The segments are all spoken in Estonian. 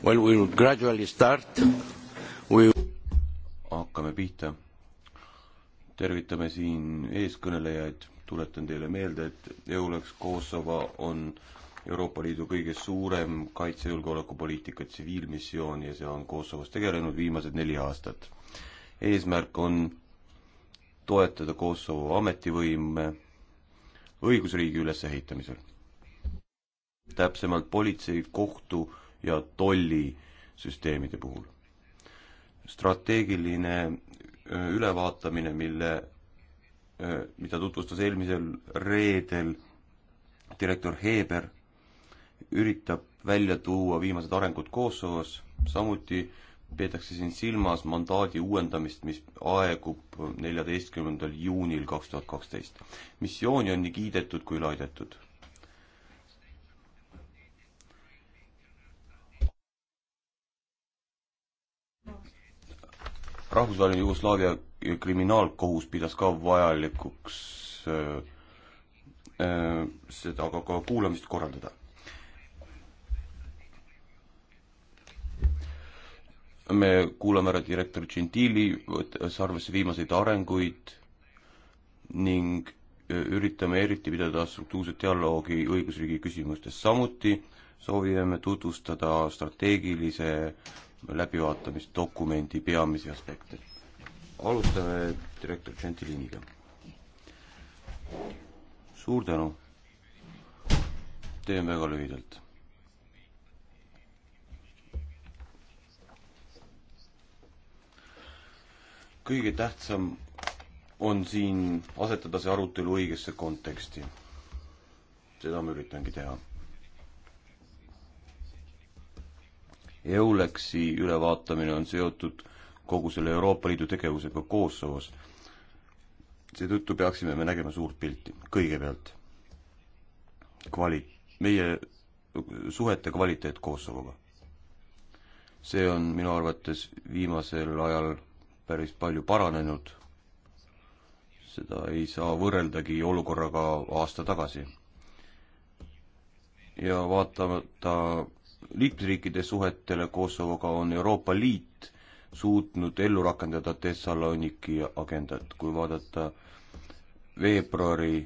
Well, we will gradually start. We... hakkame pihta. tervitame siin eeskõnelejaid, tuletan teile meelde, et EULEX Kosovo on Euroopa Liidu kõige suurem kaitsejulgeolekupoliitika tsiviilmissioon ja see on Kosovos tegelenud viimased neli aastat. eesmärk on toetada Kosovo ametivõime õigusriigi ülesehitamisel. täpsemalt politsei, kohtu ja tollisüsteemide puhul. strateegiline ülevaatamine, mille, mida tutvustas eelmisel reedel direktor Heber, üritab välja tuua viimased arengud Kosovos, samuti peetakse siin silmas mandaadi uuendamist, mis aegub neljateistkümnendal juunil kaks tuhat kaksteist. missiooni on nii kiidetud kui laidetud. rahvusvaheline Jugoslaavia kriminaalkohus pidas ka vajalikuks äh, äh, seda ka, ka kuulamist korraldada. me kuulame ära direktor Gentili, võttes arvesse viimaseid arenguid ning äh, üritame eriti pidada struktuurset dialoogi õigusriigi küsimustes. samuti soovime tutvustada strateegilise läbivaatamisdokumendi peamisi aspekte. alustame direktor Gentiliniga. suur tänu. teen väga lühidalt. kõige tähtsam on siin asetada see arutelu õigesse konteksti. seda ma üritangi teha EULEX-i ülevaatamine on seotud kogu selle Euroopa Liidu tegevusega Kosovos. seetõttu peaksime me nägema suurt pilti. kõigepealt kvali-, meie suhete kvaliteet Kosovoga. see on minu arvates viimasel ajal päris palju paranenud, seda ei saa võrreldagi olukorraga aasta tagasi. ja vaatamata liikmesriikide suhetele Kosovoga on Euroopa Liit suutnud ellu rakendada Thessaloniki agendat, kui vaadata veebruari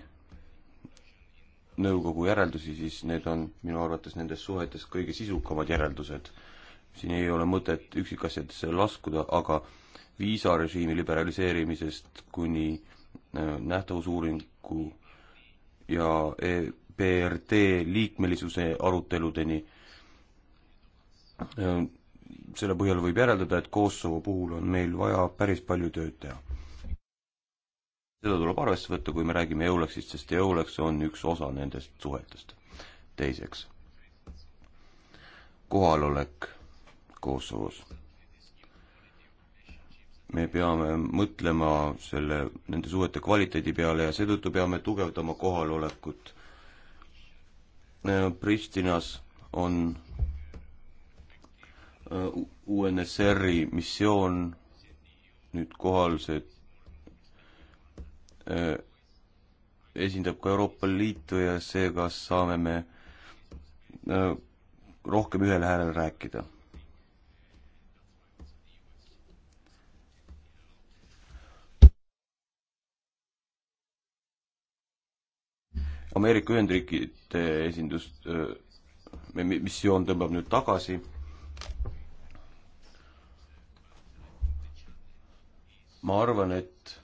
nõukogu järeldusi, siis need on minu arvates nendes suhetes kõige sisukamad järeldused. siin ei ole mõtet üksikasjadesse laskuda, aga viisarežiimi liberaliseerimisest kuni äh, nähtavusuuringu ja e PRD liikmelisuse aruteludeni selle põhjal võib järeldada, et Kosovo puhul on meil vaja päris palju tööd teha. seda tuleb arvesse võtta, kui me räägime EULEX-ist, sest EULEX on üks osa nendest suhetest. teiseks, kohalolek Kosovos. me peame mõtlema selle, nende suhete kvaliteedi peale ja seetõttu peame tugevdama kohalolekut. Pristinas on Äh, UNSR-i missioon nüüd kohal, see äh, esindab ka Euroopa Liitu ja seega saame me äh, rohkem ühel häälel rääkida. Ameerika Ühendriikide esindust, missioon tõmbab nüüd tagasi ma arvan, et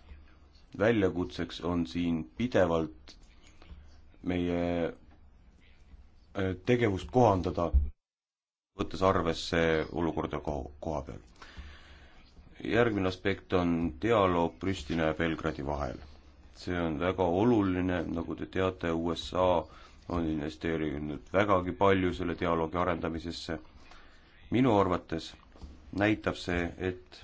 väljakutseks on siin pidevalt meie äh, tegevust kohandada, võttes arvesse olukorda koha, koha peal. järgmine aspekt on dialoog Pristina ja Belgradi vahel. see on väga oluline, nagu te teate, USA on investeerinud vägagi palju selle dialoogi arendamisesse. minu arvates näitab see, et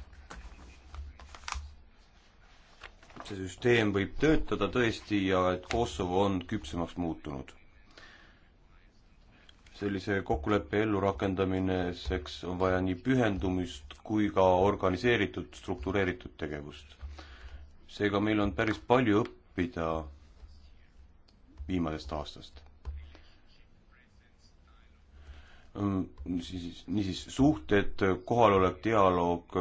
et see süsteem võib töötada tõesti ja et Kosovo on küpsemaks muutunud. sellise kokkuleppe ellurakendamiseks on vaja nii pühendumist kui ka organiseeritud, struktureeritud tegevust. seega meil on päris palju õppida viimasest aastast. siis, niisiis suhted, kohalolek, dialoog,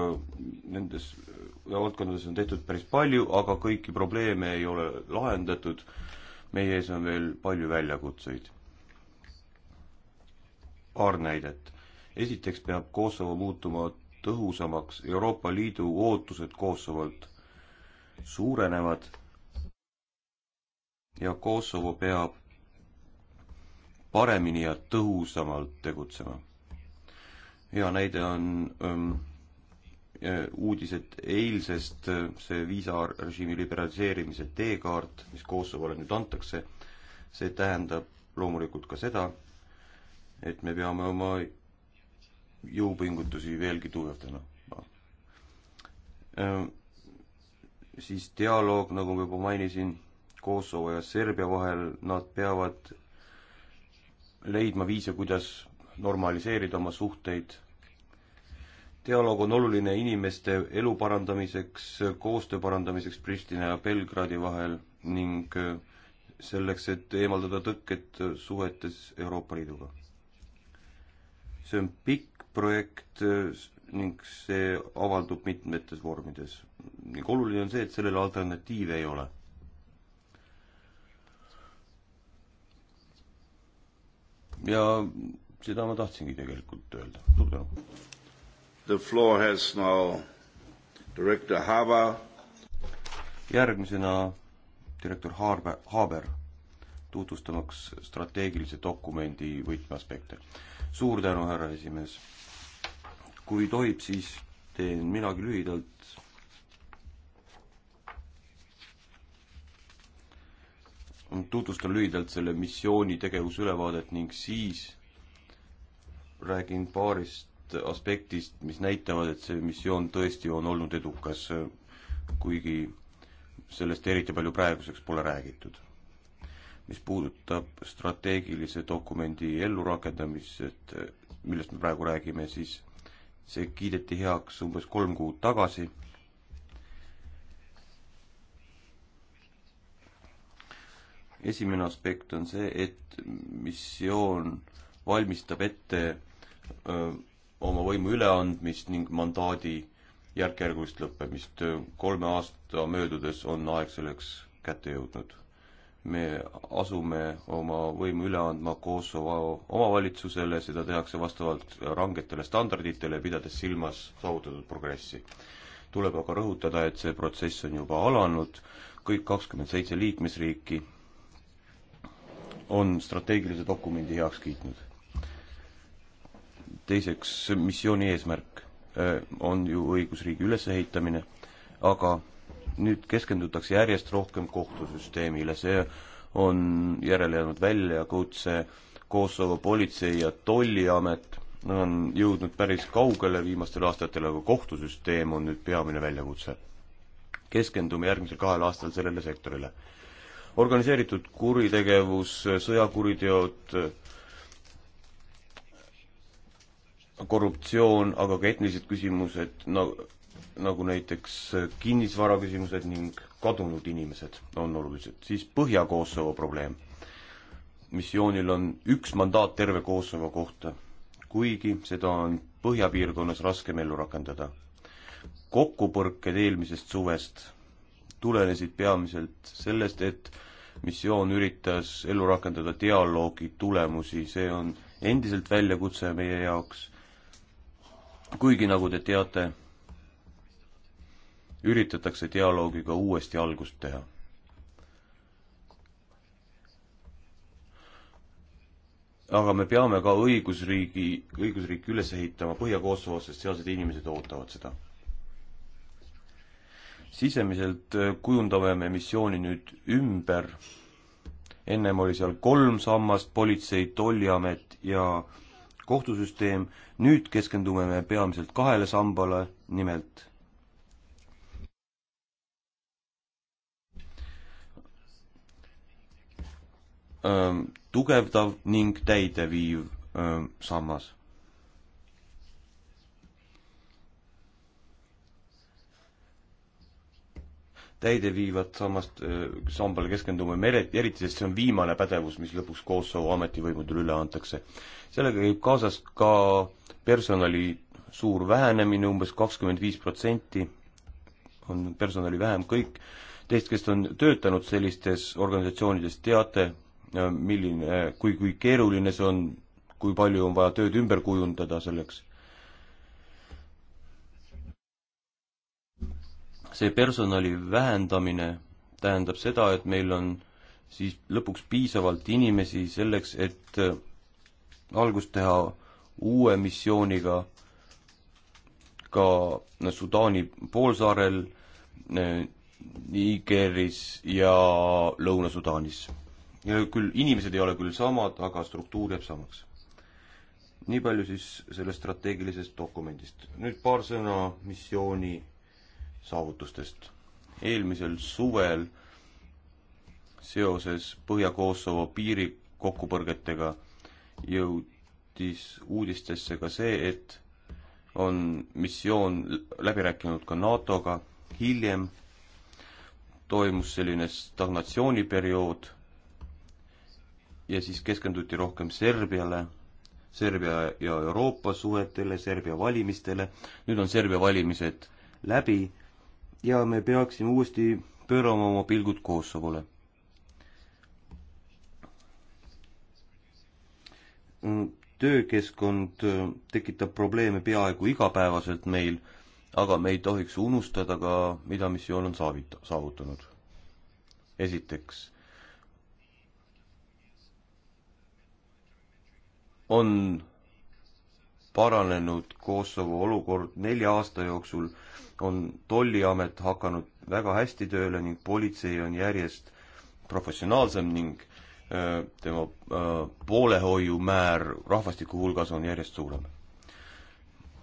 nendes valdkondades on tehtud päris palju, aga kõiki probleeme ei ole lahendatud. meie ees on veel palju väljakutseid. paar näidet. esiteks peab Kosovo muutuma tõhusamaks, Euroopa Liidu ootused Kosovolt suurenevad ja Kosovo peab paremini ja tõhusamalt tegutsema. hea näide on ähm, Äh, uudised eilsest, äh, see viisarežiimi liberaliseerimise teekaart, mis Kosovole nüüd antakse, see tähendab loomulikult ka seda, et me peame oma jõupingutusi veelgi tugevdama. Äh, siis dialoog, nagu ma juba mainisin, Kosovo ja Serbia vahel, nad peavad leidma viise, kuidas normaliseerida oma suhteid dialoog on oluline inimeste elu parandamiseks, koostöö parandamiseks Pristina ja Belgradi vahel ning äh, selleks, et eemaldada tõkked suhetes Euroopa Liiduga. see on pikk projekt äh, ning see avaldub mitmetes vormides ning oluline on see, et sellele alternatiive ei ole ja seda ma tahtsingi tegelikult öelda. suur tänu. The floor has now director Haber. järgmisena direktor Haarbe, Haber, tutvustamaks strateegilise dokumendi võtmeaspekte. suur tänu, härra esimees. kui tohib, siis teen minagi lühidalt. tutvustan lühidalt selle missiooni tegevusülevaadet ning siis räägin paarist aspektist, mis näitavad, et see missioon tõesti on olnud edukas, kuigi sellest eriti palju praeguseks pole räägitud. mis puudutab strateegilise dokumendi ellurakendamist, millest me praegu räägime, siis see kiideti heaks umbes kolm kuud tagasi esimene aspekt on see, et missioon valmistab ette öö, oma võimu üleandmist ning mandaadi järk-järgulist lõppemist. kolme aasta möödudes on aeg selleks kätte jõudnud. me asume oma võimu üle andma Kosovo omavalitsusele, seda tehakse vastavalt rangetele standarditele, pidades silmas saavutatud progressi. tuleb aga rõhutada, et see protsess on juba alanud, kõik kakskümmend seitse liikmesriiki on strateegilise dokumendi heaks kiitnud teiseks, missiooni eesmärk äh, on ju õigusriigi ülesehitamine, aga nüüd keskendutakse järjest rohkem kohtusüsteemile, see on järele jäänud väljakutse, Kosovo politsei- ja tolliamet nad on jõudnud päris kaugele viimastel aastatel, aga kohtusüsteem on nüüd peamine väljakutse. keskendume järgmisel kahel aastal sellele sektorile. organiseeritud kuritegevus, sõjakuriteod, korruptsioon, aga ka etnilised küsimused, nagu, nagu näiteks kinnisvara küsimused ning kadunud inimesed on olulised. siis Põhja-Kosovo probleem. missioonil on üks mandaat terve Kosovo kohta, kuigi seda on põhjapiirkonnas raskem ellu rakendada. kokkupõrked eelmisest suvest tulenesid peamiselt sellest, et missioon üritas ellu rakendada dialoogi tulemusi, see on endiselt väljakutse meie jaoks kuigi nagu te teate, üritatakse dialoogiga uuesti algust teha. aga me peame ka õigusriigi, õigusriiki üles ehitama Põhja-Kosovos, sest sealsed inimesed ootavad seda. sisemiselt äh, kujundame me missiooni nüüd ümber. ennem oli seal kolm sammast, politsei, tolliamet ja äh, kohtusüsteem, nüüd keskendume me peamiselt kahele sambale, nimelt tugevdav ning täideviiv sammas täideviivat sammast, sambale keskendume me eriti, eriti sest see on viimane pädevus, mis lõpuks Kosovo ametivõimudele üle antakse. sellega käib kaasas ka personali suur vähenemine, umbes kakskümmend viis protsenti on personali vähem, kõik teist, kes on töötanud sellistes organisatsioonides, teate, milline, kui, kui keeruline see on, kui palju on vaja tööd ümber kujundada selleks see personali vähendamine tähendab seda, et meil on siis lõpuks piisavalt inimesi selleks, et äh, algust teha uue missiooniga ka Sudaani poolsaarel, äh, Nigeris ja Lõuna-Sudaanis. küll inimesed ei ole küll samad, aga struktuur jääb samaks. nii palju siis sellest strateegilisest dokumendist. nüüd paar sõna missiooni saavutustest. eelmisel suvel seoses Põhja-Kosovo piiri kokkupõrgetega jõudis uudistesse ka see, et on missioon läbi rääkinud ka NATO-ga, hiljem toimus selline stagnatsiooniperiood ja siis keskenduti rohkem Serbiale, Serbia ja Euroopa suhetele, Serbia valimistele, nüüd on Serbia valimised läbi ja me peaksime uuesti pöörama oma pilgud Kosovole. töökeskkond äh, tekitab probleeme peaaegu igapäevaselt meil, aga me ei tohiks unustada ka, mida missioon on saavita-, saavutanud. esiteks on paranenud Kosovo olukord nelja aasta jooksul on tolliamet hakanud väga hästi tööle ning politsei on järjest professionaalsem ning öö, äh, tema öö, äh, poolehoiumäär rahvastiku hulgas on järjest suurem.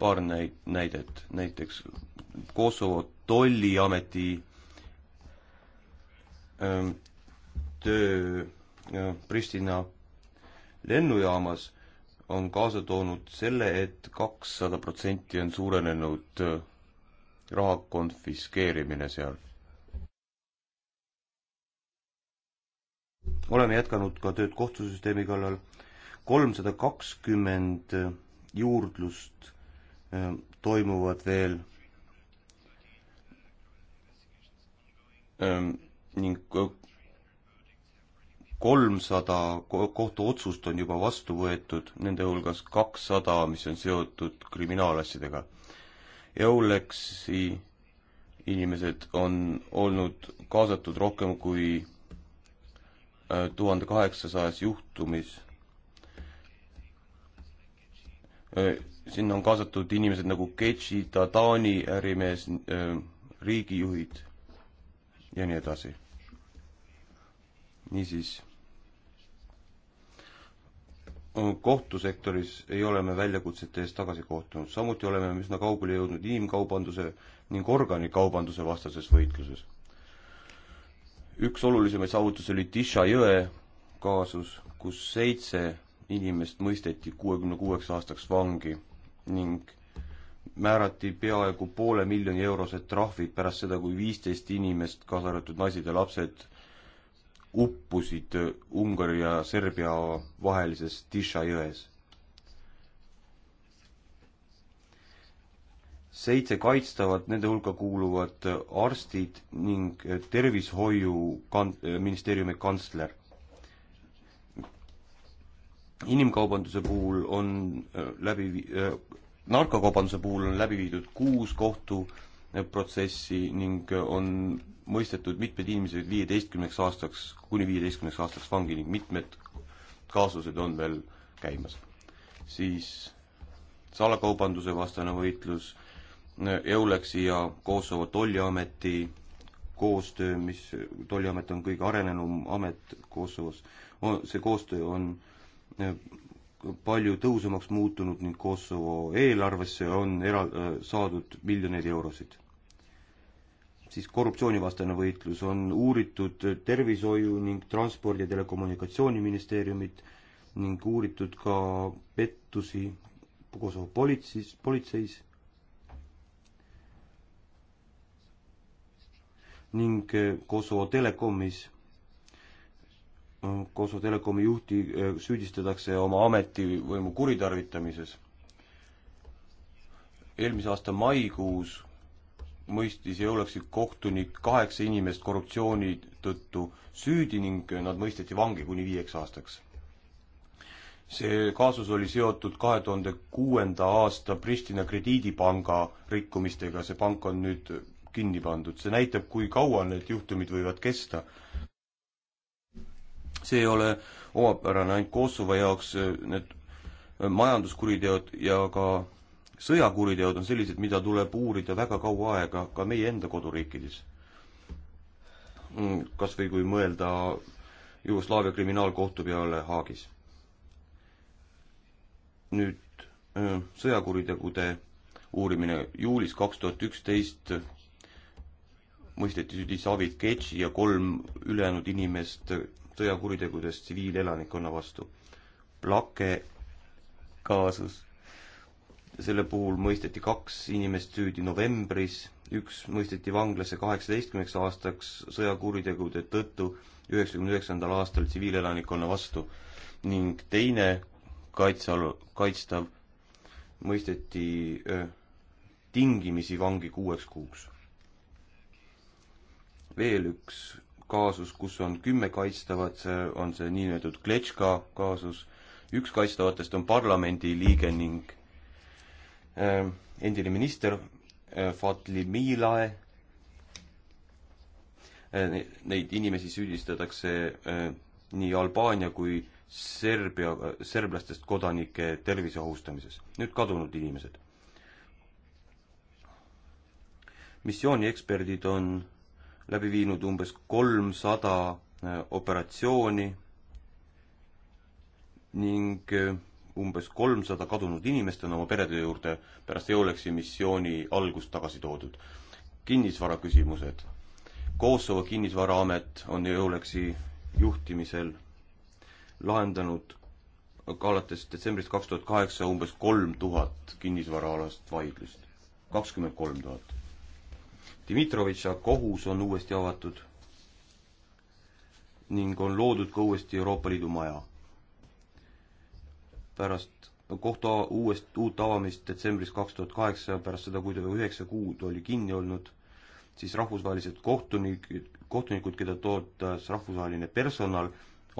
paar näid-, näidet, näiteks Kosovo tolliameti öö, ähm, töö äh, Pristina lennujaamas on kaasa toonud selle et, et kakssada protsenti on suurenenud raha konfiskeerimine seal. oleme jätkanud ka tööd kohtusüsteemi kallal. kolmsada kakskümmend juurdlust eh, toimuvad veel eh, ning eh, kolmsada kohtuotsust on juba vastu võetud, nende hulgas kakssada, mis on seotud kriminaalasjadega. Eulexi inimesed on olnud kaasatud rohkem kui äh, tuhande kaheksasajas juhtumis. Äh, sinna on kaasatud inimesed nagu Ketši, Tadani ärimees, äh, riigijuhid ja nii edasi. niisiis kohtusektoris ei ole me väljakutsete ees tagasi kohtunud, samuti oleme me üsna kaugele jõudnud inimkaubanduse ning organikaubanduse vastases võitluses. üks olulisemaid saavutusi oli Tisha jõe kaasus, kus seitse inimest mõisteti kuuekümne kuueks aastaks vangi ning määrati peaaegu poole miljoni eurosed trahvid pärast seda, kui viisteist inimest, kaasa arvatud naised ja lapsed, uppusid äh, Ungari ja Serbia vahelises Tisha jões. seitse kaitstavat, nende hulka kuuluvad äh, arstid ning äh, tervishoiu kan-, ministeeriumi kantsler. inimkaubanduse puhul on läbi vi-, narkokaubanduse puhul on läbi viidud kuus kohtuprotsessi ning on mõistetud mitmed inimesed viieteistkümneks aastaks, kuni viieteistkümneks aastaks vangi ning mitmed kaasused on veel käimas. siis salakaubanduse vastane võitlus, EULEX-i ja Kosovo tolliameti koostöö, mis, tolliamet on kõige arenenum amet Kosovos, see koostöö on e, palju tõhusamaks muutunud ning Kosovo eelarvesse on era-, saadud miljoneid eurosid siis korruptsioonivastane võitlus on uuritud Tervishoiu ning Transpordi- ja Telekommunikatsiooniministeeriumit ning uuritud ka pettusi Kosovo politseis, politseis ning eh, Kosovo Telekomis. Eh, Kosovo Telekomi juhti eh, süüdistatakse oma ametivõimu kuritarvitamises. eelmise aasta maikuus mõistis Euleksi kohtunik kaheksa inimest korruptsiooni tõttu süüdi ning nad mõisteti vangi kuni viieks aastaks. see kaasus oli seotud kahe tuhande kuuenda aasta Pristina krediidipanga rikkumistega, see pank on nüüd kinni pandud, see näitab, kui kaua need juhtumid võivad kesta. see ei ole omapärane ainult Kosovo jaoks, need majanduskuriteod ja ka sõjakuriteod on sellised, mida tuleb uurida väga kaua aega ka meie enda koduriikides. Mm, kas või kui mõelda Jugoslaavia kriminaalkohtu peale Haagis. nüüd mm, sõjakuritegude uurimine juulis kaks tuhat üksteist mõisteti süüdi Savit Ketši ja kolm ülejäänud inimest sõjakuritegudest tsiviilelanikkonna vastu. Plake kaasas selle puhul mõisteti kaks inimest süüdi novembris, üks mõisteti vanglasse kaheksateistkümneks aastaks sõjakuritegude tõttu üheksakümne üheksandal aastal tsiviilelanikkonna vastu ning teine kaitsealu-, kaitstav mõisteti öö, tingimisi vangi kuueks kuuks. veel üks kaasus, kus on kümme kaitstavat, on see niinimetatud Kletška kaasus, üks kaitstavatest on parlamendi liige ning Äh, endine minister äh, Fatli Milae. Äh, neid inimesi süüdistatakse nii Albaania kui Serbia, serblastest kodanike tervise ohustamises. nüüd kadunud inimesed. missiooni eksperdid on läbi viinud umbes kolmsada operatsiooni ning umbes kolmsada kadunud inimest on oma perede juurde pärast EOLEX-i missiooni algust tagasi toodud. kinnisvara küsimused. Kosovo kinnisvaraamet on EOLEX-i juhtimisel lahendanud ka alates detsembrist kaks tuhat kaheksa umbes kolm tuhat kinnisvaraalast vaidlust. kakskümmend kolm tuhat. Dimitrovitša kohus on uuesti avatud ning on loodud ka uuesti Euroopa Liidu maja pärast kohta uuest, uut avamist detsembris kaks tuhat kaheksa, pärast seda, kui ta üheksa kuud oli kinni olnud, siis rahvusvahelised kohtunik, kohtunikud, keda tootas rahvusvaheline personal,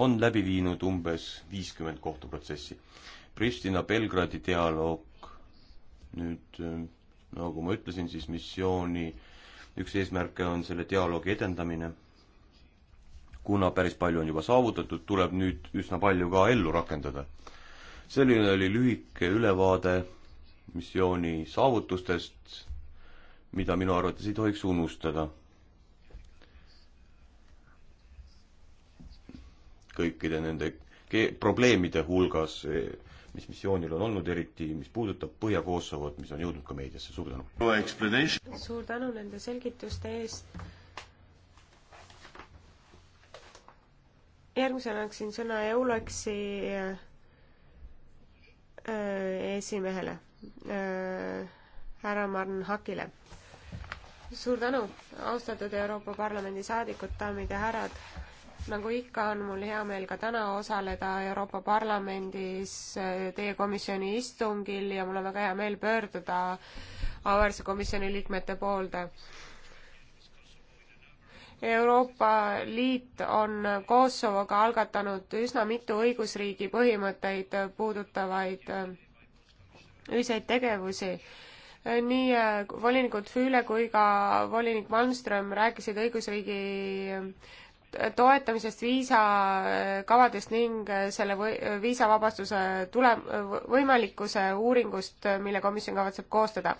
on läbi viinud umbes viiskümmend kohtuprotsessi. Pristina-Belgradi dialoog nüüd, nagu ma ütlesin, siis missiooni üks eesmärke on selle dialoogi edendamine. kuna päris palju on juba saavutatud, tuleb nüüd üsna palju ka ellu rakendada selline oli lühike ülevaade missiooni saavutustest, mida minu arvates ei tohiks unustada. kõikide nende probleemide hulgas, mis missioonil on olnud, eriti mis puudutab Põhja-Kosovot, mis on jõudnud ka meediasse, suur tänu! suur tänu nende selgituste eest! järgmisena annaksin sõna EULEX-i Äh, esimehele, äh, härra Marn Hakile. suur tänu, austatud Euroopa Parlamendi saadikud, daamid ja härrad. nagu ikka, on mul hea meel ka täna osaleda Euroopa Parlamendis äh, teie komisjoni istungil ja mul on väga hea meel pöörduda auväärse komisjoni liikmete poolde Euroopa Liit on Kosovoga algatanud üsna mitu õigusriigi põhimõtteid puudutavaid äh, ühiseid tegevusi. nii äh, volinikud Füüle kui ka volinik Malmström rääkisid õigusriigi äh, toetamisest, viisakavadest ning selle või, viisavabastuse tule-, võimalikkuse uuringust, mille komisjon kavatseb koostada.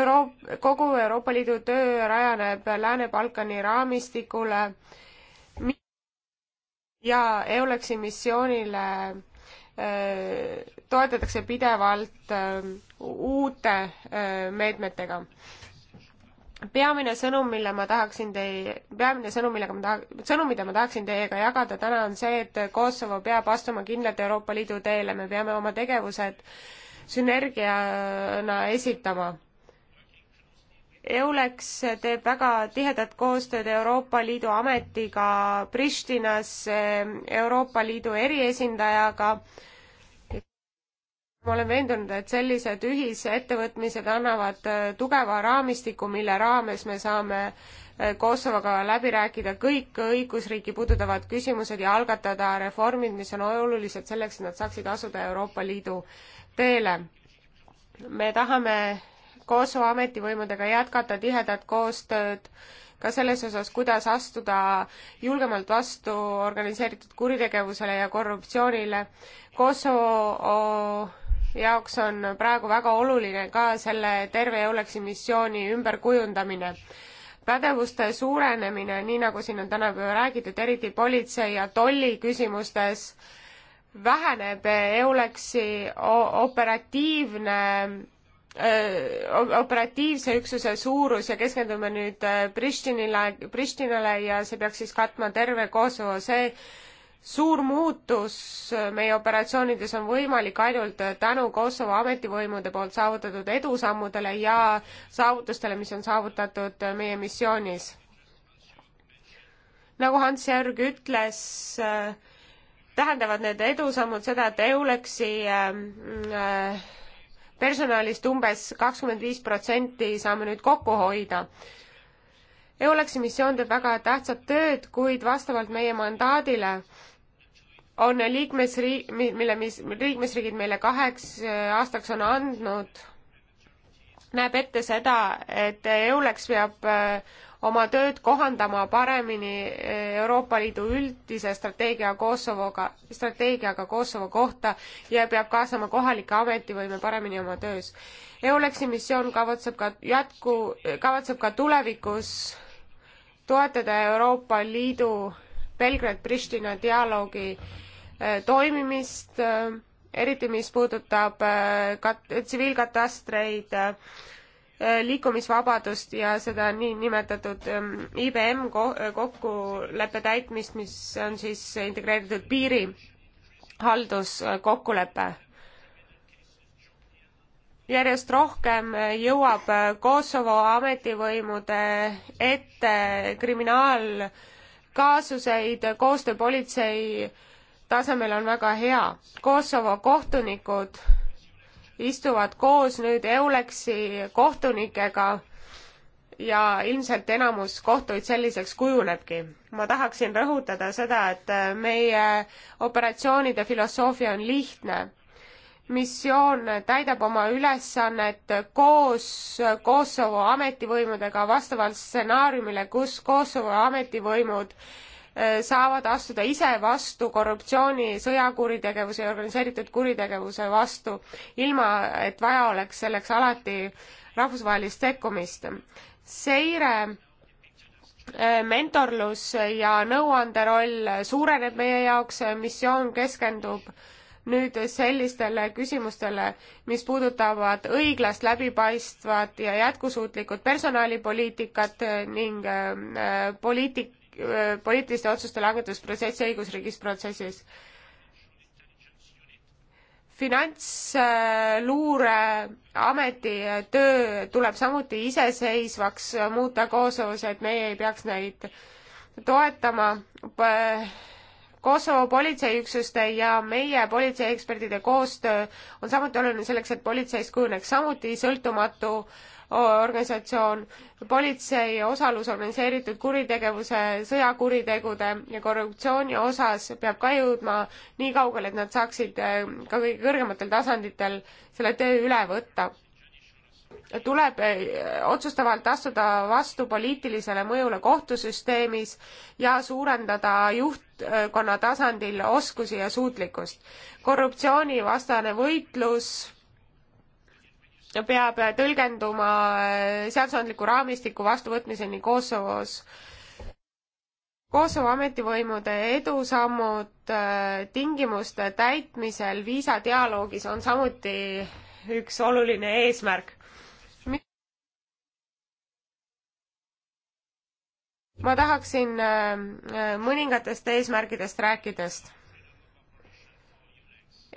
Euroop-, kogu Euroopa Liidu töö rajaneb Lääne-Balkani raamistikule ja EULEX-i missioonile äh, toetatakse pidevalt äh, uute äh, meetmetega peamine sõnum, mille ma tahaksin tei-, peamine sõnum, millega ma taha-, sõnum, mida ma tahaksin teiega jagada täna, on see, et Kosovo peab astuma kindlalt Euroopa Liidu teele, me peame oma tegevused sünergiana esitama. EULEX teeb väga tihedat koostööd Euroopa Liidu ametiga Pristinas, Euroopa Liidu eriesindajaga, ma olen veendunud, et sellised ühisettevõtmised annavad äh, tugeva raamistiku, mille raames me saame äh, Kosovoga läbi rääkida kõik õigusriiki puudutavad küsimused ja algatada reformid, mis on olulised selleks, et nad saaksid asuda Euroopa Liidu teele. me tahame Kosovo ametivõimudega jätkata tihedat koostööd ka selles osas, kuidas astuda julgemalt vastu organiseeritud kuritegevusele ja korruptsioonile. Kosovo jaoks on praegu väga oluline ka selle terve EULEX-i missiooni ümberkujundamine. pädevuste suurenemine, nii nagu siin on täna juba räägitud, eriti politsei ja tolli küsimustes, väheneb EULEX-i operatiivne operatiivse üksuse suurus ja keskendume nüüd äh, Pristinile, Pristinale ja see peaks siis katma terve Kosovo, see suur muutus äh, meie operatsioonides on võimalik ainult äh, tänu Kosovo ametivõimude poolt saavutatud edusammudele ja saavutustele, mis on saavutatud äh, meie missioonis. nagu Hans Jörg ütles, tähendavad need edusammud seda, et EULEX-i ähm, personalist umbes kakskümmend viis protsenti saame nüüd kokku hoida EULEX-i missioon teeb väga tähtsat tööd, kuid vastavalt meie mandaadile on liikmesriik, mille, mis liikmesriigid meile kaheks äh, aastaks on andnud, näeb ette seda, et EULEX peab äh, oma tööd kohandama paremini äh, Euroopa Liidu üldise strateegia Kosovoga, strateegiaga Kosovo kohta ja peab kaasama kohalikke ametivõime paremini oma töös. EULEX-i missioon kavatseb ka jätku, kavatseb ka tulevikus toetada Euroopa Liidu Belgrad-Pristina dialoogi Äh, toimimist, äh, eriti mis puudutab äh, kat-, tsiviilkatastreid, liikumisvabadust ja seda niinimetatud IBM ähm, ko-, kokkuleppe täitmist, mis on siis integreeritud piirihalduskokkulepe. järjest rohkem jõuab Kosovo ametivõimude ette kriminaalkaasuseid koostöö politsei äh, tasemel on väga hea. Kosovo kohtunikud istuvad koos nüüd Euleksi kohtunikega ja ilmselt enamus kohtuid selliseks kujunebki. ma tahaksin rõhutada seda, et meie operatsioonide filosoofia on lihtne. missioon täidab oma ülesannet koos Kosovo ametivõimudega vastavalt stsenaariumile, kus Kosovo ametivõimud Äh, saavad astuda ise vastu korruptsiooni, sõjakuritegevuse ja organiseeritud kuritegevuse vastu, ilma et vaja oleks selleks alati rahvusvahelist sekkumist. seire äh, mentorlus ja nõuande roll suureneb meie jaoks, äh, missioon keskendub nüüd sellistele küsimustele, mis puudutavad õiglast, läbipaistvat ja jätkusuutlikut personalipoliitikat ning poliitik-, Äh, poliitiliste otsuste langetusprotsessi õigusriigis protsessis. finantsluureameti töö tuleb samuti iseseisvaks muuta Kosovos, et meie ei peaks neid toetama. Kosovo politseiüksuste ja meie politseiekspertide koostöö on samuti oluline selleks, et politseist kujuneks samuti sõltumatu äh, organisatsioon, politsei osalus organiseeritud kuritegevuse, sõjakuritegude ja korruptsiooni osas peab ka jõudma nii kaugele, et nad saaksid äh, ka kõige kõrgematel tasanditel selle töö üle võtta. tuleb äh, otsustavalt astuda vastu poliitilisele mõjule kohtusüsteemis ja suurendada juhtkonna tasandil oskusi ja suutlikkust. korruptsioonivastane võitlus peab tõlgenduma äh, seadusandliku raamistiku vastuvõtmiseni Kosovos. Kosovo ametivõimude edusammud äh, tingimuste täitmisel viisadialoogis on samuti üks oluline eesmärk. ma tahaksin äh, mõningatest eesmärkidest rääkidest.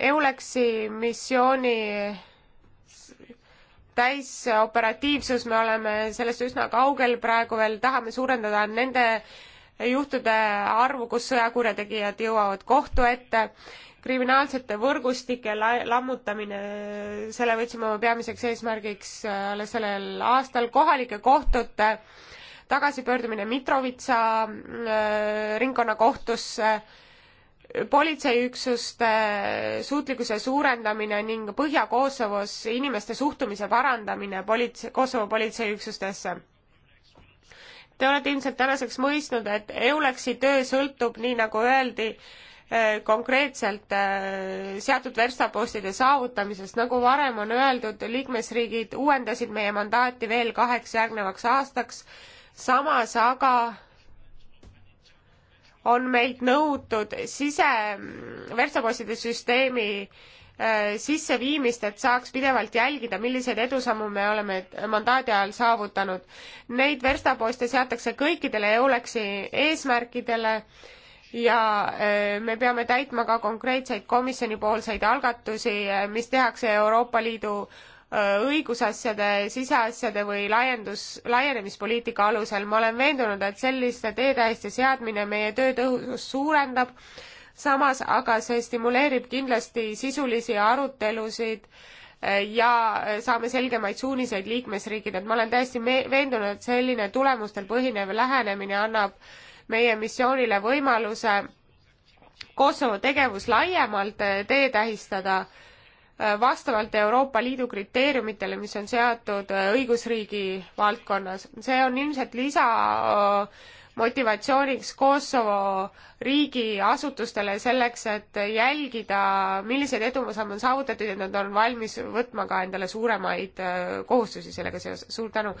EULEX-i missiooni täisoperatiivsus, me oleme sellest üsna kaugel praegu veel, tahame suurendada nende juhtude arvu, kus sõjakurjategijad jõuavad kohtu ette, kriminaalsete võrgustike la-, lammutamine, selle võtsime oma peamiseks eesmärgiks äh, alles sellel aastal, kohalike kohtute tagasipöördumine Mitrovitsa äh, ringkonnakohtusse äh, politseiüksuste suutlikkuse suurendamine ning Põhja-Kosovos inimeste suhtumise parandamine politsei, Kosovo politseiüksustesse. Te olete ilmselt tänaseks mõistnud, et EULEX-i töö sõltub, nii nagu öeldi, eh, konkreetselt eh, seatud verstapostide saavutamisest. nagu varem on öeldud, liikmesriigid uuendasid meie mandaati veel kaheks järgnevaks aastaks, samas aga on meilt nõutud sise verstapostide süsteemi äh, sisseviimist, et saaks pidevalt jälgida, milliseid edusammu me oleme mandaadi ajal saavutanud. Neid verstaposte seatakse kõikidele EULEX-i eesmärkidele ja äh, me peame täitma ka konkreetseid komisjonipoolseid algatusi, äh, mis tehakse Euroopa Liidu Äh, õigusasjade, siseasjade või laiendus, laienemispoliitika alusel. ma olen veendunud, et selliste teetähiste seadmine meie töö tõhusust suurendab, samas aga see stimuleerib kindlasti sisulisi arutelusid äh, ja äh, saame selgemaid suuniseid liikmesriikidelt. ma olen täiesti veendunud, et selline tulemustel põhinev lähenemine annab meie missioonile võimaluse Kosovo tegevus laiemalt teetähistada äh, Äh, vastavalt Euroopa Liidu kriteeriumitele, mis on seatud äh, õigusriigi valdkonnas. see on ilmselt lisa äh, motivatsiooniks Kosovo riigiasutustele selleks, et jälgida, milliseid edusamme on saavutatud ja nad on valmis võtma ka endale suuremaid kohustusi sellega seoses. suur tänu!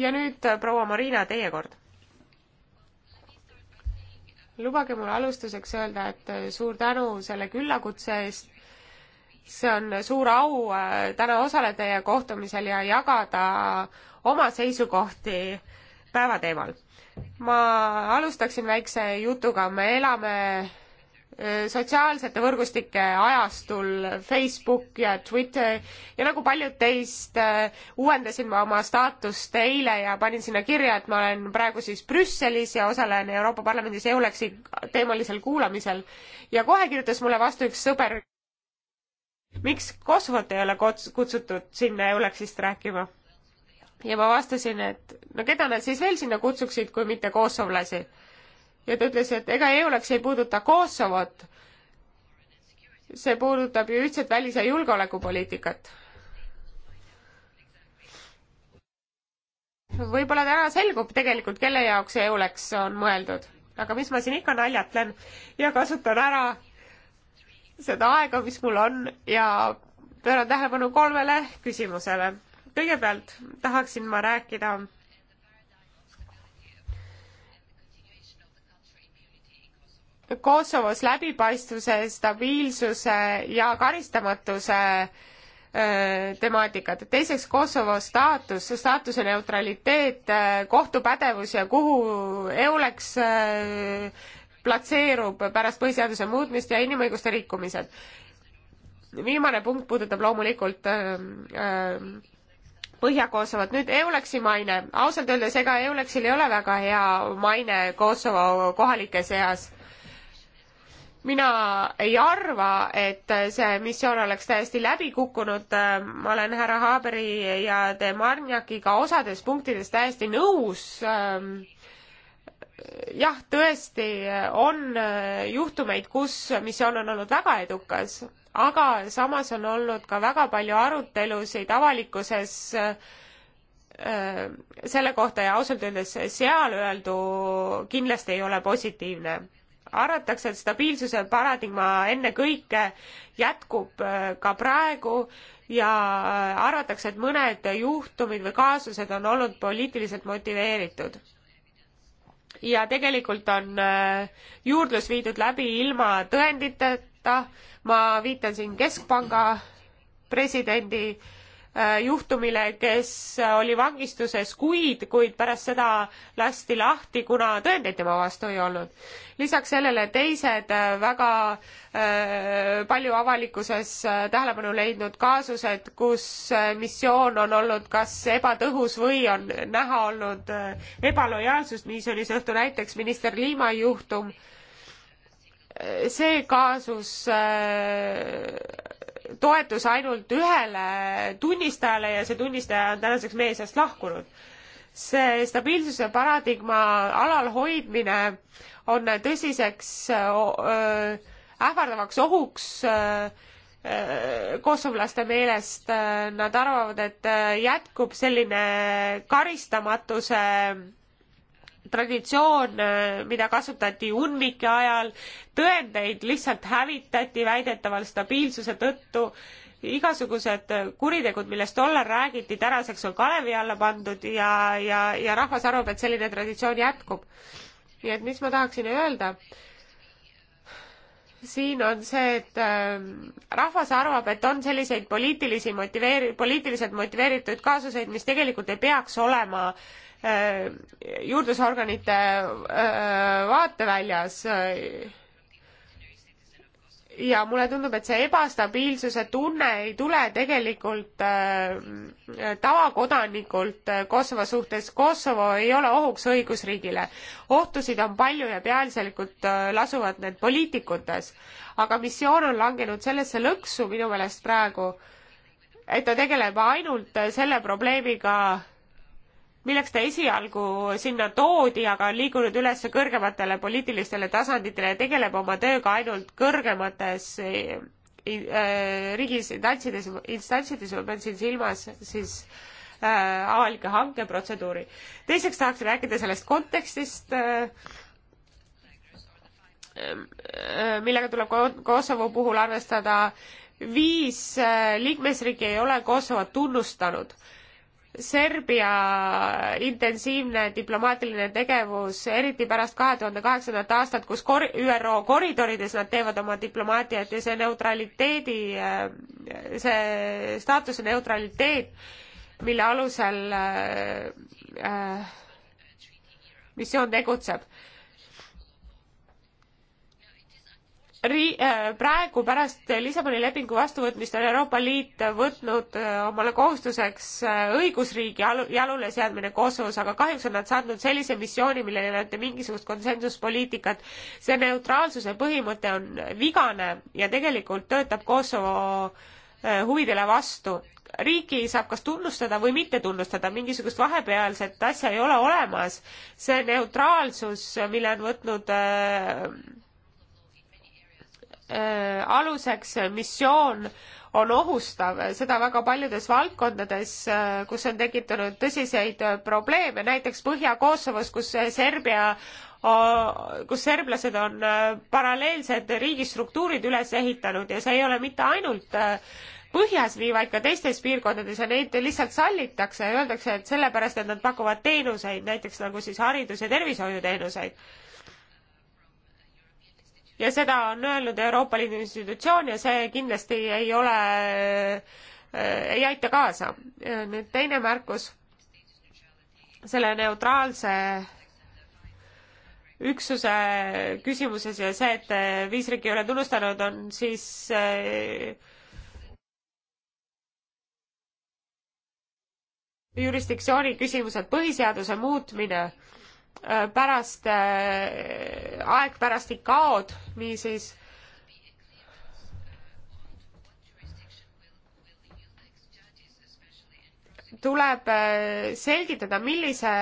ja nüüd äh, proua Marina, teie kord. lubage mul alustuseks öelda, et äh, suur tänu selle küllakutse eest. see on suur au äh, täna osaleda teie kohtumisel ja jagada oma seisukohti päeva teemal. ma alustaksin väikse jutuga, me elame sotsiaalsete võrgustike ajastul Facebook ja Twitter ja nagu paljud teist äh, uuendasin ma oma staatust eile ja panin sinna kirja, et ma olen praegu siis Brüsselis ja osalen Euroopa Parlamendis EULEX-i teemalisel kuulamisel ja kohe kirjutas mulle vastu üks sõber. miks Kosovot ei ole kutsutud sinna EULEX-ist rääkima? ja ma vastasin, et no keda nad siis veel sinna kutsuksid, kui mitte kosovlasi ja ta ütles, et ega EULEX ei puuduta Kosovot, see puudutab ju ühtset välis- ja julgeolekupoliitikat. võib-olla täna selgub tegelikult, kelle jaoks EULEX on mõeldud, aga mis ma siin ikka naljatlen ja kasutan ära seda aega, mis mul on ja pööran tähelepanu kolmele küsimusele. kõigepealt tahaksin ma rääkida Kosovos läbipaistvuse, stabiilsuse ja karistamatuse temaatikat, teiseks Kosovo staatus, staatuse neutraliteet, kohtupädevus ja kuhu EULEX platseerub pärast põhiseaduse muutmist ja inimõiguste rikkumised. viimane punkt puudutab loomulikult Põhja-Kosovot, nüüd EULEX-i maine, ausalt öeldes ega EULEX-il ei ole väga hea maine Kosovo kohalike seas mina ei arva, et see missioon oleks täiesti läbi kukkunud, ma olen härra Haaberi ja De Marniakiga osades punktides täiesti nõus. jah, tõesti on juhtumeid, kus missioon on olnud väga edukas, aga samas on olnud ka väga palju arutelusid avalikkuses äh, selle kohta ja ausalt öeldes seal öeldu kindlasti ei ole positiivne arvatakse, et stabiilsuse paradigma ennekõike jätkub äh, ka praegu ja äh, arvatakse, et mõned juhtumid või kaasused on olnud poliitiliselt motiveeritud ja tegelikult on äh, juurdlus viidud läbi ilma tõenditeta. ma viitan siin Keskpanga presidendi Äh, juhtumile, kes oli vangistuses kuid, kuid pärast seda lasti lahti, kuna tõendeid tema vastu ei olnud. lisaks sellele teised äh, väga äh, palju avalikkuses tähelepanu leidnud kaasused, kus missioon on olnud kas ebatõhus või on näha olnud ebalojaalsust, mis oli see õhtu näiteks minister Liima juhtum see kaasus toetus ainult ühele tunnistajale ja see tunnistaja on tänaseks meie seast lahkunud. see stabiilsuse paradigma alalhoidmine on tõsiseks ähvardavaks ohuks kosovlaste meelest, nad arvavad, et jätkub selline karistamatuse traditsioon, äh, mida kasutati unnike ajal, tõendeid lihtsalt hävitati väidetaval stabiilsuse tõttu, igasugused kuritegud, millest tollal räägiti, tänaseks on kalevi alla pandud ja, ja, ja rahvas arvab, et selline traditsioon jätkub. nii et mis ma tahaksin öelda? siin on see, et äh, rahvas arvab, et on selliseid poliitilisi motiveeri-, poliitiliselt motiveeritud kaasuseid, mis tegelikult ei peaks olema äh, Äh, juurdlusorganite äh, vaateväljas ja mulle tundub, et see ebastabiilsuse tunne ei tule tegelikult äh, tavakodanikult äh, Kosovo suhtes. Kosovo ei ole ohuks õigusriigile. ohtusid on palju ja peaasjalikult äh, lasuvad need poliitikutes. aga missioon on langenud sellesse lõksu minu meelest praegu, et ta tegeleb ainult selle probleemiga äh,, milleks ta esialgu sinna toodi, aga on liigunud üles kõrgematele poliitilistele tasanditele ja tegeleb oma tööga ainult kõrgemates eh, eh, riigis instantsides, instantsides, ma pean siin silmas siis äh, avalike hankeprotseduuri. teiseks tahaks rääkida sellest kontekstist äh,, millega tuleb Kosovo puhul arvestada, viis liikmesriiki ei ole Kosovot tunnustanud äh, Serbia intensiivne diplomaatiline tegevus, eriti pärast kahe tuhande kaheksandat aastat, kus kor-, ÜRO koridorides nad teevad oma diplomaatiat ja see neutraliteedi, see staatuse neutraliteet, mille alusel äh, äh missioon tegutseb ri-, äh, praegu pärast Lissaboni lepingu vastuvõtmist on Euroopa Liit võtnud äh, omale kohustuseks äh, õigusriigi jalu, jalule seadmine Kosovos, aga kahjuks on nad saatnud sellise missiooni, millel ei ole mitte mingisugust konsensuspoliitikat. see neutraalsuse põhimõte on vigane ja tegelikult töötab Kosovo huvidele vastu. riiki saab kas tunnustada või mitte tunnustada, mingisugust vahepealset asja ei ole olemas. see neutraalsus, mille on võtnud Äh, aluseks äh, missioon on ohustav, äh, seda väga paljudes valdkondades, kus on tekitanud tõsiseid probleeme, näiteks Põhja-Kosovos, kus Serbia, kus serblased on paralleelsed riigistruktuurid üles ehitanud ja see ei ole mitte ainult põhjas nii, vaid ka teistes piirkondades ja neid lihtsalt sallitakse ja öeldakse, et sellepärast, et nad pakuvad teenuseid, näiteks nagu siis haridus- ja tervishoiuteenuseid ja seda on öelnud Euroopa Liidu institutsioon ja see kindlasti ei ole, äh, ei aita kaasa. nüüd teine märkus, selle neutraalse üksuse küsimuses ja see, et äh, viis riiki ei ole tunnustanud, on siis äh, jurisdiktsiooni küsimused, põhiseaduse muutmine Äh, pärast, äh, aeg pärast ICAO-d, niisiis tuleb äh, selgitada, millise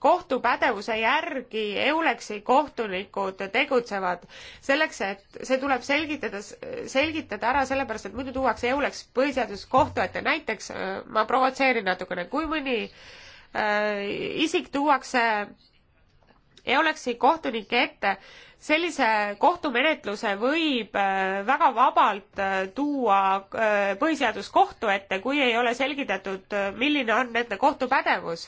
kohtupädevuse järgi EULEX-i kohtunikud tegutsevad. selleks, et see tuleb selgitada, selgitada ära, sellepärast et muidu tuuakse EULEX põhiseaduskohtu ette. näiteks ma provotseerin natukene, kui mõni äh, Äh, isik tuuakse EOLEX-i kohtunike ette, sellise kohtumenetluse võib äh, väga vabalt äh, tuua põhiseaduskohtu ette, kui ei ole selgitatud, milline on nende kohtupädevus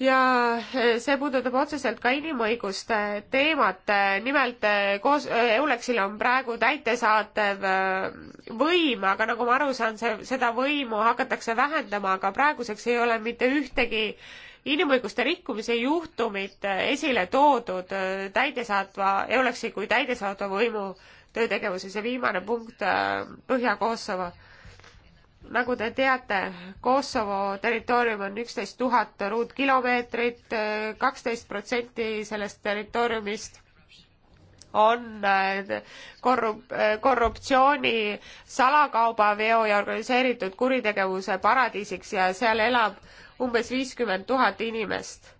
ja eh, see puudutab otseselt ka inimõiguste teemat, eh, nimelt eh, koos EULEX-il on praegu täitesaatev võim, aga nagu ma aru saan, see, seda võimu hakatakse vähendama, aga praeguseks ei ole mitte ühtegi inimõiguste rikkumise juhtumit esile toodud täidesaatva, EULEX-i kui täidesaatva võimu töötegevuses ja viimane punkt Põhja-Kosovo nagu te teate, Kosovo territoorium on üksteist tuhat ruutkilomeetrit, kaksteist protsenti sellest territooriumist on äh, korrup-, äh, korruptsiooni, salakaubaveo ja organiseeritud kuritegevuse paradiisiks ja seal elab umbes viiskümmend tuhat inimest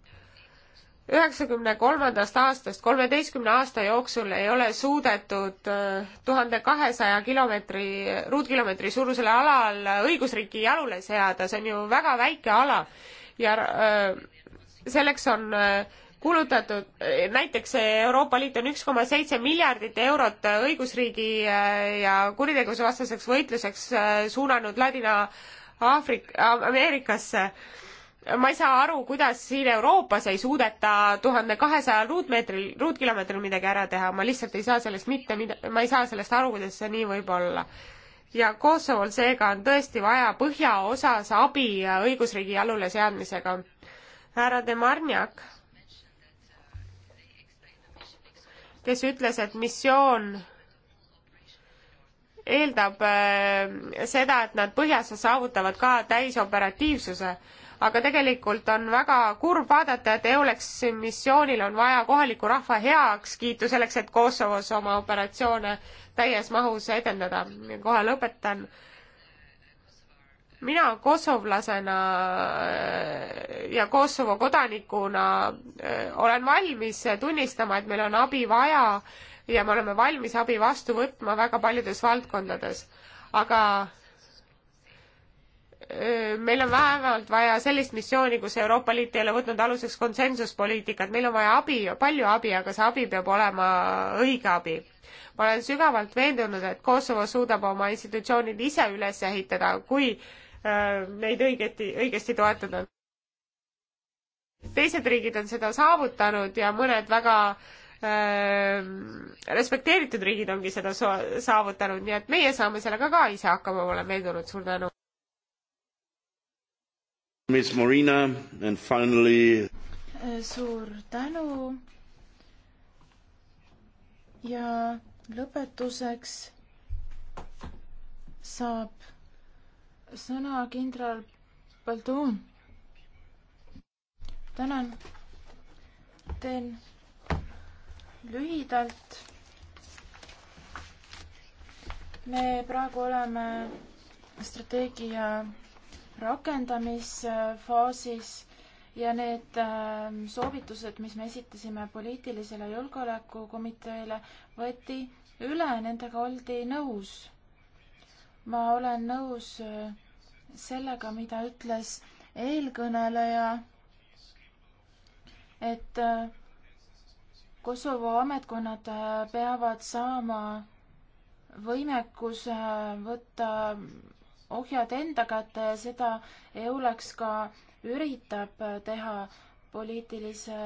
üheksakümne kolmandast aastast kolmeteistkümne aasta jooksul ei ole suudetud äh, tuhande kahesaja kilomeetri, ruutkilomeetri suurusel alal õigusriiki jalule seada, see on ju väga väike ala ja äh, selleks on äh, kulutatud, näiteks Euroopa Liit on üks koma seitse miljardit eurot õigusriigi ja kuritegevuse vastaseks võitluseks suunanud Ladina-Aafrika, Ameerikasse ma ei saa aru, kuidas siin Euroopas ei suudeta tuhande kahesajal ruutmeetril, ruutkilomeetril midagi ära teha, ma lihtsalt ei saa sellest mitte mida-, ma ei saa sellest aru, kuidas see nii võib olla. ja Kosovol seega on tõesti vaja põhjaosas abi õigusriigi jalule seadmisega. härra Demarniak, kes ütles, et missioon eeldab äh, seda, et nad põhjas saavutavad ka täisoperatiivsuse aga tegelikult on väga kurb vaadata, et EULEX missioonil on vaja kohaliku rahva heakskiitu selleks, et Kosovos oma operatsioone täies mahus edendada. kohe lõpetan. mina kosovlasena äh, ja Kosovo kodanikuna äh, olen valmis tunnistama, et meil on abi vaja ja me oleme valmis abi vastu võtma väga paljudes valdkondades, aga meil on vähemalt vaja sellist missiooni, kus Euroopa Liit ei ole võtnud aluseks konsensuspoliitikat, meil on vaja abi, palju abi, aga see abi peab olema õige abi. ma olen sügavalt veendunud, et Kosovo suudab oma institutsioonid ise üles ehitada, kui äh, neid õigeti, õigesti toetada. teised riigid on seda saavutanud ja mõned väga äh, respekteeritud riigid ongi seda so saavutanud, nii et meie saame sellega ka ise hakkama, ma olen veendunud, suur tänu. Miss Marina and finally. suur tänu. ja lõpetuseks saab sõna kindral Baltoon. tänan. teen lühidalt. me praegu oleme strateegia rakendamisfaasis ja need ähm, soovitused, mis me esitasime poliitilisele julgeolekukomiteele, võeti üle, nendega oldi nõus. ma olen nõus äh, sellega, mida ütles eelkõneleja, et äh, Kosovo ametkonnad äh, peavad saama võimekuse võtta ohjad enda kätte ja seda EULEX ka üritab teha poliitilise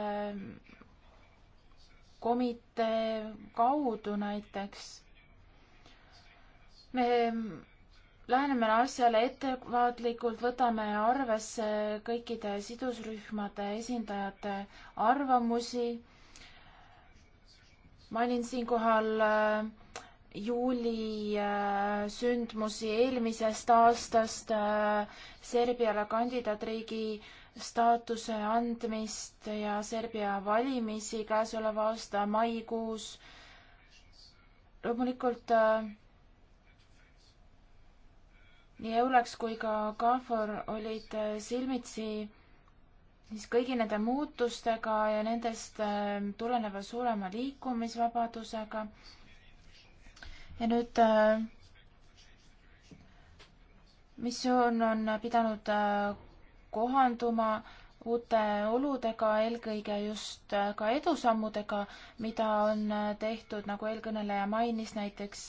komitee kaudu näiteks. me läheneme asjale ettevaatlikult, võtame arvesse kõikide sidusrühmade esindajate arvamusi. mainin siinkohal äh, juuli äh, sündmusi eelmisest aastast, äh, Serbiale kandidaatriigi staatuse andmist ja Serbia valimisi käesoleva aasta maikuus. loomulikult äh, nii EULEX kui ka KFOR olid silmitsi siis kõigi nende muutustega ja nendest tuleneva suurema liikumisvabadusega ja nüüd äh, missioon on pidanud äh, kohanduma uute oludega, eelkõige just äh, ka edusammudega, mida on tehtud, nagu eelkõneleja mainis, näiteks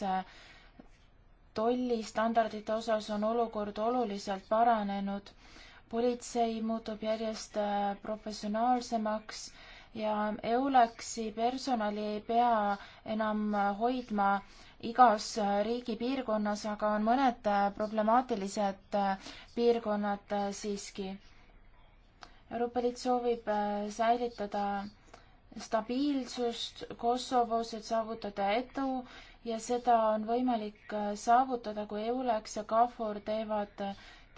tollistandardite osas on olukord oluliselt paranenud. politsei muutub järjest professionaalsemaks ja EULEX-i personali ei pea enam hoidma igas äh, riigi piirkonnas, aga on mõned äh, problemaatilised äh, piirkonnad siiski. Euroopa Liit soovib säilitada stabiilsust Kosovos, et saavutada edu ja seda on võimalik saavutada, kui EULEX ja KFOR teevad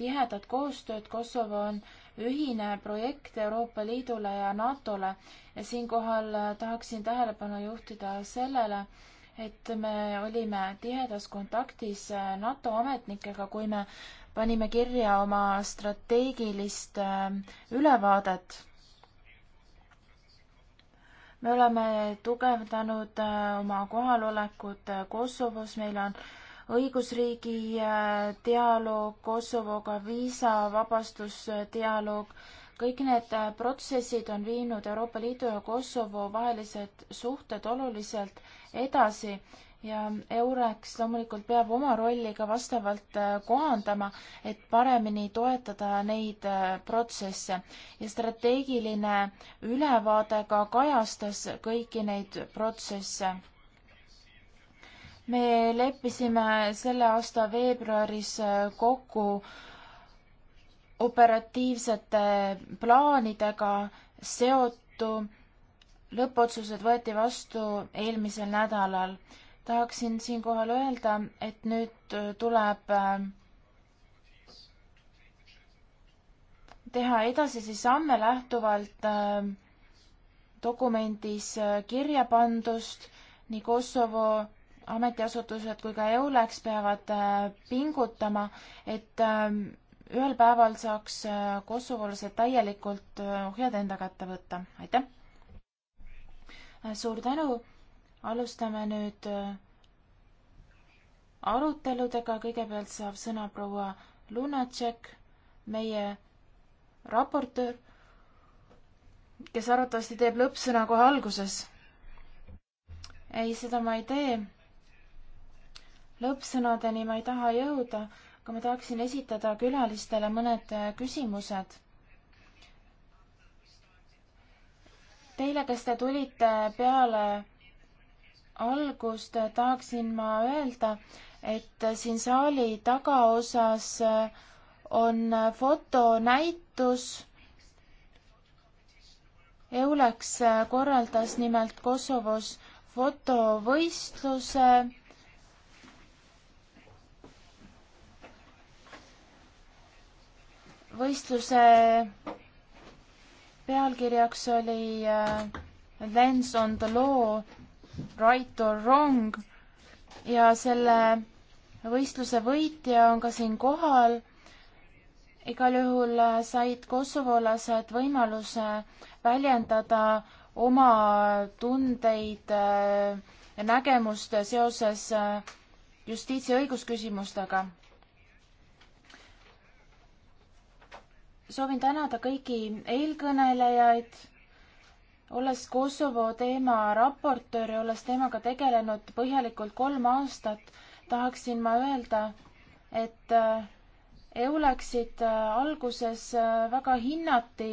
tihedat koostööd. Kosovo on ühine projekt Euroopa Liidule ja NATO-le ja siinkohal tahaksin tähelepanu juhtida sellele, et me olime tihedas kontaktis äh, NATO ametnikega, kui me panime kirja oma strateegilist äh, ülevaadet. me oleme tugevdanud äh, oma kohalolekut Kosovos, meil on õigusriigi dialoog Kosovoga, viisavabastusdialoog kõik need äh, protsessid on viinud Euroopa Liidu ja Kosovo vahelised suhted oluliselt edasi ja Eurex loomulikult peab oma rolli ka vastavalt äh, kohandama, et paremini toetada neid äh, protsesse ja strateegiline ülevaade ka kajastas kõiki neid protsesse. me leppisime selle aasta veebruaris kokku operatiivsete plaanidega seotu. lõppotsused võeti vastu eelmisel nädalal. tahaksin siinkohal öelda, et nüüd tuleb äh, teha edasisi samme lähtuvalt äh, dokumendis äh, kirja pandust nii Kosovo ametiasutused kui ka EULEX peavad pingutama, et ühel päeval saaks äh, kosovolased täielikult ohjad äh, enda kätte võtta. aitäh! Äh, suur tänu! alustame nüüd aruteludega, kõigepealt saab sõna proua Lunatšek, meie raportöör, kes arvatavasti teeb lõppsõna kohe alguses. ei, seda ma ei tee. lõppsõnadeni ma ei taha jõuda aga ma tahaksin esitada külalistele mõned äh, küsimused. Teile, kes te tulite peale algust, tahaksin ma öelda, et siin saali tagaosas äh, on fotonäitus Eulex äh, korraldas nimelt Kosovos fotovõistluse võistluse pealkirjaks oli äh, Lens on the law, right or wrong ja selle võistluse võitja on ka siin kohal. igal juhul äh, said kosovolased võimaluse väljendada oma tundeid äh, ja nägemust seoses justiits- ja õigusküsimustega soovin tänada kõiki eelkõnelejaid, olles Kosovo teema raportöör ja olles teemaga tegelenud põhjalikult kolm aastat, tahaksin ma öelda, et äh, EULEX-id äh, alguses äh, väga hinnati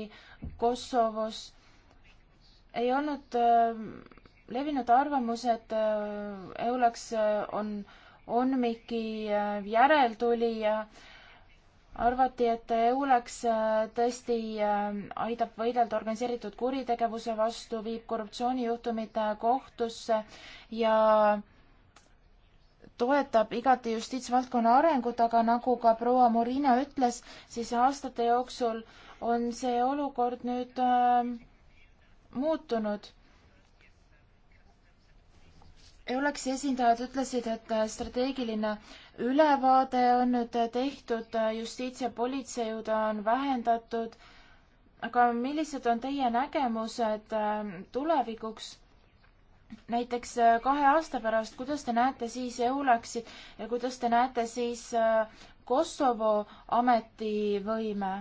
Kosovos. ei olnud levinud arvamus, et EULEX on UNMIK-i järeltulija arvati, et EULEX äh, tõesti äh, aitab võidelda organiseeritud kuritegevuse vastu, viib korruptsioonijuhtumid äh, kohtusse ja toetab igati justiitsvaldkonna arengut, aga nagu ka proua Morina ütles, siis aastate jooksul on see olukord nüüd äh, muutunud EOLEX-i esindajad ütlesid, et äh, strateegiline ülevaade on nüüd äh, tehtud, äh, justiits- ja politseijõude on vähendatud, aga millised on teie nägemused tulevikuks? näiteks kahe aasta pärast, kuidas te näete siis EULEX-i ja kuidas te näete siis Kosovo ametivõime?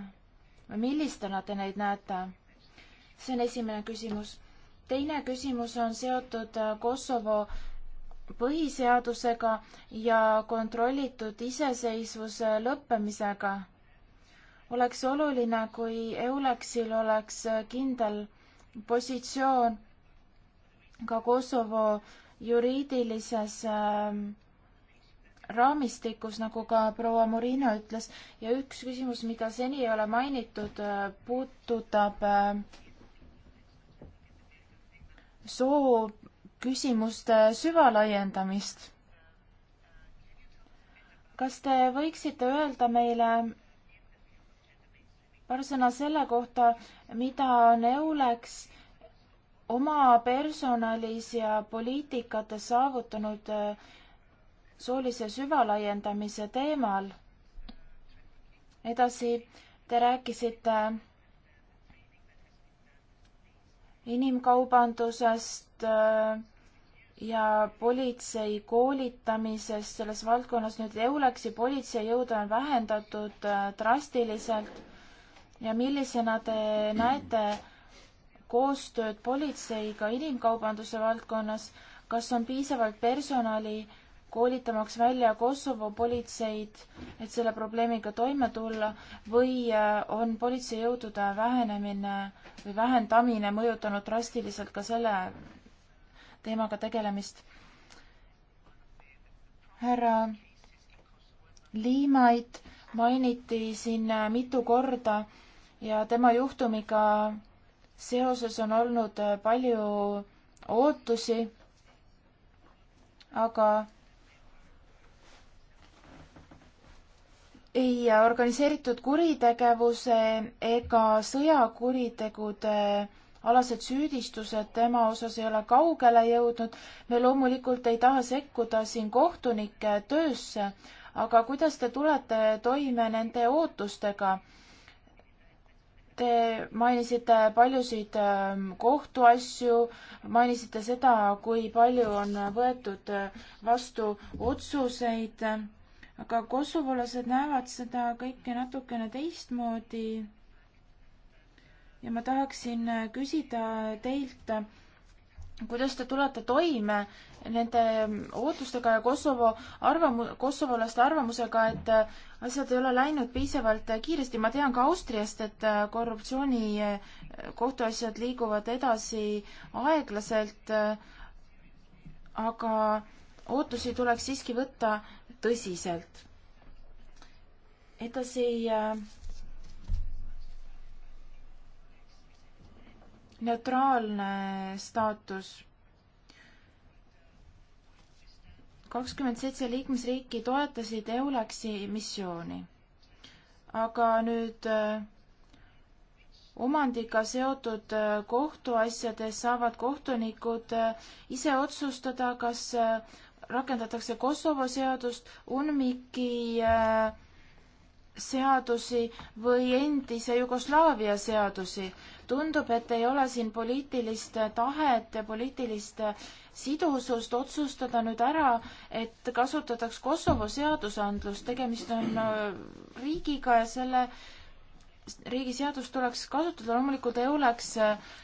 millistena te neid näete? see on esimene küsimus. teine küsimus on seotud Kosovo äh, põhiseadusega ja kontrollitud iseseisvuse lõppemisega. oleks oluline, kui EULEX-il oleks kindel positsioon ka Kosovo juriidilises ähm, raamistikus, nagu ka proua Murino ütles, ja üks küsimus, mida seni ei ole mainitud, äh, puudutab äh, soo küsimuste süvalaiendamist. kas te võiksite öelda meile paar sõna selle kohta, mida on EULEX oma personalis ja poliitikates saavutanud äh, soolise süvalaiendamise teemal? edasi, te rääkisite inimkaubandusest, Äh, ja politsei koolitamises selles valdkonnas nüüd EULEX-i politseijõude on vähendatud äh, drastiliselt ja millisena te näete koostööd politseiga inimkaubanduse valdkonnas, kas on piisavalt personali koolitamaks välja Kosovo politseid, et selle probleemiga toime tulla või äh, on politseijõudude vähenemine või vähendamine mõjutanud drastiliselt ka selle teemaga tegelemist. härra Liimait mainiti siin äh, mitu korda ja tema juhtumiga seoses on olnud äh, palju ootusi, aga ei organiseeritud kuritegevuse ega sõjakuritegude alased süüdistused tema osas ei ole kaugele jõudnud. me loomulikult ei taha sekkuda siin kohtunike töösse, aga kuidas te tulete toime nende ootustega? Te mainisite paljusid ähm, kohtuasju, mainisite seda, kui palju on võetud äh, vastu otsuseid, aga kosovolased näevad seda kõike natukene teistmoodi ja ma tahaksin äh, küsida teilt, kuidas te tulete toime nende ähm, ootustega ja Kosovo arvamu-, kosovolaste arvamusega, et äh, asjad ei ole läinud piisavalt äh, kiiresti, ma tean ka Austriast, et korruptsiooni kohtuasjad liiguvad edasi aeglaselt, aga ootusi tuleks siiski võtta tõsiselt. edasi äh, neutraalne staatus. kakskümmend seitse liikmesriiki toetasid EULEX-i missiooni. aga nüüd äh, omandiga seotud äh, kohtuasjades saavad kohtunikud äh, ise otsustada, kas rakendatakse Kosovo seadust, UNMIK-i seadusi või endise Jugoslaavia seadusi tundub, et ei ole siin poliitilist tahet ja poliitilist sidusust otsustada nüüd ära, et kasutataks Kosovo seadusandlust, tegemist on äh, riigiga ja selle riigi seadust tuleks kasutada, loomulikult EULEX äh,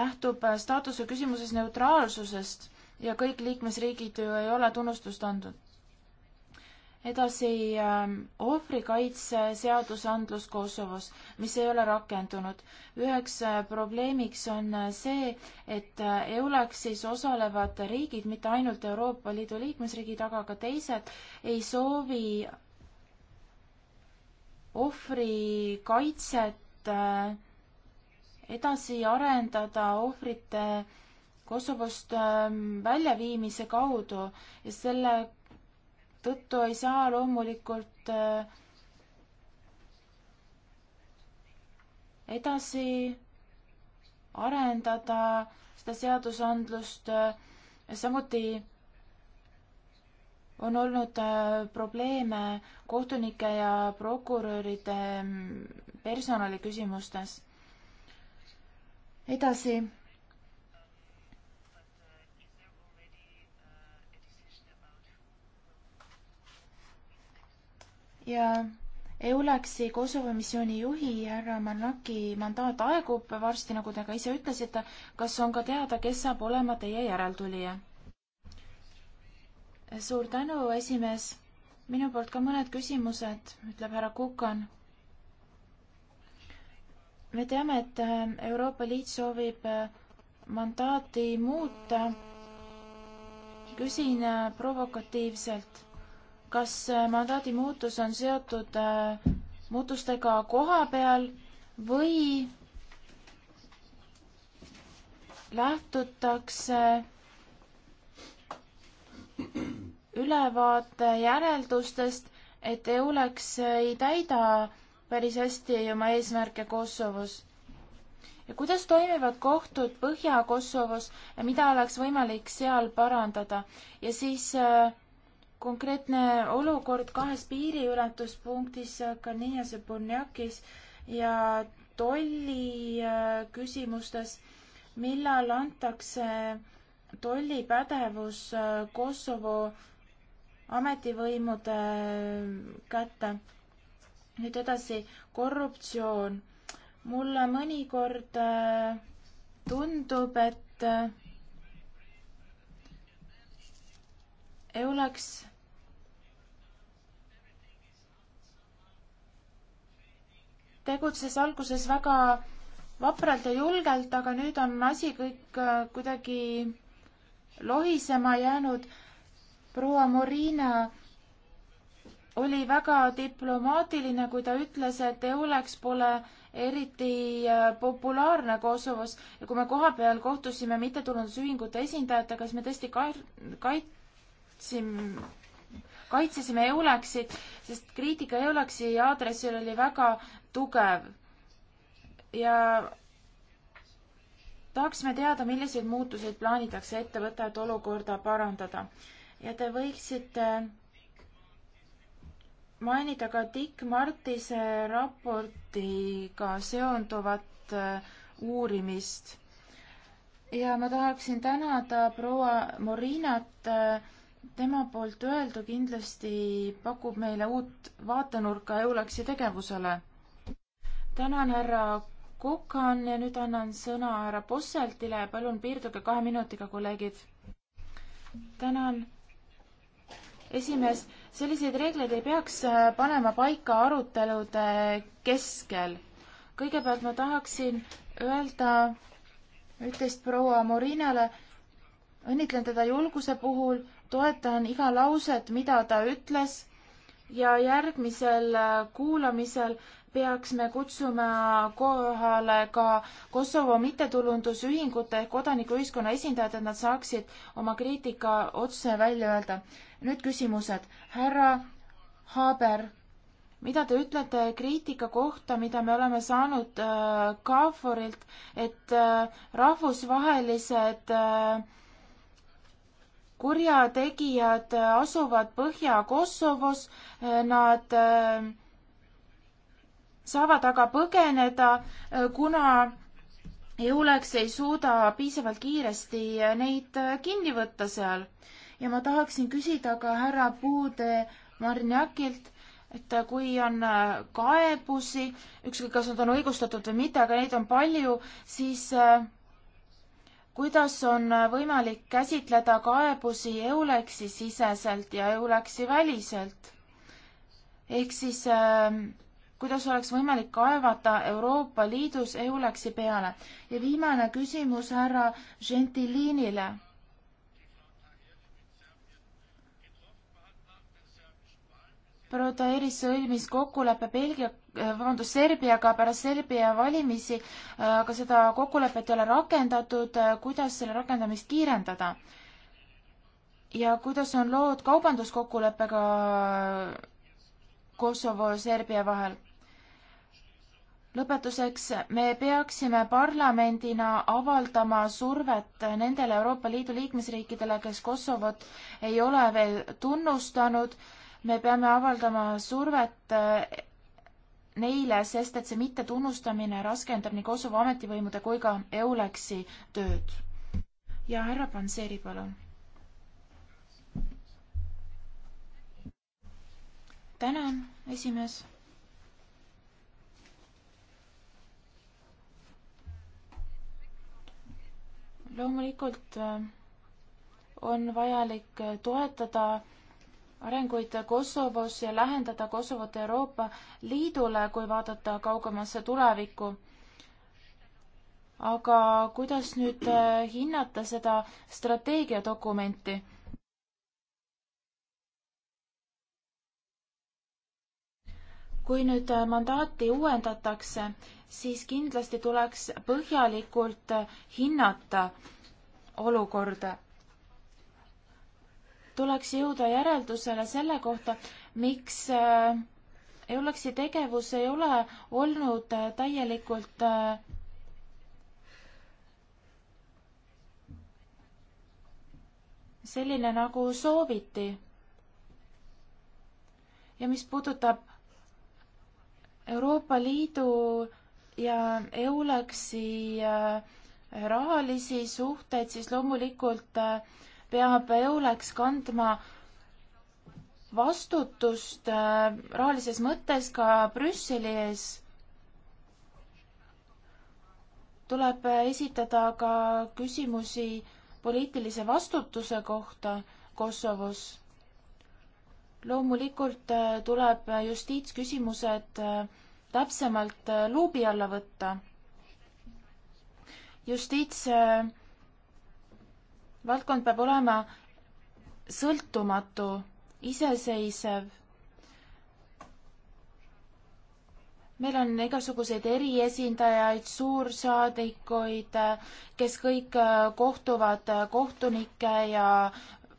lähtub äh, staatuse küsimuses neutraalsusest ja kõik liikmesriigid ju ei ole tunnustust andnud edasi ähm, ohvrikaitseseadusandlus Kosovos, mis ei ole rakendunud. üheks äh, probleemiks on äh, see, et äh, EULEX-is osalevad riigid, mitte ainult Euroopa Liidu liikmesriigid, aga ka teised, ei soovi ohvrikaitset edasi arendada ohvrite Kosovost ähm, väljaviimise kaudu ja selle tõttu ei saa loomulikult äh, edasi arendada seda seadusandlust. Äh, samuti on olnud äh, probleeme kohtunike ja prokuröride mm, personaliküsimustes. edasi ja EULEX-i Kosovo missiooni juhi härra Marnaki mandaat aegub varsti, nagu te ka ise ütlesite. kas on ka teada, kes saab olema teie järeltulija? suur tänu, esimees. minu poolt ka mõned küsimused, ütleb härra Kukan. me teame, et äh, Euroopa Liit soovib äh, mandaati muuta. küsin äh, provokatiivselt kas äh, mandaadi muutus on seotud äh, muutustega koha peal või lähtutakse ülevaate järeldustest, et EULEX ei täida päris hästi oma eesmärke Kosovos. ja kuidas toimivad kohtud Põhja-Kosovos ja mida oleks võimalik seal parandada ja siis äh, konkreetne olukord kahes piiriületuspunktis Kanias ja Bonjakis ja tolli äh, küsimustes, millal antakse tollipädevus äh, Kosovo ametivõimude äh, kätte. nüüd edasi, korruptsioon. mulle mõnikord tundub, et EULEX tegutses alguses väga vapralt ja julgelt, aga nüüd on asi kõik äh, kuidagi lohisema jäänud. proua Morina oli väga diplomaatiline, kui ta ütles, et EULEX pole eriti äh, populaarne Kosovos ja kui me kohapeal kohtusime mittetulundusühingute esindajatega, siis me tõesti kaitsime, kaitsesime EULEX-it, sest kriitika EULEX-i aadressil oli väga tugev ja tahaksime teada, milliseid muutuseid plaanitakse ette võtta, et olukorda parandada. ja te võiksite mainida ka Dick Martise raportiga seonduvat äh, uurimist. ja ma tahaksin tänada proua Morinat, äh, tema poolt öeldu kindlasti pakub meile uut vaatenurka EULAX-i tegevusele tänan, härra Kukan ja nüüd annan sõna härra Posseltile, palun piirduge kahe minutiga, kolleegid. tänan. esimees, selliseid reegleid ei peaks äh, panema paika arutelude keskel. kõigepealt ma tahaksin öelda üht-teist proua Morinale, õnnitlen teda julguse puhul, toetan iga lauset, mida ta ütles ja järgmisel äh, kuulamisel peaks me kutsuma kohale ka Kosovo mittetulundusühingute ehk kodanikuühiskonna esindajad, et nad saaksid oma kriitika otse välja öelda. nüüd küsimused. härra Haber, mida te ütlete kriitika kohta, mida me oleme saanud äh, KFOR-ilt, et äh, rahvusvahelised äh, kurjategijad asuvad Põhja-Kosovos, äh, nad äh, saavad aga põgeneda, äh, kuna EULEX ei suuda piisavalt kiiresti äh, neid äh, kinni võtta seal. ja ma tahaksin küsida ka härra Puude Marniakilt, et kui on kaebusi, ükskõik, kas nad on õigustatud või mitte, aga neid on palju, siis kuidas on võimalik käsitleda kaebusi EULEX-i siseselt ja EULEX-i väliselt? ehk siis äh, kuidas oleks võimalik kaevata Euroopa Liidus EULEX-i peale. ja viimane küsimus härra Gentilinile. Protaeris sõlmis kokkuleppe Belgia, eh, vabandust, Serbiaga pärast Serbia valimisi, eh, aga seda kokkulepet ei ole rakendatud, eh, kuidas selle rakendamist kiirendada? ja kuidas on lood kaubanduskokkuleppega Kosovo, Serbia vahel? lõpetuseks, me peaksime parlamendina avaldama survet nendele Euroopa Liidu liikmesriikidele, kes Kosovot ei ole veel tunnustanud. me peame avaldama survet eh, neile, sest et see mittetunnustamine raskendab nii Kosovo ametivõimude kui ka EULEX-i tööd. ja härra Panseri, palun. tänan, esimees loomulikult äh, on vajalik äh, toetada arenguid Kosovos ja lähendada Kosovot Euroopa Liidule, kui vaadata kaugemasse tulevikku. aga kuidas nüüd äh, hinnata seda strateegiadokumenti? kui nüüd mandaati uuendatakse, siis kindlasti tuleks põhjalikult hinnata olukorda. tuleks jõuda järeldusele selle kohta, miks äh, EULEX-i tegevus ei ole olnud äh, täielikult äh, selline, nagu sooviti. ja mis puudutab Euroopa Liidu ja EULAX-i äh, rahalisi suhteid, siis loomulikult äh, peab EULAX kandma vastutust äh, rahalises mõttes ka Brüsseli ees. tuleb esitada ka küsimusi poliitilise vastutuse kohta Kosovos. loomulikult tuleb justiitsküsimused äh, täpsemalt äh, luubi alla võtta. justiitsvaldkond äh, peab olema sõltumatu, iseseisev. meil on igasuguseid eriesindajaid, suursaadikuid, kes kõik äh, kohtuvad kohtunike ja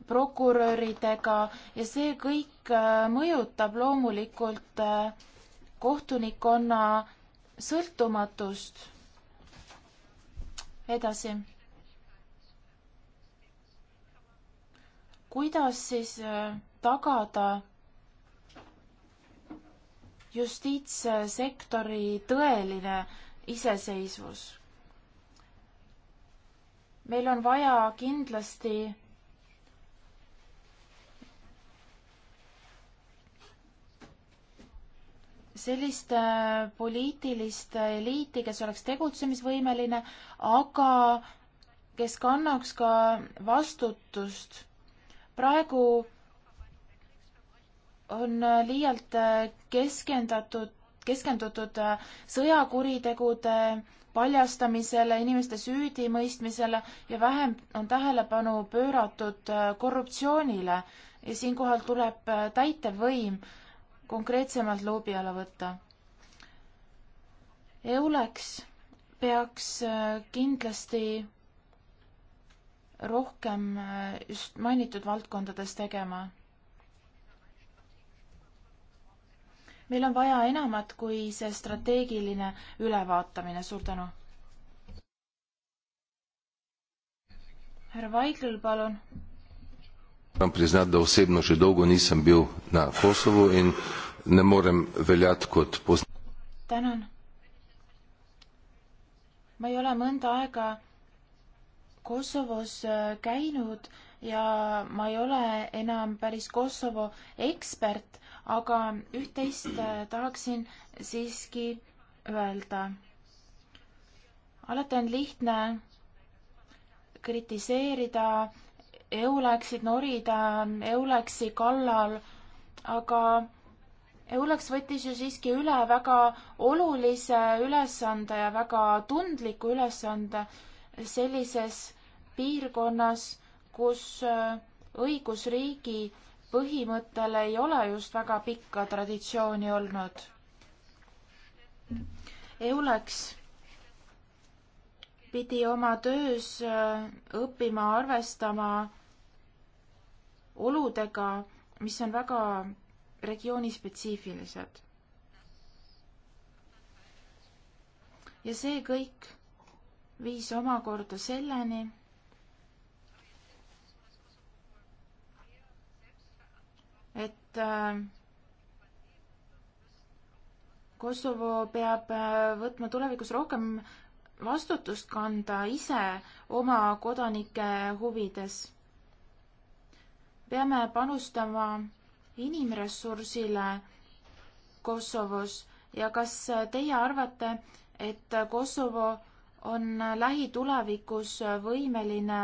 prokuröridega ja see kõik mõjutab loomulikult äh, kohtunikkonna sõltumatust. edasi. kuidas siis äh, tagada justiitssektori tõeline iseseisvus? meil on vaja kindlasti sellist äh, poliitilist eliiti, kes oleks tegutsemisvõimeline, aga kes kannaks ka vastutust. praegu on äh, liialt äh, keskendatud, keskendutud sõjakuritegude paljastamisele, inimeste süüdimõistmisele ja vähem on tähelepanu pööratud korruptsioonile ja siinkohal tuleb täitevvõim konkreetsemalt loobi alla võtta. EULEX peaks äh, kindlasti rohkem äh, just mainitud valdkondades tegema. meil on vaja enamat kui see strateegiline ülevaatamine, suur tänu. härra Vaiglil, palun Moram priznati, da osebno že dolgo nisem bil na Kosovu in ne morem veljati kot post-. tänan. ma ei ole mõnda aega Kosovos äh, käinud ja ma ei ole enam päris Kosovo ekspert, aga üht-teist äh, tahaksin siiski öelda. alati on lihtne kritiseerida EULEX-id norida äh, EULEX-i kallal, aga EULEX võttis ju siiski üle väga olulise ülesande ja väga tundliku ülesande sellises piirkonnas, kus äh, õigusriigi põhimõttel ei ole just väga pikka traditsiooni olnud. EULEX pidi oma töös äh, õppima arvestama oludega, mis on väga regioonispetsiifilised. ja see kõik viis omakorda selleni, et äh, Kosovo peab äh, võtma tulevikus rohkem vastutust kanda ise oma kodanike huvides peame panustama inimressursile Kosovos ja kas teie arvate, et Kosovo on lähitulevikus võimeline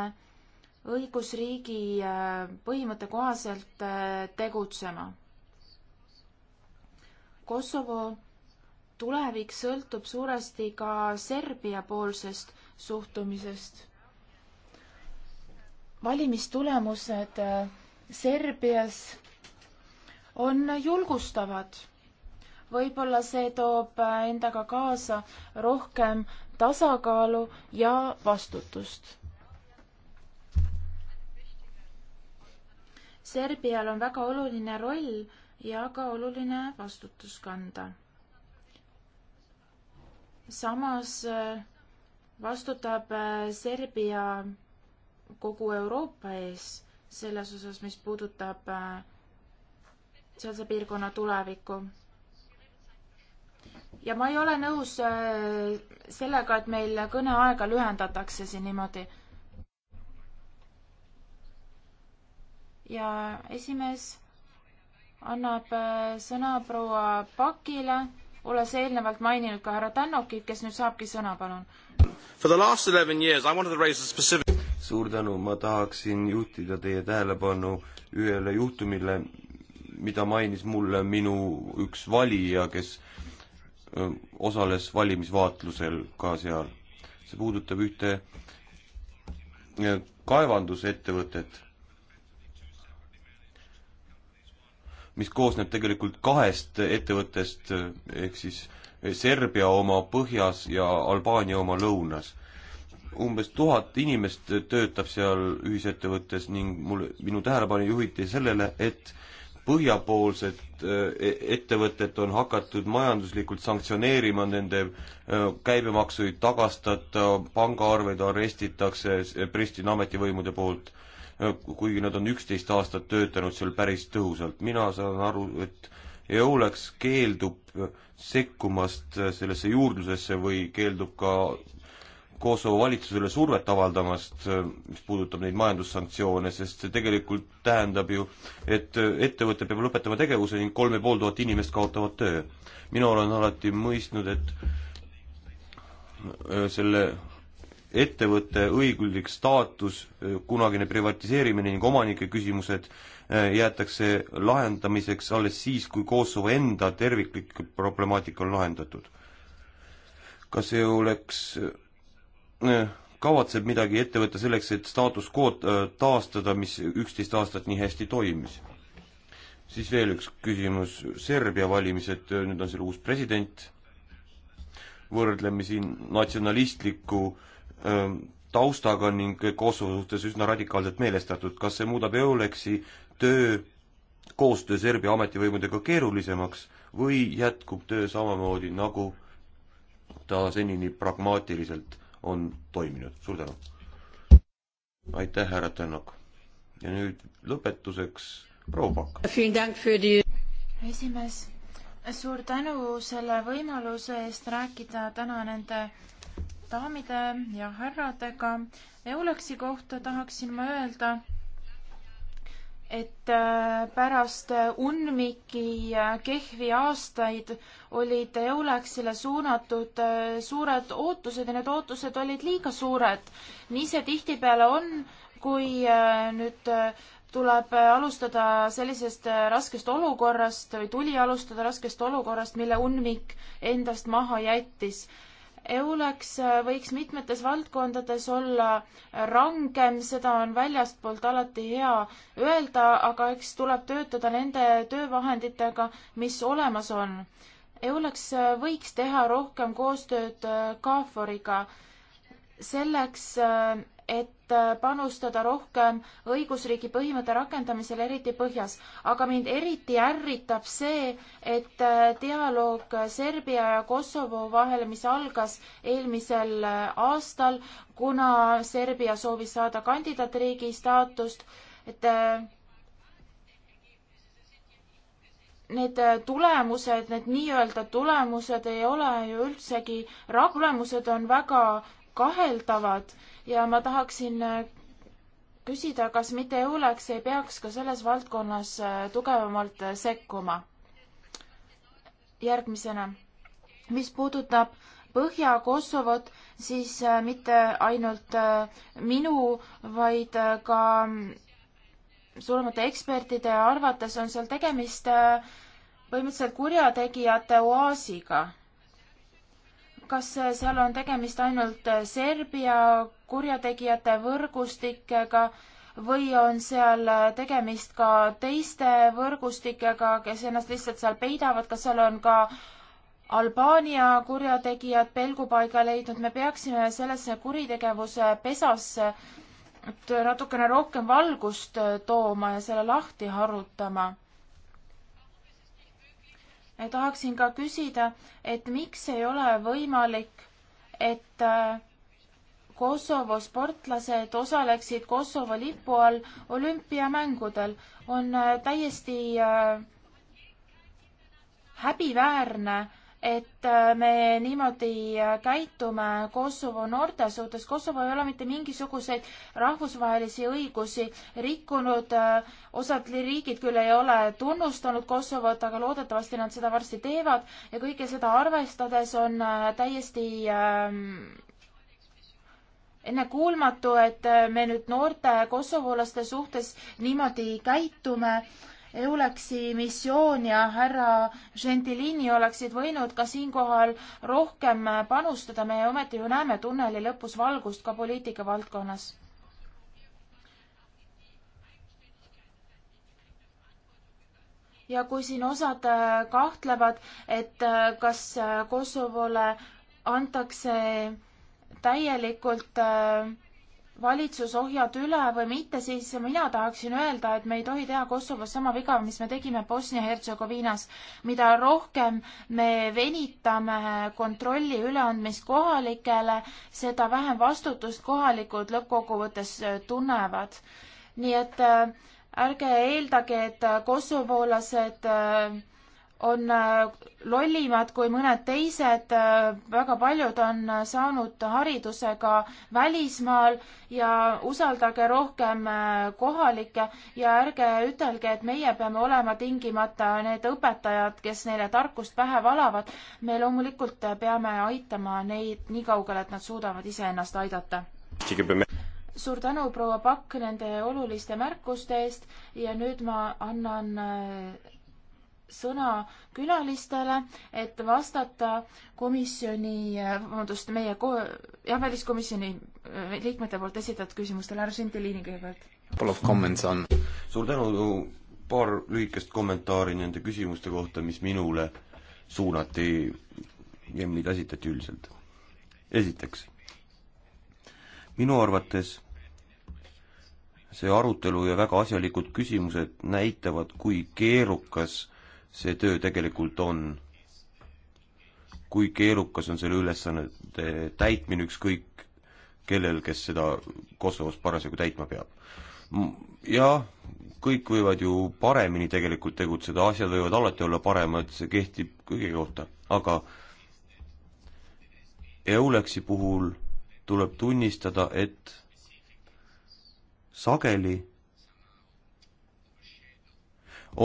õigusriigi äh, põhimõtte kohaselt äh, tegutsema? Kosovo tulevik sõltub suuresti ka Serbia poolsest suhtumisest. valimistulemused äh, Serbias on julgustavad. võib-olla see toob endaga kaasa rohkem tasakaalu ja vastutust. Serbial on väga oluline roll ja ka oluline vastutus kanda. samas vastutab eh, Serbia kogu Euroopa ees selles osas, mis puudutab äh, sealse piirkonna tulevikku. ja ma ei ole nõus äh, sellega, et meil kõneaega lühendatakse siin niimoodi. ja esimees annab äh, sõna proua Pakile, olles eelnevalt maininud ka härra Tannokit, kes nüüd saabki sõna, palun. For the last eleven years I wanted to raise a specific suur tänu, ma tahaksin juhtida teie tähelepanu ühele juhtumile, mida mainis mulle minu üks valija, kes osales valimisvaatlusel ka seal. see puudutab ühte kaevandusettevõtet, mis koosneb tegelikult kahest ettevõttest, ehk siis Serbia oma põhjas ja Albaania oma lõunas umbes tuhat inimest töötab seal ühisettevõttes ning mul, minu tähelepanu juhiti sellele, et põhjapoolset äh, e-, ettevõtet on hakatud majanduslikult sanktsioneerima, nende äh, käibemaksu ei tagastata, pangaarveid arestitakse Pristina ametivõimude poolt, äh, kuigi nad on üksteist aastat töötanud seal päris tõhusalt. mina saan aru, et EOLEX keeldub sekkumast sellesse juurdlusesse või keeldub ka Kosovo valitsusele survet avaldamast, äh, mis puudutab neid majandussanktsioone, sest see tegelikult tähendab ju, et äh, ettevõte peab lõpetama tegevuse ning kolm ja pool tuhat inimest kaotavad töö. mina olen alati mõistnud, et äh, selle ettevõtte õiguslik staatus, kunagine privatiseerimine ning omanike küsimused jäetakse lahendamiseks alles siis, kui Kosovo enda terviklik problemaatika on lahendatud. kas ei oleks Äh, kavatseb midagi ette võtta selleks, et staatus quo'd äh, taastada, mis üksteist aastat nii hästi toimis? siis veel üks küsimus, Serbia valimised, äh, nüüd on seal uus president, võrdleme siin natsionalistliku öö, ähm, taustaga ning Kosovo suhtes üsna radikaalselt meelestatud, kas see muudab EULEX-i töö, koostöö Serbia ametivõimudega keerulisemaks või jätkub töö samamoodi, nagu ta senini pragmaatiliselt on toiminud. suur tänu! aitäh, härra Tänak! ja nüüd lõpetuseks proua Pakk. esimees, suur tänu selle võimaluse eest rääkida täna nende daamide ja härradega. EULEX-i kohta tahaksin ma öelda, et äh, pärast äh, UNMIK-i äh, kehvi aastaid olid EULEX-ile suunatud suured ootused ja need ootused olid liiga suured. nii see tihtipeale on, kui nüüd tuleb alustada sellisest raskest olukorrast või tuli alustada raskest olukorrast, mille UNMIK endast maha jättis. EULEX äh, võiks mitmetes valdkondades olla rangem, seda on väljastpoolt alati hea öelda, aga eks tuleb töötada nende töövahenditega, mis olemas on. EULEX äh, võiks teha rohkem koostööd äh, KAFOR-iga selleks, et panustada rohkem õigusriigi põhimõtte rakendamisel, eriti põhjas. aga mind eriti ärritab see, et äh, dialoog Serbia ja Kosovo vahel, mis algas eelmisel äh, aastal, kuna Serbia soovis saada kandidaatriigi staatust, et äh, need tulemused, need nii-öelda tulemused ei ole ju üldsegi, tulemused on väga kaheldavad ja ma tahaksin äh, küsida, kas mitte EULEX ei peaks ka selles valdkonnas äh, tugevamalt äh, sekkuma? järgmisena, mis puudutab Põhja-Kosovot, siis mitte ainult minu, vaid ka mm, suuremate ekspertide arvates on seal tegemist põhimõtteliselt kurjategijate oaasiga kas seal on tegemist ainult Serbia kurjategijate võrgustikega või on seal tegemist ka teiste võrgustikega, kes ennast lihtsalt seal peidavad, kas seal on ka Albaania kurjategijad pelgupaiga leidnud, me peaksime sellesse kuritegevuse pesasse natukene rohkem valgust tooma ja selle lahti harutama tahaksin ka küsida, et miks ei ole võimalik, et äh, Kosovo sportlased osaleksid Kosovo lipu all olümpiamängudel, on äh, täiesti äh, häbiväärne, et äh, me niimoodi äh, käitume Kosovo noorte suhtes. Kosovo ei ole mitte mingisuguseid rahvusvahelisi õigusi rikkunud. Äh, osad riigid küll ei ole tunnustanud Kosovot, aga loodetavasti nad seda varsti teevad ja kõike seda arvestades on täiesti ähm, ennekuulmatu, et me nüüd noorte kosovolaste suhtes niimoodi käitume Euleksi missioon ja härra Gentilini oleksid võinud ka siinkohal rohkem panustada, me ometi ju näeme tunneli lõpus valgust ka poliitika valdkonnas. ja kui siin osad kahtlevad, et kas Kosovole antakse täielikult äh, valitsusohjad üle või mitte, siis mina tahaksin öelda, et me ei tohi teha Kosovos sama viga, mis me tegime Bosnia-Hertsegoviinas. mida rohkem me venitame kontrolli üleandmist kohalikele, seda vähem vastutust kohalikud lõppkokkuvõttes äh, tunnevad. nii et äh, ärge eeldage, et äh, kosovolased äh, on äh, lollimad kui mõned teised, äh, väga paljud on äh, saanud hariduse ka välismaal ja usaldage rohkem kohalikke ja ärge ütelge, et meie peame olema tingimata need õpetajad, kes neile tarkust pähe valavad. me loomulikult peame aitama neid nii kaugele, et nad suudavad iseennast aidata suur tänu, proua Pakk, nende oluliste märkuste eest ja nüüd ma annan sõna külalistele, et vastata komisjoni, vabandust, meie ko-, jah, väliskomisjoni äh, liikmete poolt esitatud küsimustele, härra Sintelini kõigepealt. Couple of comments on. suur tänu, paar lühikest kommentaari nende küsimuste kohta, mis minule suunati ja mida esitati üldiselt. esiteks, minu arvates see arutelu ja väga asjalikud küsimused näitavad, kui keerukas see töö tegelikult on. kui keerukas on selle ülesannete täitmine ükskõik kellel, kes seda Kosovos parasjagu täitma peab. jah, kõik võivad ju paremini tegelikult tegutseda, asjad võivad alati olla paremad, see kehtib kõigi kohta, aga EULEX-i puhul tuleb tunnistada, et sageli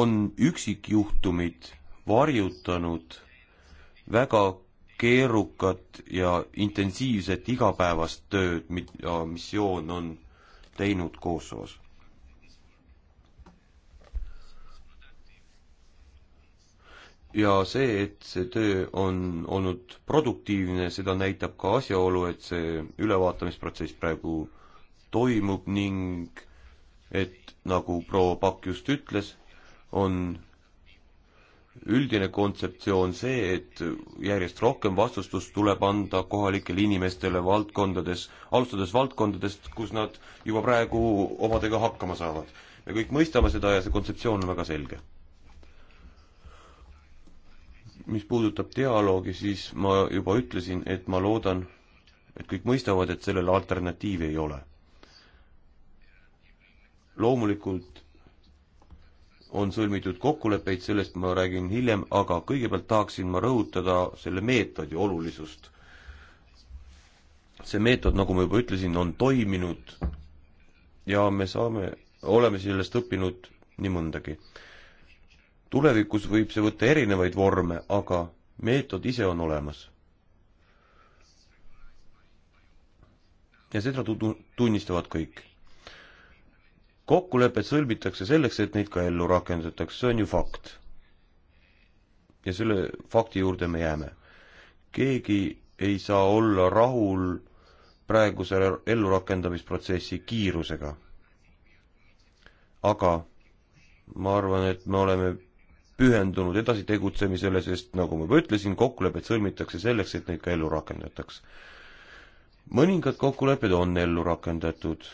on üksikjuhtumid varjutanud väga keerukat ja intensiivset igapäevast tööd, mida missioon on teinud Kosovos. ja see, et see töö on olnud produktiivne, seda näitab ka asjaolu, et see ülevaatamisprotsess praegu toimub ning et nagu proua Pakk just ütles, on üldine kontseptsioon see, et järjest rohkem vastustust tuleb anda kohalikele inimestele valdkondades, alustades valdkondadest, kus nad juba praegu omadega hakkama saavad. me kõik mõistame seda ja see kontseptsioon on väga selge. mis puudutab dialoogi, siis ma juba ütlesin, et ma loodan, et kõik mõistavad, et sellele alternatiivi ei ole. loomulikult on sõlmitud kokkuleppeid, sellest ma räägin hiljem, aga kõigepealt tahaksin ma rõhutada selle meetodi olulisust. see meetod, nagu ma juba ütlesin, on toiminud ja me saame, oleme sellest õppinud nii mõndagi. tulevikus võib see võtta erinevaid vorme, aga meetod ise on olemas. ja seda tunnistavad kõik kokkulepped sõlmitakse selleks, et neid ka ellu rakendatakse, see on ju fakt. ja selle fakti juurde me jääme. keegi ei saa olla rahul praeguse ellurakendamisprotsessi kiirusega. aga ma arvan, et me oleme pühendunud edasi tegutsemisele, sest nagu ma juba ütlesin, kokkulepped sõlmitakse selleks, et neid ka ellu rakendataks. mõningad kokkulepped on ellu rakendatud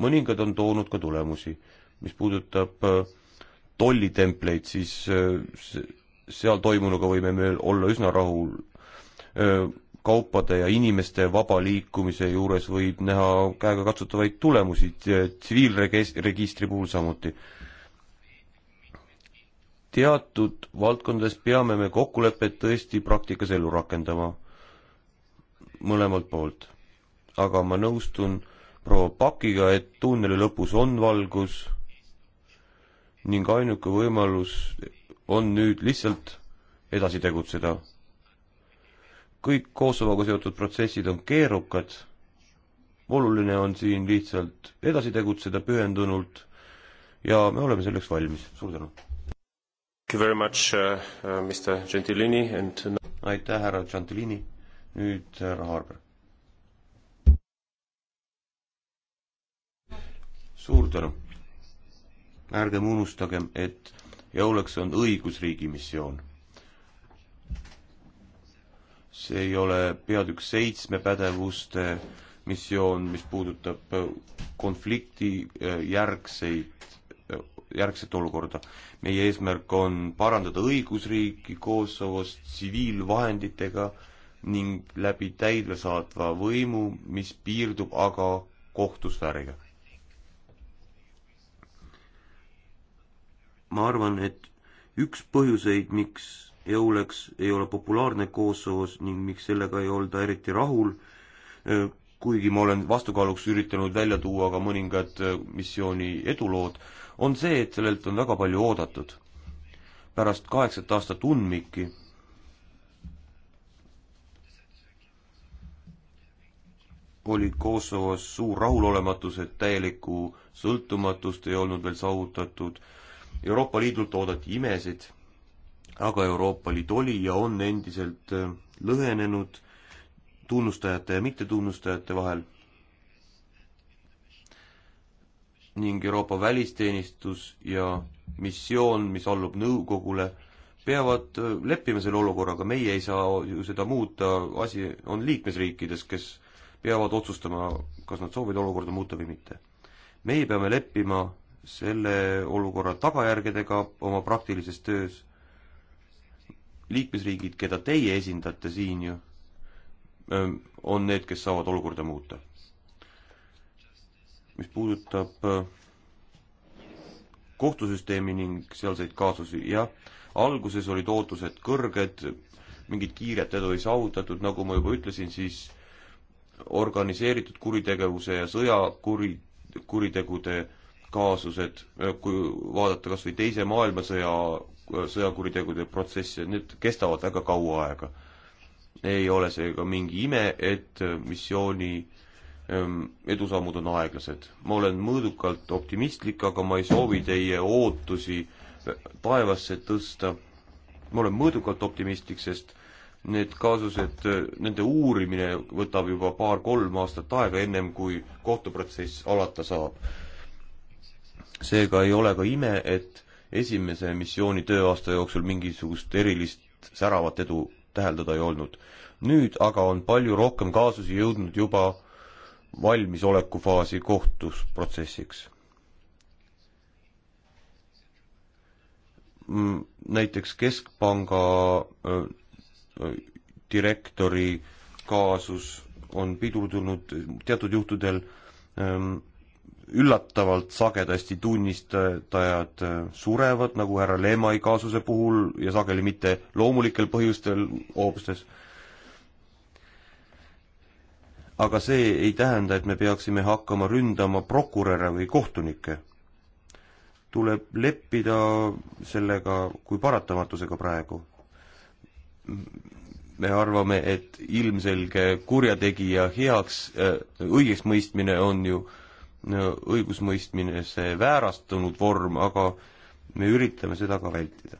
mõningad on toonud ka tulemusi. mis puudutab äh, tollitempleid, siis äh, seal toimunuga võime me olla üsna rahul. Äh, kaupade ja inimeste vaba liikumise juures võib näha käegakatsutavaid tulemusi, tsiviilregistri puhul samuti teatud valdkondades peame me kokkulepet tõesti praktikas ellu rakendama mõlemalt poolt. aga ma nõustun proua Pakiga, et tunneli lõpus on valgus ning ainuke võimalus on nüüd lihtsalt edasi tegutseda. kõik Kosovoga seotud protsessid on keerukad, oluline on siin lihtsalt edasi tegutseda pühendunult ja me oleme selleks valmis, suur tänu! Uh, uh, uh, aitäh, härra Gentilini, nüüd härra Harber. suur tänu. ärgem unustagem, et Euleks on õigusriigi missioon. see ei ole peatükk seitsme pädevuste missioon, mis puudutab äh, konflikti äh, järgseid, äh, järgset olukorda. meie eesmärk on parandada õigusriiki Kosovos tsiviilvahenditega ning läbi täidesaatva võimu, mis piirdub aga kohtusfääriga. ma arvan, et üks põhjuseid, miks EULEX ei ole populaarne Kosovos ning miks sellega ei olda eriti rahul, kuigi ma olen vastukaaluks üritanud välja tuua ka mõningad missiooni edulood, on see, et sellelt on väga palju oodatud. pärast kaheksat aastat UNMIK-i oli Kosovos suur rahulolematus, et täielikku sõltumatust ei olnud veel saavutatud Euroopa Liidult oodati imesid, aga Euroopa Liit oli ja on endiselt äh, lõhenenud tunnustajate ja mittetunnustajate vahel. ning Euroopa välisteenistus ja missioon, mis allub nõukogule, peavad äh, leppima selle olukorraga, meie ei saa ju seda muuta, asi on liikmesriikides, kes peavad otsustama, kas nad soovivad olukorda muuta või mitte. meie peame leppima selle olukorra tagajärgedega oma praktilises töös. liikmesriigid, keda teie esindate siin ju, on need, kes saavad olukorda muuta. mis puudutab kohtusüsteemi ning sealseid kaasusi, jah, alguses olid ootused kõrged, mingit kiiret edu ei saavutatud, nagu ma juba ütlesin, siis organiseeritud kuritegevuse ja sõjakuri, kuritegude äh, kaasused, kui vaadata kas või Teise maailmasõja sõjakuritegude protsesse, need kestavad väga kaua aega. ei ole seega mingi ime, et äh, missiooni ähm, edusammud on aeglased. ma olen mõõdukalt optimistlik, aga ma ei soovi teie ootusi äh, taevasse tõsta. ma olen mõõdukalt optimistlik, sest need kaasused, äh, nende uurimine võtab juba paar-kolm aastat aega, ennem kui kohtuprotsess alata saab seega ei ole ka ime, et esimese missiooni tööaasta jooksul mingisugust erilist säravat edu täheldada ei olnud. nüüd aga on palju rohkem kaasusi jõudnud juba valmisolekufaasi kohtusprotsessiks. Mm, näiteks Keskpanga direktori kaasus on pidurdunud teatud juhtudel ähm, üllatavalt sagedasti tunnistajad äh, surevad, nagu härra Leemai kaasuse puhul ja sageli mitte loomulikel põhjustel hoopis. aga see ei tähenda, et me peaksime hakkama ründama prokuröre või kohtunikke. tuleb leppida sellega kui paratamatusega praegu. me arvame, et ilmselge kurjategija heaks äh,, õigeksmõistmine on ju äh, õigusmõistmine see väärastunud vorm, aga me üritame seda ka vältida.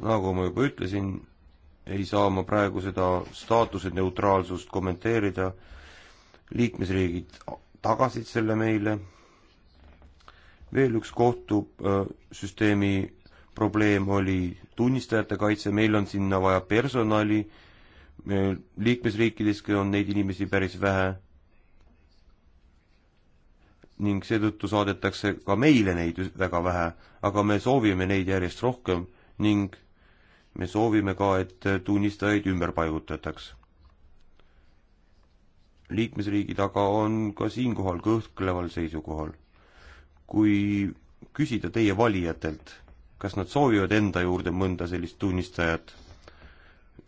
nagu ma juba ütlesin, ei saa ma praegu seda staatuse neutraalsust kommenteerida, liikmesriigid tagasid selle meile, veel üks kohtusüsteemi äh, probleem oli tunnistajate kaitse, meil on sinna vaja personali, liikmesriikideski on neid inimesi päris vähe ning seetõttu saadetakse ka meile neid väga vähe, aga me soovime neid järjest rohkem ning me soovime ka, et tunnistajaid ümber paigutataks. liikmesriigid aga on ka siinkohal kõhkleval seisukohal. kui küsida teie valijatelt, kas nad soovivad enda juurde mõnda sellist tunnistajat,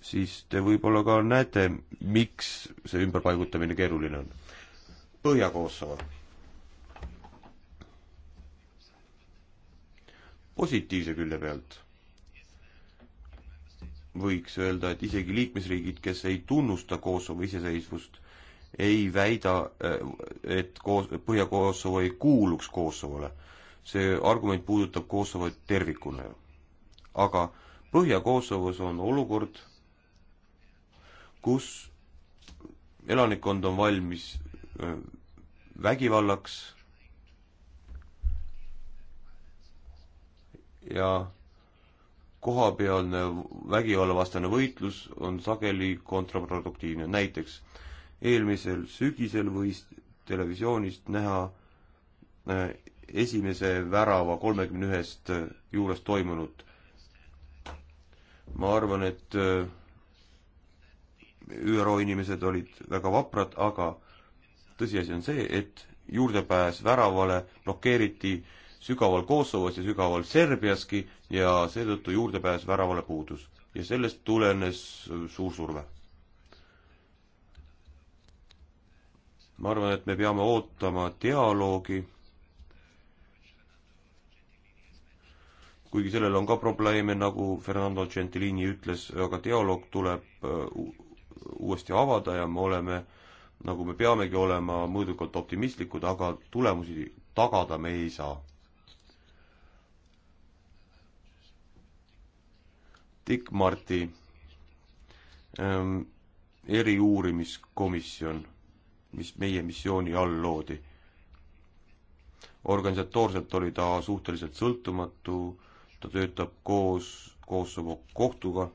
siis te võib-olla ka näete, miks see ümberpaigutamine keeruline on. Põhja-Kosovo. positiivse külje pealt võiks öelda, et isegi liikmesriigid, kes ei tunnusta Kosovo iseseisvust, ei väida, et koos, Põhja-Kosovo ei kuuluks Kosovole. see argument puudutab Kosovot tervikuna ju. aga Põhja-Kosovos on olukord, kus elanikkond on valmis vägivallaks ja kohapealne vägivallavastane võitlus on sageli kontraproduktiivne. näiteks eelmisel sügisel võis televisioonist näha esimese värava kolmekümne ühest juures toimunut. ma arvan, et ÜRO inimesed olid väga vaprad, aga tõsiasi on see, et juurdepääs väravale blokeeriti sügaval Kosovos ja sügaval Serbiaski ja seetõttu juurdepääs väravale puudus. ja sellest tulenes suur surve. ma arvan, et me peame ootama dialoogi, kuigi sellel on ka probleeme, nagu Fernando Gentilini ütles, aga dialoog tuleb äh, uuesti avada ja me oleme, nagu me peamegi olema, mõõdukalt optimistlikud, aga tulemusi tagada me ei saa. Dick Marti ähm, eriuurimiskomisjon, mis meie missiooni all loodi. organisatoorselt oli ta suhteliselt sõltumatu, ta töötab koos Kosovo kohtuga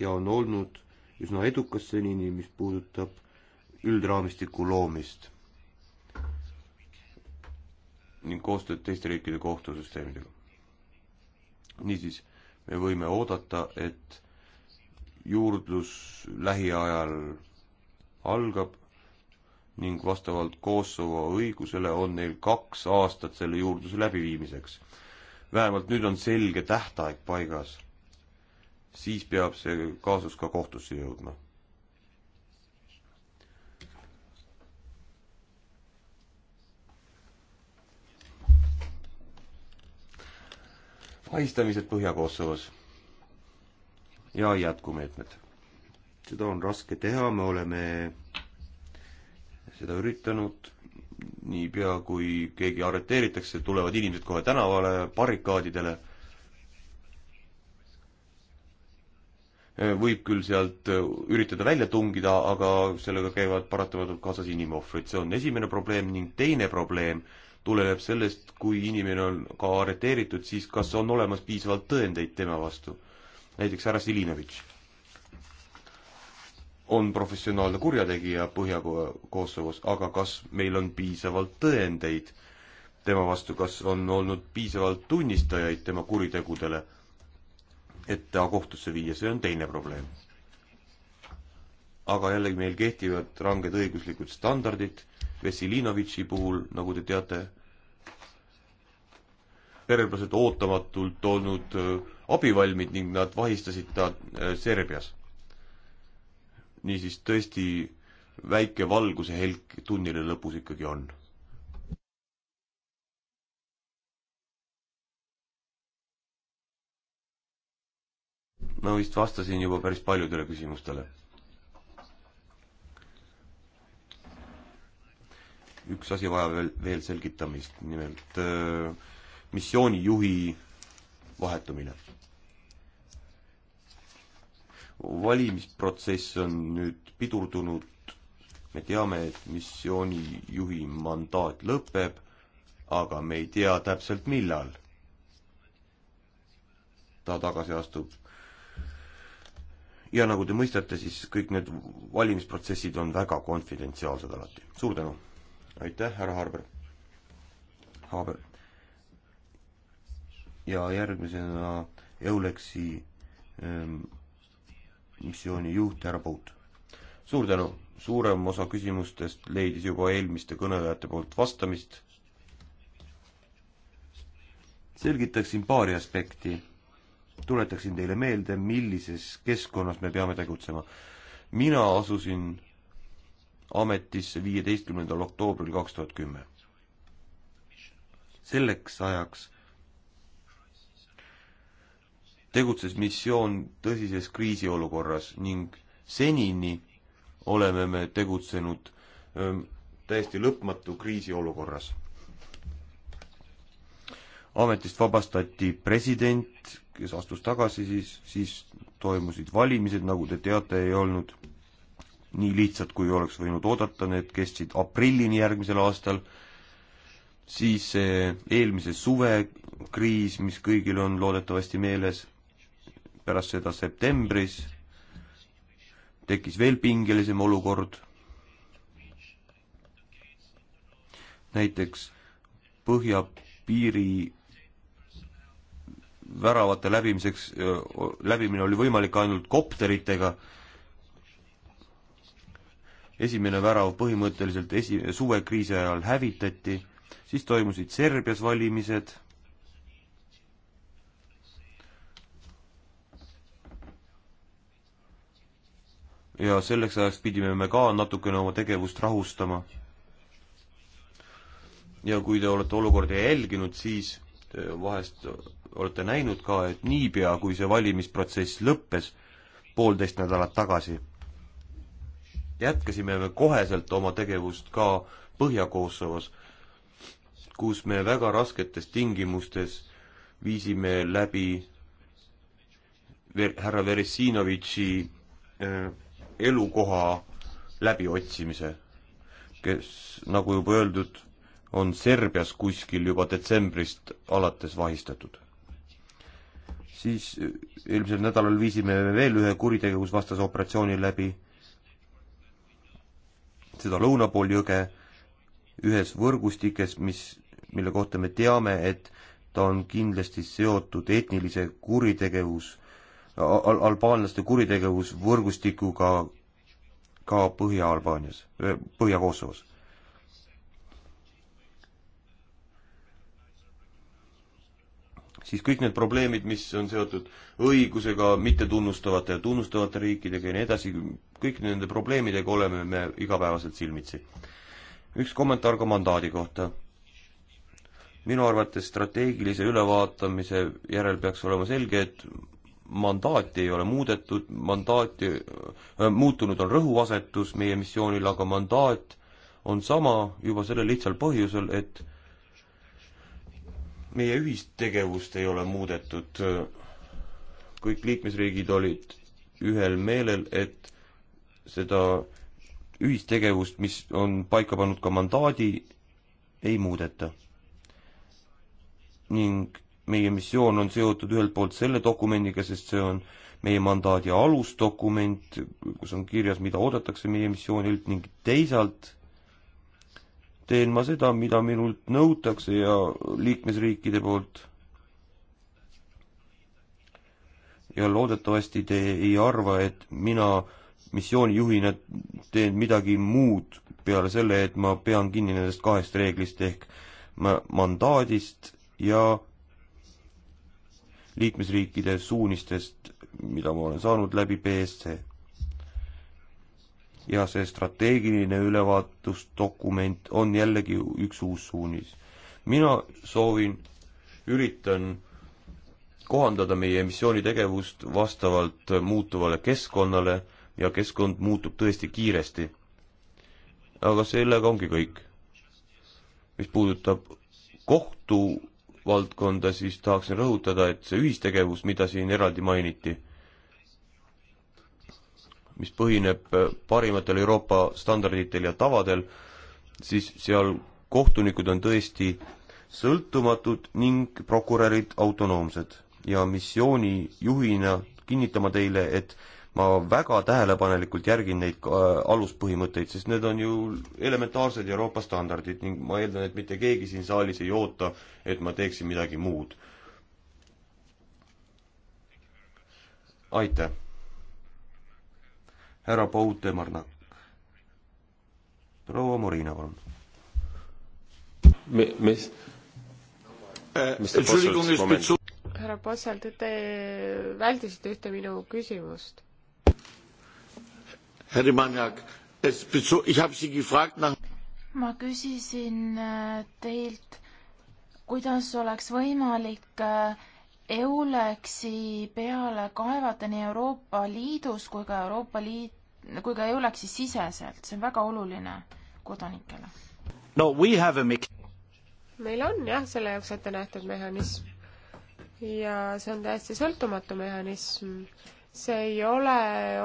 ja on olnud üsna edukas senini, mis puudutab üldraamistiku loomist ning koostööd teiste riikide kohtusüsteemidega. niisiis, me võime oodata, et juurdlus lähiajal algab ning vastavalt Kosovo õigusele on neil kaks aastat selle juurdluse läbiviimiseks. vähemalt nüüd on selge tähtaeg paigas siis peab see kaasus ka kohtusse jõudma. ahistamised Põhja-Kosovos ja jätkumeetmed. seda on raske teha, me oleme seda üritanud, niipea kui keegi arreteeritakse, tulevad inimesed kohe tänavale, barrikaadidele Äh, võib küll sealt äh, üritada välja tungida, aga sellega käivad paratamatult kaasas inimohvrid, see on esimene probleem ning teine probleem tuleneb sellest, kui inimene on ka arreteeritud, siis kas on olemas piisavalt tõendeid tema vastu. näiteks härra Silinovitš on professionaalne kurjategija Põhja-Kosovos, aga kas meil on piisavalt tõendeid tema vastu, kas on olnud piisavalt tunnistajaid tema kuritegudele et ta kohtusse viia, see on teine probleem. aga jällegi meil kehtivad ranged õiguslikud standardid, Vessilinovitši puhul, nagu te teate, serblased ootamatult olnud äh, abivalmid ning nad vahistasid ta äh, Serbias. niisiis tõesti väike valguse helk tunnile lõpus ikkagi on ma vist vastasin juba päris paljudele küsimustele. üks asi vajab veel, veel selgitamist, nimelt öö, äh, missioonijuhi vahetumine. valimisprotsess on nüüd pidurdunud, me teame, et missioonijuhi mandaat lõpeb, aga me ei tea täpselt, millal ta tagasi astub ja nagu te mõistate, siis kõik need valimisprotsessid on väga konfidentsiaalsed alati. suur tänu! aitäh, härra Harber! Haber. ja järgmisena Euleksi ähm, missiooni juht härra Pout. suur tänu! suurem osa küsimustest leidis juba eelmiste kõnelejate poolt vastamist. selgitaksin paari aspekti tuletaksin teile meelde, millises keskkonnas me peame tegutsema. mina asusin ametisse viieteistkümnendal oktoobril kaks tuhat kümme. selleks ajaks tegutses missioon tõsises kriisiolukorras ning senini oleme me tegutsenud öö, täiesti lõpmatu kriisiolukorras. ametist vabastati president, kes astus tagasi, siis, siis toimusid valimised, nagu te teate, ei olnud nii lihtsad, kui oleks võinud oodata, need kestsid aprillini järgmisel aastal, siis see eelmise suve kriis, mis kõigil on loodetavasti meeles, pärast seda septembris tekkis veel pingelisem olukord, näiteks põhjapiiri väravate läbimiseks, läbimine oli võimalik ainult kopteritega. esimene värav põhimõtteliselt esi, suvekriisi ajal hävitati, siis toimusid Serbias valimised. ja selleks ajaks pidime me ka natukene oma tegevust rahustama ja kui te olete olukorda jälginud, siis vahest olete näinud ka, et niipea, kui see valimisprotsess lõppes poolteist nädalat tagasi, jätkasime me koheselt oma tegevust ka Põhja-Kosovos, kus me väga rasketes tingimustes viisime läbi ver-, härra Veressinovitši äh, elukoha läbiotsimise, kes, nagu juba öeldud, on Serbias kuskil juba detsembrist alates vahistatud siis eh, eelmisel nädalal viisime veel ühe kuritegevusvastase operatsiooni läbi, seda lõuna pool jõge, ühes võrgustikes, mis, mille kohta me teame, et ta on kindlasti seotud etnilise kuritegevus al, albaanlaste kuritegevusvõrgustikuga ka Põhja-Albaanias, Põhja-Kosovos. siis kõik need probleemid, mis on seotud õigusega, mittetunnustavate ja tunnustavate riikidega ja nii edasi, kõik nende probleemidega oleme me igapäevaselt silmitsi. üks kommentaar ka mandaadi kohta. minu arvates strateegilise ülevaatamise järel peaks olema selge, et mandaati ei ole muudetud, mandaati äh,, muutunud on rõhuasetus meie missioonil, aga mandaat on sama juba sellel lihtsal põhjusel, et äh, meie ühist tegevust ei ole muudetud. kõik liikmesriigid olid ühel meelel, et seda ühistegevust, mis on paika pannud ka mandaadi, ei muudeta. ning meie missioon on seotud ühelt poolt selle dokumendiga, sest see on meie mandaadi alusdokument, kus on kirjas, mida oodatakse meie missioonilt ning teisalt teen ma seda, mida minult nõutakse ja liikmesriikide poolt. ja loodetavasti te ei arva, et mina missioonijuhina teen midagi muud peale selle, et ma pean kinni nendest kahest reeglist ehk mandaadist ja liikmesriikide suunistest, mida ma olen saanud läbi BSC ja see strateegiline ülevaatusdokument on jällegi üks uus suunis. mina soovin, üritan kohandada meie missioonitegevust vastavalt muutuvale keskkonnale ja keskkond muutub tõesti kiiresti. aga sellega ongi kõik. mis puudutab kohtu valdkonda, siis tahaksin rõhutada, et see ühistegevus, mida siin eraldi mainiti mis põhineb äh, parimatel Euroopa standarditel ja tavadel, siis seal kohtunikud on tõesti sõltumatud ning prokurörid autonoomsed. ja missiooni juhina kinnitama teile, et ma väga tähelepanelikult järgin neid äh, aluspõhimõtteid, sest need on ju elementaarsed Euroopa standardid ning ma eeldan, et mitte keegi siin saalis ei oota, et ma teeksin midagi muud. aitäh! härra Paul Temarnak. proua Morina, palun. mis? Äh, härra Posselt, te väldisite ühte minu küsimust. härra Manjak, ma küsisin äh, teilt, kuidas oleks võimalik äh, EULEX-i peale kaevata nii Euroopa Liidus kui ka Euroopa Liit, kui ka EULEX-i siseselt, see on väga oluline kodanikele. no we have a mic-. meil on jah, selle jaoks ette nähtud mehhanism. ja see on täiesti sõltumatu mehhanism. see ei ole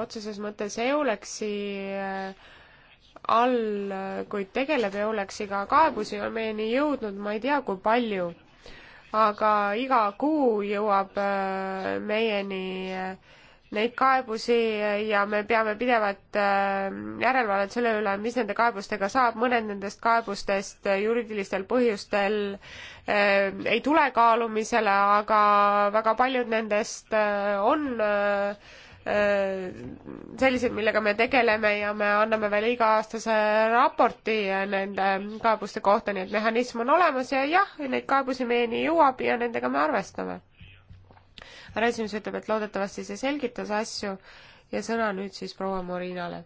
otseses mõttes EULEX-i äh, all, äh, kuid tegeleb EULEX-iga, kaebusi on meieni jõudnud, ma ei tea, kui palju aga iga kuu jõuab äh, meieni äh, neid kaebusi ja me peame pidevat äh, järelevalvet selle üle, mis nende kaebustega saab, mõned nendest kaebustest juriidilistel põhjustel ei tule kaalumisele, aga väga paljud nendest on Äh, sellised, millega me tegeleme ja me anname välja iga-aastase raporti nende kaebuste kohta, nii et mehhanism on olemas ja jah, neid kaebusi meieni jõuab ja nendega me arvestame. härra esimees ütleb, et loodetavasti see selgitas asju ja sõna nüüd siis proua Morinale.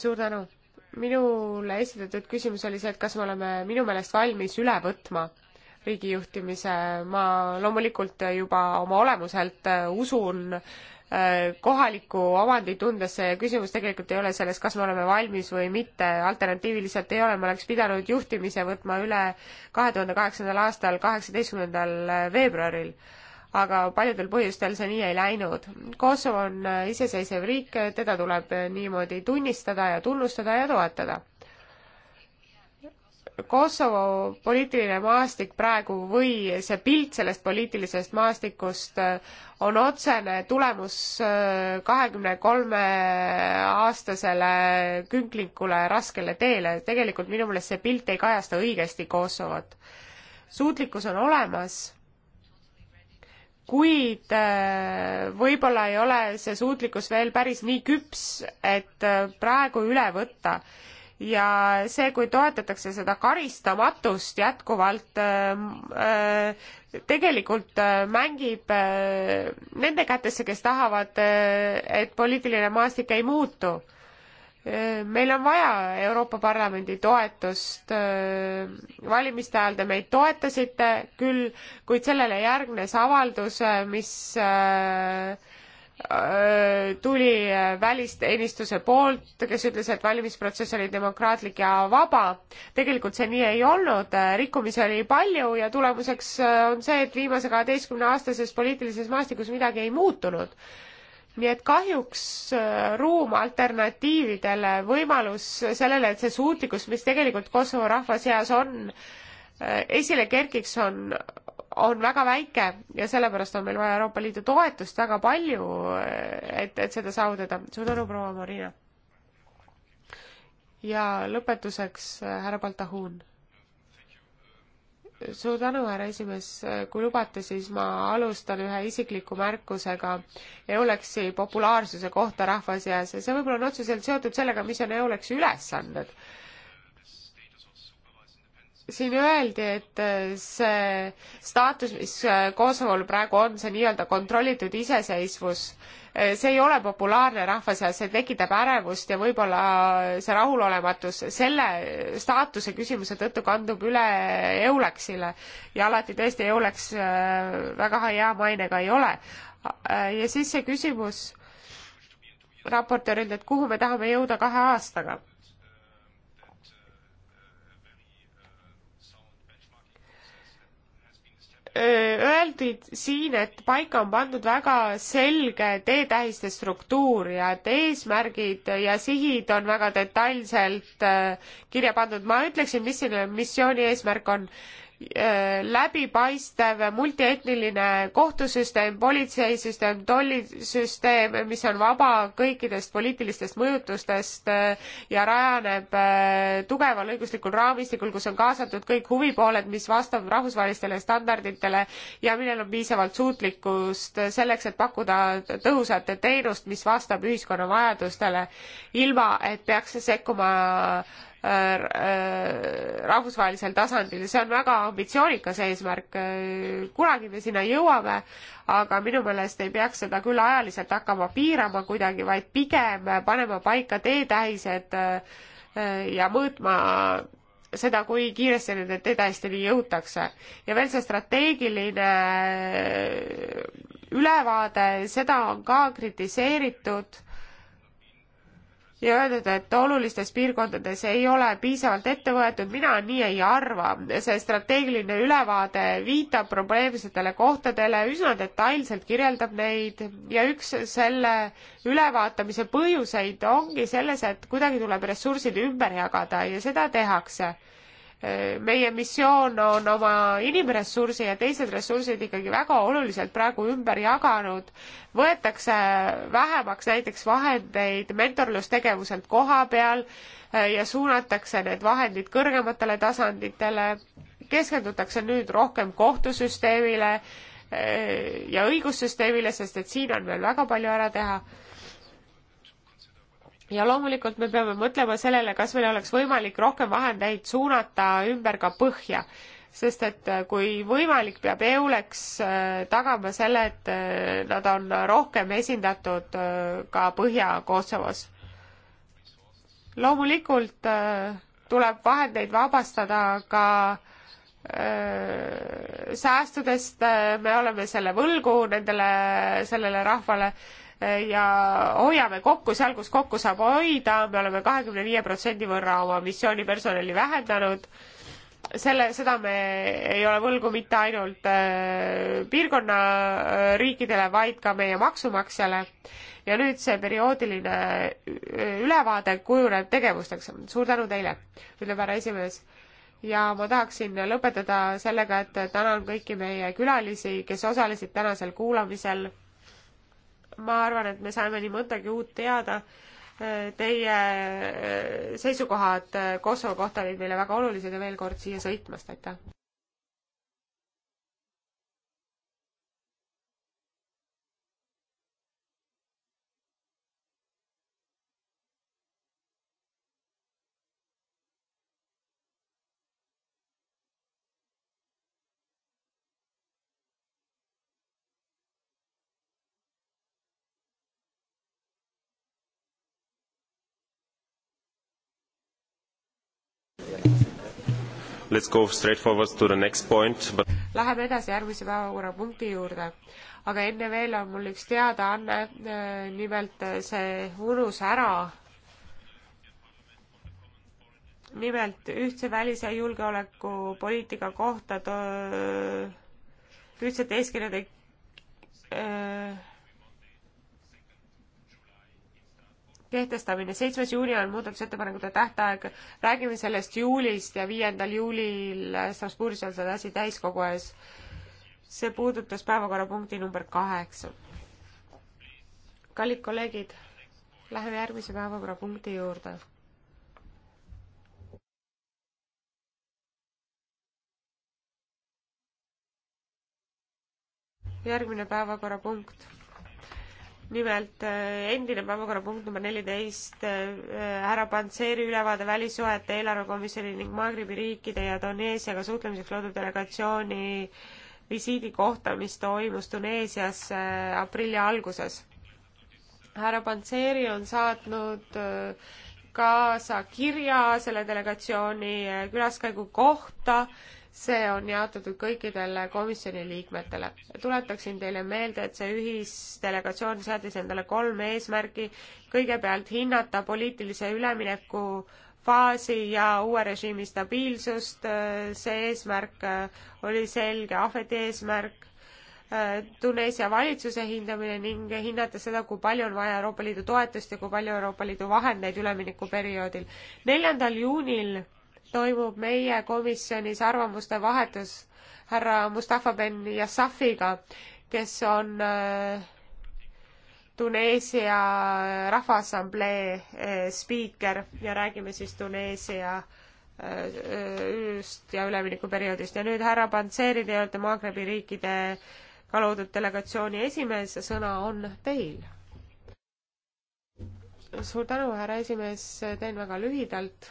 suur tänu. minule esitatud küsimus oli see, et kas me oleme minu meelest valmis üle võtma riigijuhtimise, ma loomulikult juba oma olemuselt usun äh, Äh, kohalikku omandit tundesse ja küsimus tegelikult ei ole selles, kas me oleme valmis või mitte, alternatiivi lihtsalt ei ole, me oleks pidanud juhtimise võtma üle kahe tuhande kaheksandal aastal, kaheksateistkümnendal äh, veebruaril. aga paljudel põhjustel see nii ei läinud. Kosovo on äh, iseseisev riik, teda tuleb niimoodi tunnistada ja tunnustada ja toetada Kosovo poliitiline maastik praegu või see pilt sellest poliitilisest maastikust äh, on otsene tulemus äh, kahekümne kolme aastasele künklikule raskele teele. tegelikult minu meelest see pilt ei kajasta õigesti Kosovot. suutlikkus on olemas, kuid äh, võib-olla ei ole see suutlikkus veel päris nii küps, et praegu üle võtta ja see, kui toetatakse seda karistamatust jätkuvalt äh,, äh tegelikult äh, mängib äh, nende kätesse, kes tahavad äh,, et poliitiline maastik ei muutu äh,. meil on vaja Euroopa Parlamendi toetust äh,, valimiste ajal te meid toetasite küll, kuid sellele järgnes avaldus, äh, mis äh, tuli välisteenistuse poolt, kes ütles, et valimisprotsess oli demokraatlik ja vaba. tegelikult see nii ei olnud, rikkumisi oli palju ja tulemuseks on see, et viimase kaheteistkümne aastases poliitilises maastikus midagi ei muutunud. nii et kahjuks ruum alternatiividele, võimalus sellele, et see suutlikkus, mis tegelikult Kosovo rahva seas on, esile kerkiks, on on väga väike ja sellepärast on meil vaja Euroopa Liidu toetust väga palju, et, et seda saavutada. suur tänu, proua Marina! ja lõpetuseks äh, härra Baltahun. suur tänu, härra esimees, kui lubate, siis ma alustan ühe isikliku märkusega Euleksi populaarsuse kohta rahva seas ja see võib-olla on otseselt seotud sellega, mis on Euleksi ülesanded siin öeldi, et äh, see staatus, mis äh, Kosovol praegu on, see nii-öelda kontrollitud iseseisvus, äh, see ei ole populaarne rahva seas, see tekitab ärevust ja võib-olla see rahulolematus selle staatuse küsimuse tõttu kandub üle Euleksile ja alati tõesti Euleks väga hea mainega ei ole. ja siis see küsimus raportöörilt, et kuhu me tahame jõuda kahe aastaga öeldi siin, et paika on pandud väga selge teetähiste struktuur ja et eesmärgid ja sihid on väga detailselt äh, kirja pandud. ma ütleksin, mis selle missiooni eesmärk on. Äh, läbipaistev multietniline kohtusüsteem, politseisüsteem, tollisüsteem, mis on vaba kõikidest poliitilistest mõjutustest äh, ja rajaneb äh, tugeval õiguslikul raamistikul, kus on kaasatud kõik huvipooled, mis vastab rahvusvahelistele standarditele ja millel on piisavalt suutlikkust selleks, et pakkuda tõhusat teenust, mis vastab ühiskonna vajadustele, ilma et peaks sekkuma Äh, äh, rahvusvahelisel tasandil ja see on väga ambitsioonikas eesmärk. Äh, kunagi me sinna jõuame, aga minu meelest ei peaks seda küll ajaliselt hakkama piirama kuidagi, vaid pigem panema paika teetähised ja mõõtma seda, kui kiiresti nende teetähisteni jõutakse. ja veel see strateegiline ülevaade, seda on ka kritiseeritud ja öeldud, et olulistes piirkondades ei ole piisavalt ette võetud, mina nii ei arva. see strateegiline ülevaade viitab probleemsetele kohtadele, üsna detailselt kirjeldab neid ja üks selle ülevaatamise põhjuseid ongi selles, et kuidagi tuleb ressursid ümber jagada ja seda tehakse meie missioon on oma inimressursi ja teised ressursid ikkagi väga oluliselt praegu ümber jaganud, võetakse vähemaks näiteks vahendeid mentorlustegevuselt koha peal eh, ja suunatakse need vahendid kõrgematele tasanditele, keskendutakse nüüd rohkem kohtusüsteemile eh, ja õigussüsteemile, sest et siin on veel väga palju ära teha ja loomulikult me peame mõtlema sellele, kas meil oleks võimalik rohkem vahendeid suunata ümber ka põhja, sest et äh, kui võimalik, peab EULEX äh, tagama selle, et äh, nad on rohkem esindatud ka Põhja-Kosovos. loomulikult tuleb vahendeid vabastada ka säästudest, me oleme selle võlgu nendele, sellele rahvale ja hoiame kokku seal, kus kokku saab hoida, me oleme kahekümne viie protsendi võrra oma missioonipersonali vähendanud, selle, seda me ei ole võlgu mitte ainult äh, piirkonna äh, riikidele, vaid ka meie maksumaksjale. ja nüüd see perioodiline äh, ülevaade kujuneb tegevusteks. suur tänu teile, ütleb härra esimees ja ma tahaksin lõpetada sellega, et tänan kõiki meie külalisi, kes osalesid tänasel kuulamisel ma arvan, et me saime nii mõndagi uut teada. Äh, teie äh, seisukohad äh, Kosovo kohta olid meile väga olulised ja veel kord siia sõitmast, aitäh! Let's go straight forward to the next point but.... Läheme edasi järgmise päevakorrapunkti juurde. aga enne veel on mul üks teadaanne, äh, nimelt äh, see unus ära. nimelt ühtse välis- ja julgeolekupoliitika kohta to-, ühtsete eeskirjade öö, äh, kehtestamine. seitsmes juuni on muudatusettepanekute tähtaeg, räägime sellest juulist ja viiendal juulil Strasbourgis on see asi täiskogu ees. see puudutas päevakorrapunkti number kaheksa. kallid kolleegid, läheme järgmise päevakorrapunkti juurde. järgmine päevakorrapunkt nimelt äh, endine päevakorrapunkt number neliteist, äh, härra Pantseri ülevaade välissuhete eelarvekomisjoni ning Maagribi riikide ja Tuneesiaga suhtlemiseks loodud delegatsiooni visiidi kohta, mis toimus Tuneesias äh, aprilli alguses. härra Pantseri on saatnud kaasa kirja selle delegatsiooni külaskäigu kohta see on jaotatud kõikidele komisjoni liikmetele. tuletaksin teile meelde, et see ühisdelegatsioon seadis endale kolm eesmärgi. kõigepealt hinnata poliitilise ülemineku faasi ja uue režiimi stabiilsust, see eesmärk äh, oli selge, ahveti eesmärk, äh, Tuneesia valitsuse hindamine ning hinnata seda, kui palju on vaja Euroopa Liidu toetust ja kui palju Euroopa Liidu vahendeid üleminekuperioodil. neljandal juunil toimub meie komisjonis arvamuste vahetus härra Mustafa Ben Yassafiga, kes on äh, Tuneesia Rahvaassamblee äh, spiiker ja räägime siis Tuneesia äh, ööst ja üleminekuperioodist ja nüüd härra Panseri, te olete Maagrebi riikide ka loodud delegatsiooni esimees ja sõna on teil. suur tänu, härra esimees, teen väga lühidalt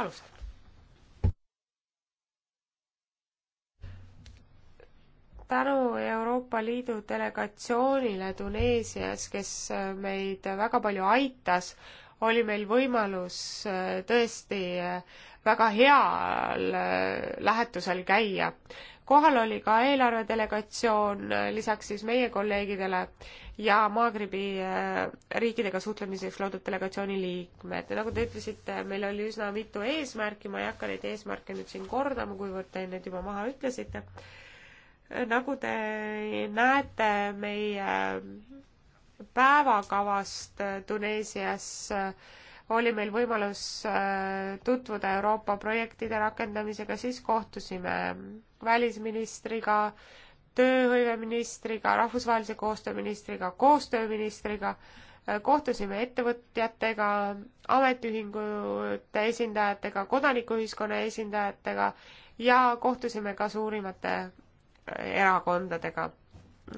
alustab. tänu Euroopa Liidu delegatsioonile Tuneesias, kes meid väga palju aitas, oli meil võimalus äh, tõesti äh, väga heal äh, lähetusel käia kohal oli ka eelarvedelegatsioon äh, lisaks siis meie kolleegidele ja Maagribi äh, riikidega suhtlemiseks loodud delegatsiooni liikmed. nagu te ütlesite, meil oli üsna mitu eesmärki, ma ei hakka neid eesmärke nüüd siin kordama, kuivõrd te need juba maha ütlesite. Äh, nagu te näete meie päevakavast Tuneesias äh, oli meil võimalus äh, tutvuda Euroopa projektide rakendamisega, siis kohtusime välisministriga, tööhõiveministriga, rahvusvahelise koostööministriga, koostööministriga, äh, kohtusime ettevõtjatega, ametiühingute esindajatega, kodanikuühiskonna esindajatega ja kohtusime ka suurimate äh, erakondadega.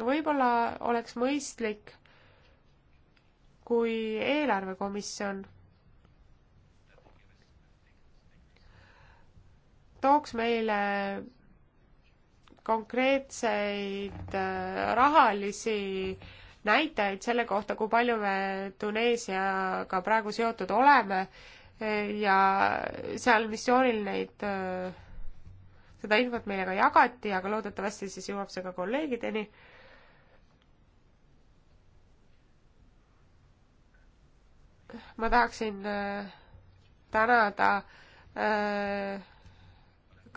võib-olla oleks mõistlik, kui eelarvekomisjon tooks meile konkreetseid äh, rahalisi näitajaid selle kohta, kui palju me Tuneesiaga praegu seotud oleme äh, ja seal missioonil neid, äh, seda infot meile ka jagati, aga loodetavasti siis jõuab see ka kolleegideni. ma tahaksin tänada äh,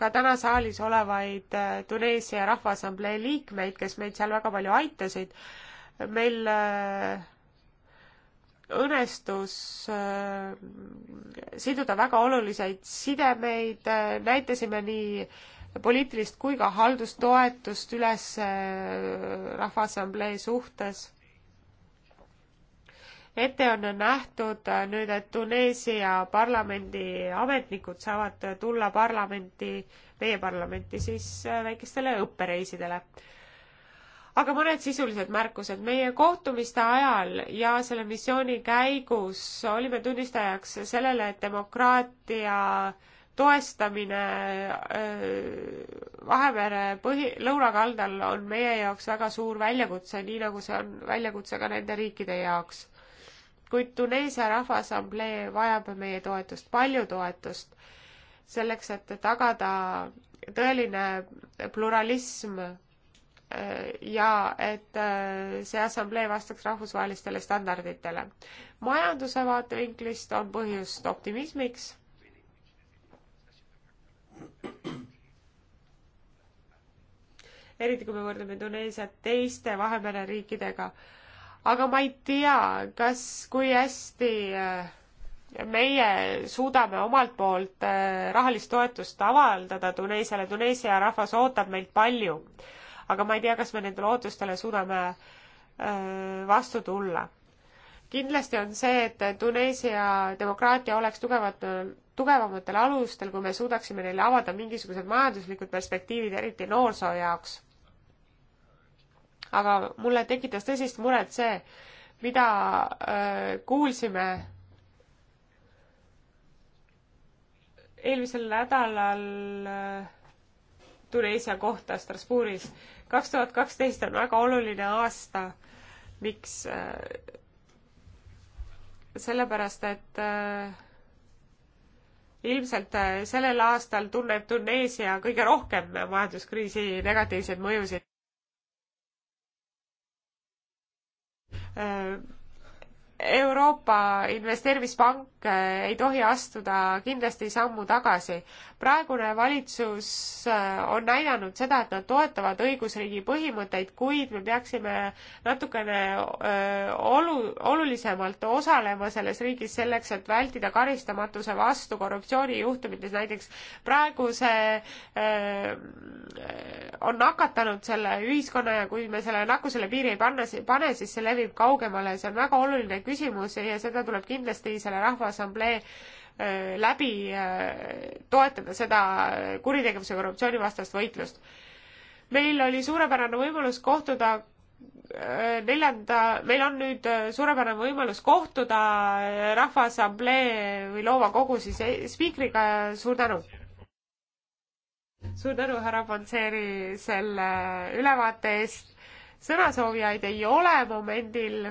ka täna saalis olevaid äh, Tuneesia Rahvaassamblee liikmeid, kes meid seal väga palju aitasid. meil äh, õnnestus äh, siduda väga oluliseid sidemeid, näitasime nii poliitilist kui ka haldustoetust üles Rahvaassamblee suhtes ette on nähtud äh, nüüd, et Tuneesia parlamendi ametnikud saavad tulla parlamenti, meie parlamenti siis äh, väikestele õppereisidele. aga mõned sisulised märkused. meie kohtumiste ajal ja selle missiooni käigus olime tunnistajaks sellele, et demokraatia toestamine äh, Vahemere põhi, lõunakaldal on meie jaoks väga suur väljakutse, nii nagu see on väljakutse ka nende riikide jaoks kuid Tuneesia Rahvaassamblee vajab meie toetust, palju toetust, selleks, et tagada tõeline pluralism äh, ja et äh, see assamblee vastaks rahvusvahelistele standarditele. majanduse vaatevinklist on põhjust optimismiks eriti kui me võrdleme Tuneesiat teiste Vahemere riikidega aga ma ei tea, kas, kui hästi äh, meie suudame omalt poolt äh, rahalist toetust avaldada Tuneesiale, Tuneesia rahvas ootab meilt palju. aga ma ei tea, kas me nendele ootustele suudame äh, vastu tulla. kindlasti on see, et Tuneesia demokraatia oleks tugevatel, tugevamatel alustel, kui me suudaksime neile avada mingisugused majanduslikud perspektiivid, eriti noorsoo jaoks aga mulle tekitas tõsist muret see, mida öö, äh, kuulsime eelmisel nädalal äh, Tuneesia kohta Strasbourgis. kaks tuhat kaksteist on väga oluline aasta. miks? Äh, sellepärast, et ilmselt sellel aastal tunneb Tuneesia kõige rohkem majanduskriisi negatiivseid mõjusid. Euroopa Investeerimispank Äh, ei tohi astuda kindlasti sammu tagasi. praegune valitsus äh, on näidanud seda, et nad toetavad õigusriigi põhimõtteid, kuid me peaksime natukene äh, olu-, olulisemalt osalema selles riigis selleks, et vältida karistamatuse vastu korruptsioonijuhtumites, näiteks praegu see öö, on nakatanud selle ühiskonna ja kui me selle nakkusele piiri ei panna, pane, siis see levib kaugemale, see on väga oluline küsimus ja seda tuleb kindlasti selle rahva Assamblee äh, läbi äh, toetada seda kuritegevuse ja korruptsiooni vastast võitlust. meil oli suurepärane võimalus kohtuda äh, neljanda, meil on nüüd suurepärane võimalus kohtuda Rahvaassamblee või Loova Kogu siis spiikriga ja suur tänu! suur tänu, härra Ponseri, selle ülevaate eest. sõnasoovijaid ei ole momendil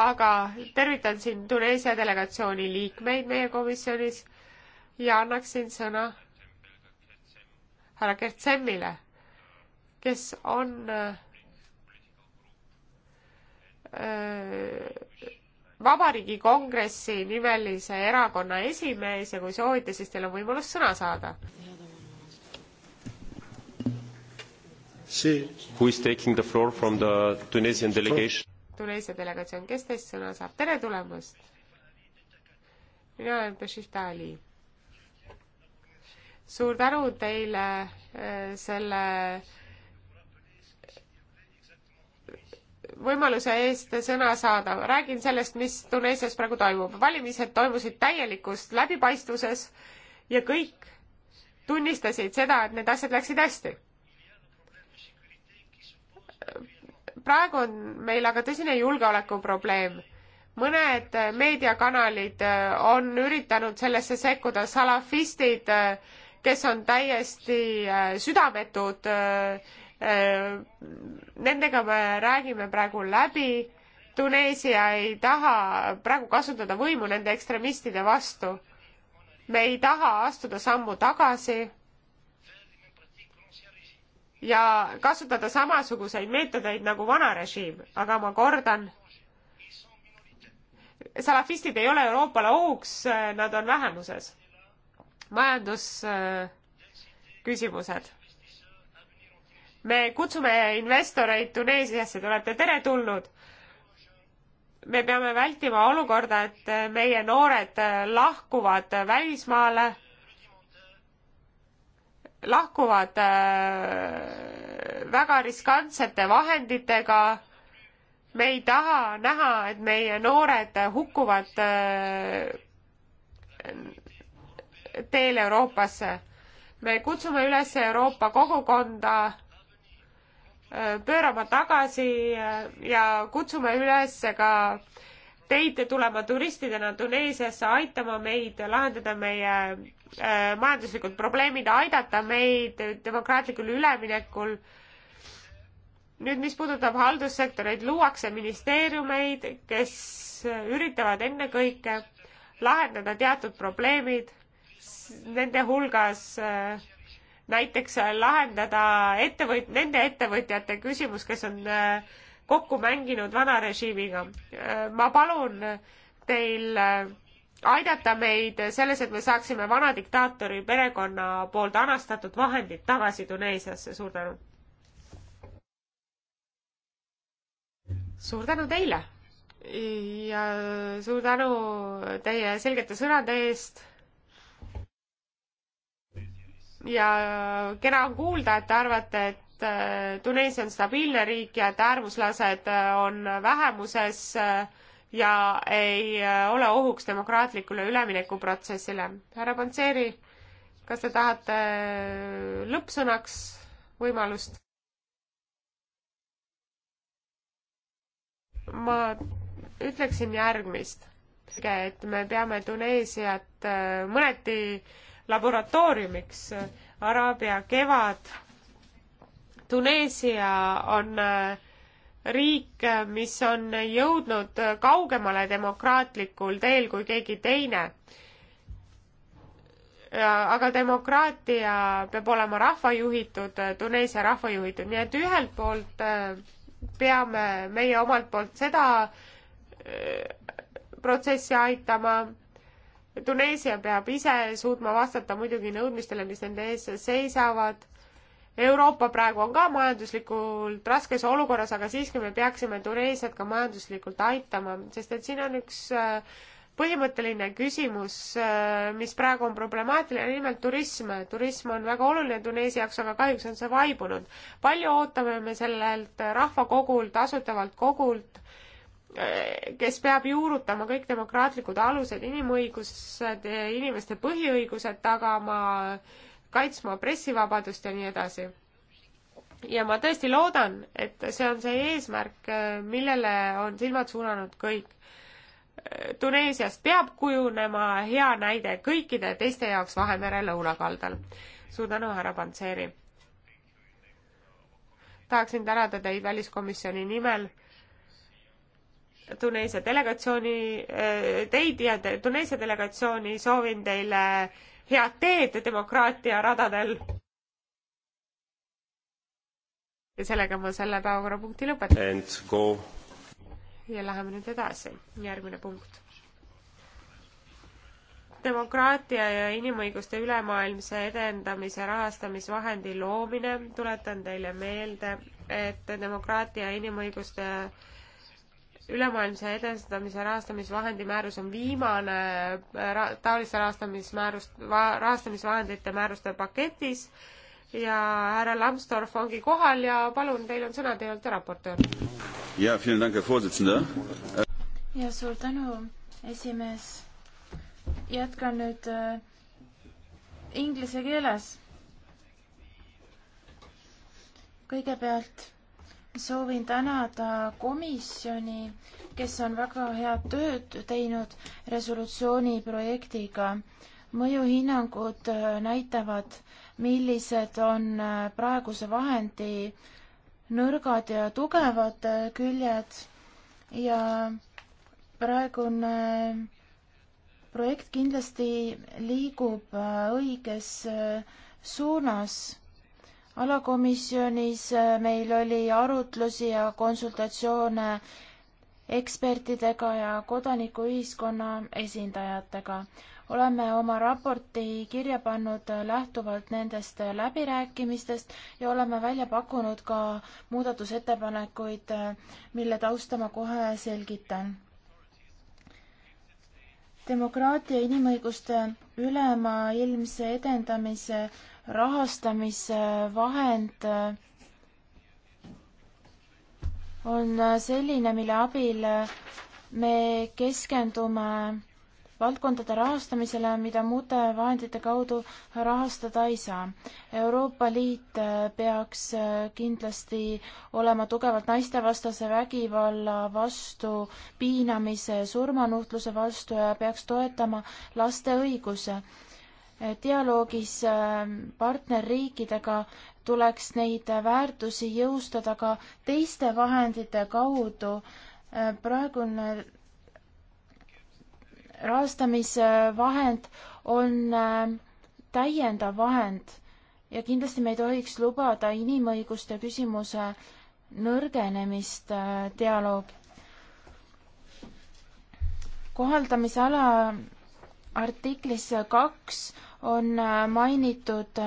aga tervitan siin Tuneesia delegatsiooni liikmeid meie komisjonis ja annaksin sõna härra Kertsemmile, kes on öö, äh, Vabariigi Kongressi nimelise erakonna esimees ja kui soovite, siis teil on võimalus sõna saada. Who is taking the floor from the Tunisian delegation? Tuneesia delegatsioon, kes teist sõna saab, tere tulemast! mina olen Bešifta Ali. suur tänu teile äh, selle äh, võimaluse eest sõna saada. räägin sellest, mis Tuneesias praegu toimub. valimised toimusid täielikus läbipaistvuses ja kõik tunnistasid seda, et need asjad läksid hästi praegu on meil aga tõsine julgeolekuprobleem. mõned äh, meediakanalid äh, on üritanud sellesse sekkuda, salafistid, äh, kes on täiesti südametud, nendega me räägime praegu läbi Tuneesia ei taha praegu kasutada võimu nende ekstremistide vastu. me ei taha astuda sammu tagasi ja kasutada samasuguseid meetodeid nagu vana režiim, aga ma kordan, salafistid ei ole Euroopale ohuks, nad on vähemuses. majandusküsimused. Äh, me kutsume investoreid Tuneesiasse, te olete teretulnud. me peame vältima olukorda, et meie noored äh, lahkuvad välismaale lahkuvad äh, väga riskantsete vahenditega. me ei taha näha, et meie noored hukkuvad äh, teel Euroopasse. me kutsume üles Euroopa kogukonda äh, pöörama tagasi ja kutsume üles ka teid tulema turistidena Tuneesiasse aitama meid lahendada meie äh, majanduslikud probleemid, aidata meid demokraatlikul üleminekul. nüüd, mis puudutab haldussektoreid, luuakse ministeeriumeid, kes üritavad ennekõike lahendada teatud probleemid, nende hulgas äh, näiteks lahendada ettevõt-, nende ettevõtjate küsimus, kes on äh, kokku mänginud vana režiimiga. ma palun teil äh, aidata meid selles, et me saaksime vana diktaatori perekonna poolt anastatud vahendid tagasi Tuneesiasse, suur tänu! suur tänu teile! ja suur tänu teie selgete sõnade eest ja kena on kuulda, et te arvate, et et äh, Tuneesia on stabiilne riik ja et äärmuslased äh, on vähemuses äh, ja ei ole ohuks demokraatlikule üleminekuprotsessile. härra Panseri, kas te tahate lõppsõnaks võimalust? ma ütleksin järgmist, et me peame Tuneesiat mõneti laboratooriumiks. Araabia kevad Tuneesia on äh, riik, äh, mis on jõudnud äh, kaugemale demokraatlikul teel kui keegi teine. aga demokraatia peab olema rahva juhitud, Tuneesia rahva juhitud, nii et ühelt poolt peame meie omalt poolt seda protsessi aitama. Tuneesia peab ise suutma vastata muidugi nõudmistele, mis nende ees seisavad Euroopa praegu on ka majanduslikult raskes olukorras, aga siiski me peaksime Tuneesiat ka majanduslikult aitama, sest et siin on üks äh, põhimõtteline küsimus, äh, mis praegu on problemaatiline, nimelt turism. turism on väga oluline Tuneesia jaoks, aga kahjuks on see vaibunud. palju ootame me sellelt rahvakogult, asutavalt kogult, äh, kes peab juurutama kõik demokraatlikud alused, inimõigused, inimeste põhiõigused tagama äh, kaitsma pressivabadust ja nii edasi. ja ma tõesti loodan, et see on see eesmärk, millele on silmad suunanud kõik. Tuneesiast peab kujunema hea näide kõikide teiste jaoks Vahemere lõunakaldal. suur tänu, härra Pantseri! tahaksin tänada teid väliskomisjoni nimel Tuneesia delegatsiooni, teid ja Tuneesia delegatsiooni soovin teile head teed demokraatia radadel. ja sellega ma selle päevakorrapunkti lõpetan. ja läheme nüüd edasi, järgmine punkt demokraatia ja inimõiguste ülemaailmse edendamise rahastamisvahendi loomine, tuletan teile meelde, et demokraatia ja inimõiguste ülemaailmse edendamise rahastamisvahendi määrus on viimane äh, ra-, taoliste rahastamismäärust, rahastamisvahendite määruste paketis ja härra Lambsdorff ongi kohal ja palun, teil on sõna, te olete raportöör. ja, ja suur tänu, esimees. jätkan nüüd äh, inglise keeles. kõigepealt soovin tänada komisjoni, kes on väga head tööd teinud resolutsiooni projektiga. mõjuhinnangud äh, näitavad, millised on äh, praeguse vahendi nõrgad ja tugevad äh, küljed ja praegune projekt kindlasti liigub õiges suunas alakomisjonis äh, meil oli arutlusi ja konsultatsioone ekspertidega ja kodanikuühiskonna esindajatega. oleme oma raporti kirja pannud äh, lähtuvalt nendest äh, läbirääkimistest ja oleme välja pakkunud ka muudatusettepanekuid, mille tausta ma kohe selgitan demokraatia inimõiguste ülemaailmse edendamise rahastamise vahend äh, on äh, selline, mille abil äh, me keskendume valdkondade rahastamisele, mida muude vahendite kaudu rahastada ei saa. Euroopa Liit äh, peaks äh, kindlasti olema tugevalt naistevastase vägivalla vastu, piinamise, surmanuhtluse vastu ja peaks toetama laste õiguse. dialoogis äh, partnerriikidega tuleks neid väärtusi jõustada ka teiste vahendite kaudu. praegune rahastamisvahend on äh, täiendav vahend ja kindlasti me ei tohiks lubada inimõiguste küsimuse nõrgenemist äh, dialoog. kohaldamisala artiklis kaks on äh, mainitud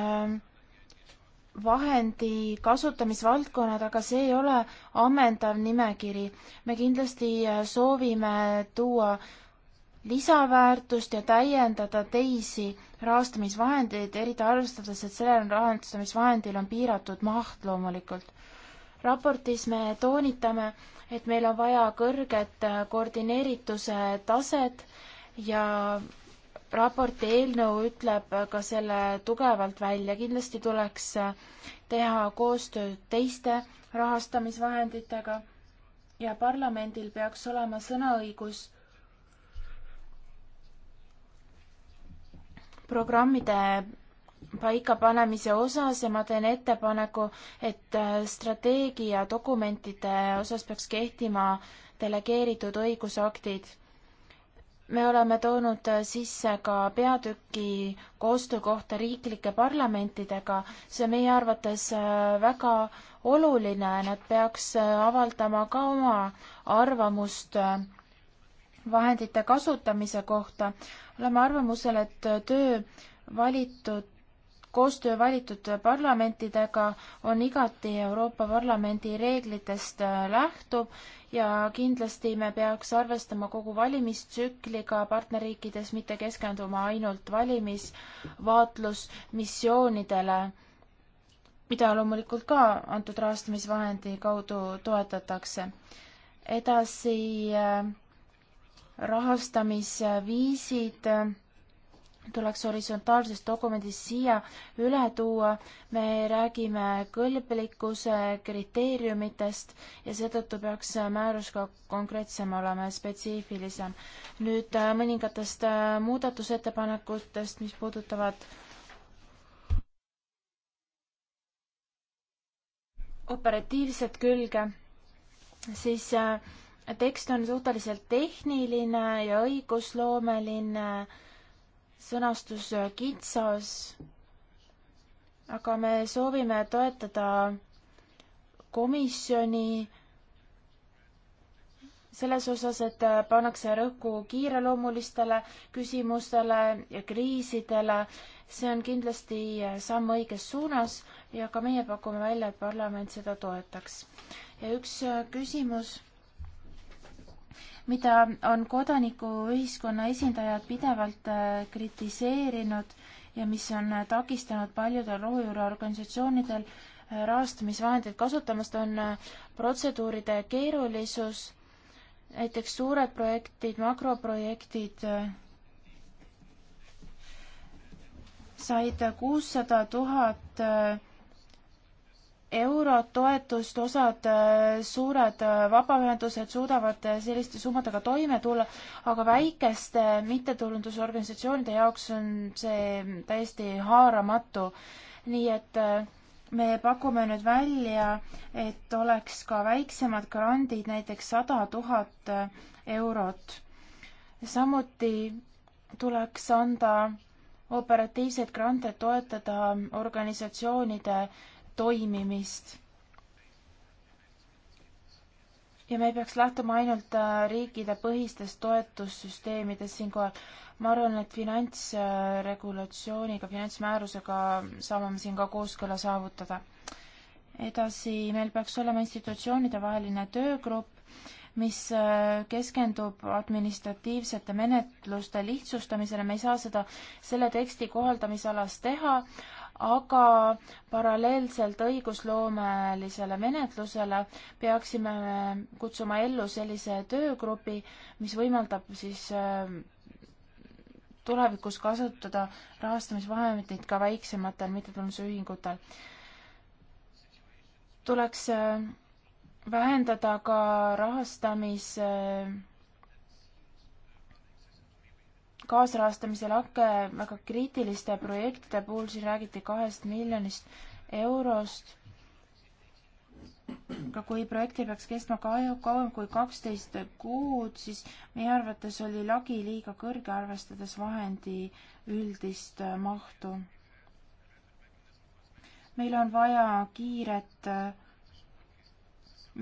vahendi kasutamisvaldkonnad, aga see ei ole ammendav nimekiri. me kindlasti soovime tuua lisaväärtust ja täiendada teisi rahastamisvahendeid, eriti arvestades, et sellel rahastamisvahendil on piiratud maht loomulikult. raportis me toonitame, et meil on vaja kõrget koordineerituse taset ja raporti eelnõu ütleb ka selle tugevalt välja, kindlasti tuleks teha koostööd teiste rahastamisvahenditega ja parlamendil peaks olema sõnaõigus programmide paikapanemise osas ja ma teen ettepaneku, et äh, strateegia dokumentide osas peaks kehtima delegeeritud õigusaktid. me oleme toonud äh, sisse ka peatüki koostöö kohta riiklike parlamentidega, see on meie arvates äh, väga oluline, nad peaks avaldama ka oma arvamust vahendite kasutamise kohta, oleme arvamusel, et töö valitud, koostöö valitud parlamentidega on igati Euroopa Parlamendi reeglitest äh, lähtuv ja kindlasti me peaks arvestama kogu valimistsükliga partnerriikides, mitte keskenduma ainult valimisvaatlusmissioonidele, mida loomulikult ka antud rahastamisvahendi kaudu toetatakse. edasi äh, rahastamisviisid tuleks horisontaalsest dokumendist siia üle tuua. me räägime kõlblikkuse kriteeriumitest ja seetõttu peaks määrus ka konkreetsem olema ja spetsiifilisem. nüüd äh, mõningatest äh, muudatusettepanekutest, mis puudutavad operatiivset külge, siis äh, tekst on suhteliselt tehniline ja õigusloomeline, sõnastus kitsas, aga me soovime toetada komisjoni selles osas, et pannakse rõhku kiireloomulistele küsimustele ja kriisidele. see on kindlasti samm õiges suunas ja ka meie pakume välja, et parlament seda toetaks. ja üks küsimus mida on kodanikuühiskonna esindajad pidevalt äh, kritiseerinud ja mis on äh, takistanud paljudel rohujuureorganisatsioonidel äh, rahastamisvahendeid kasutamast, on protseduuride keerulisus, näiteks suured projektid, makroprojektid said kuussada tuhat eurot toetust, osad äh, suured äh, vabaühendused suudavad äh, selliste summadega toime tulla, aga väikeste mittetulundusorganisatsioonide jaoks on see täiesti haaramatu. nii et me pakume nüüd välja, et oleks ka väiksemad grandid, näiteks sada tuhat eurot. samuti tuleks anda operatiivseid grante toetada organisatsioonide äh, toimimist. ja me ei peaks lähtuma ainult äh, riikide põhistest toetussüsteemidest siinkohal. ma arvan, et finantsregulatsiooniga, finantsmäärusega saame me siin ka kooskõla saavutada. edasi, meil peaks olema institutsioonide vaheline töögrupp, mis äh, keskendub administratiivsete menetluste lihtsustamisele, me ei saa seda selle teksti kohaldamisalas teha, aga paralleelselt õigusloomelisele menetlusele peaksime kutsuma ellu sellise töögrupi, mis võimaldab siis äh, tulevikus kasutada rahastamisvahendeid ka väiksematel mittetulundusühingutel. tuleks äh, vähendada ka rahastamis äh, kaasrahastamise lakke väga kriitiliste projektide puhul, siin räägiti kahest miljonist eurost. aga kui projekt ei peaks kestma kauem kui kaksteist kuud, siis meie arvates oli lagi liiga kõrge, arvestades vahendi üldist äh, mahtu. meil on vaja kiiret äh,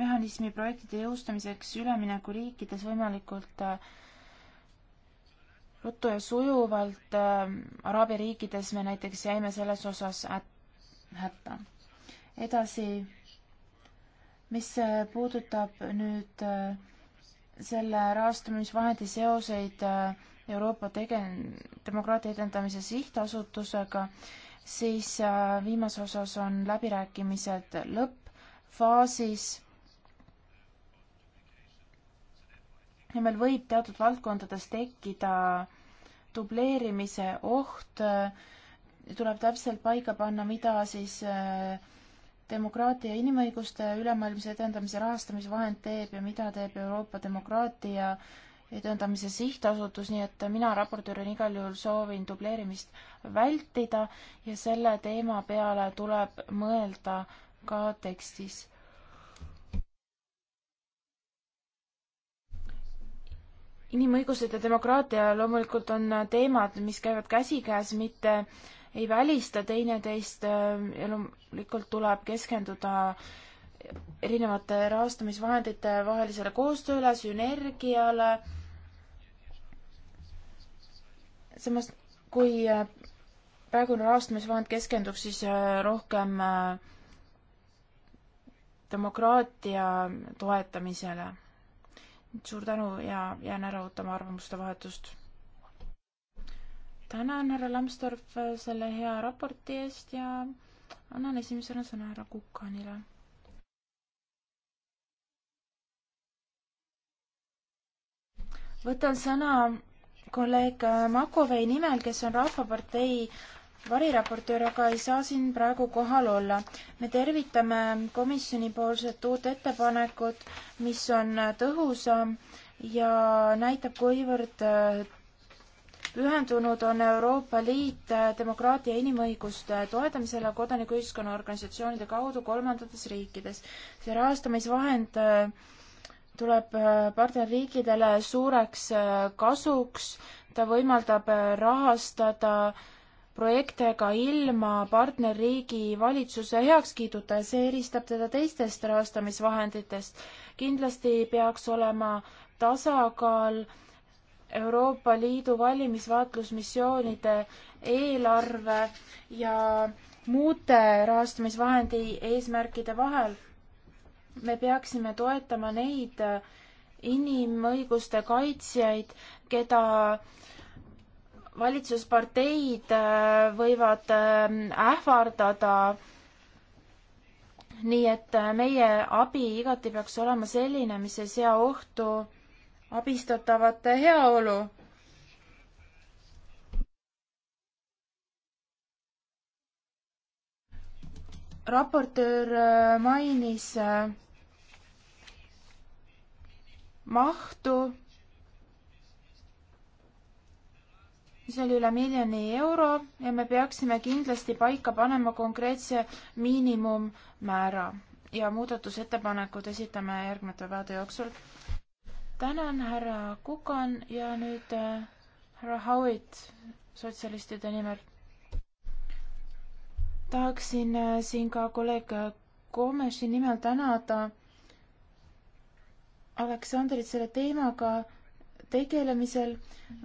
mehhanismi projektide jõustamiseks üleminekuriikides võimalikult äh, ruttu ja sujuvalt äh,. Araabia riikides me näiteks jäime selles osas hätta. edasi, mis äh, puudutab nüüd äh, selle rahastamisvahendi seoseid äh, Euroopa tege-, demokraatia edendamise sihtasutusega, siis äh, viimase osas on läbirääkimised lõppfaasis ja meil võib teatud valdkondades tekkida dubleerimise oht, tuleb täpselt paika panna, mida siis eh, demokraatia ja inimõiguste ülemaailmse edendamise rahastamisvahend teeb ja mida teeb Euroopa demokraatia edendamise sihtasutus, nii et mina raportöörina igal juhul soovin dubleerimist vältida ja selle teema peale tuleb mõelda ka tekstis. inimõigused ja demokraatia loomulikult on teemad, mis käivad käsikäes, mitte ei välista teineteist ja loomulikult tuleb keskenduda erinevate rahastamisvahendite vahelisele koostööle, sünergiale. samas, kui praegune rahastamisvahend keskendub siis rohkem äh, demokraatia toetamisele suur tänu ja jään ära ootama arvamuste vahetust. tänan, härra Lambsdorff, selle hea raporti eest ja annan esimesena sõna härra Kukanile. võtan sõna kolleeg Makovei nimel, kes on Rahvapartei variraportöör aga ei saa siin praegu kohal olla. me tervitame komisjonipoolset uut ettepanekut, mis on tõhusam ja näitab, kuivõrd äh, pühendunud on Euroopa Liit äh, demokraatia ja inimõiguste toetamisele kodanikuühiskonna organisatsioonide kaudu kolmandates riikides. see rahastamisvahend äh, tuleb partnerriikidele suureks kasuks, ta võimaldab rahastada äh, projekte ka ilma partnerriigi valitsuse heakskiiduta ja see eristab teda teistest rahastamisvahenditest. kindlasti peaks olema tasakaal Euroopa Liidu valimisvaatlusmissioonide eelarve ja muude rahastamisvahendi eesmärkide vahel. me peaksime toetama neid inimõiguste kaitsjaid, keda valitsusparteid äh, võivad ähm, ähvardada. nii et äh, meie abi igati peaks olema selline, mis ei sea ohtu abistatavate heaolu. raportöör äh, mainis mahtu mis oli üle miljoni euro ja me peaksime kindlasti paika panema konkreetse miinimummäära ja muudatusettepanekud esitame järgnevate päevade jooksul. tänan, härra Kukan ja nüüd äh, härra Howitt sotsialistide nimel. tahaksin äh, siin ka kolleeg äh, Komeši nimel tänada Aleksandrit selle teemaga tegelemisel.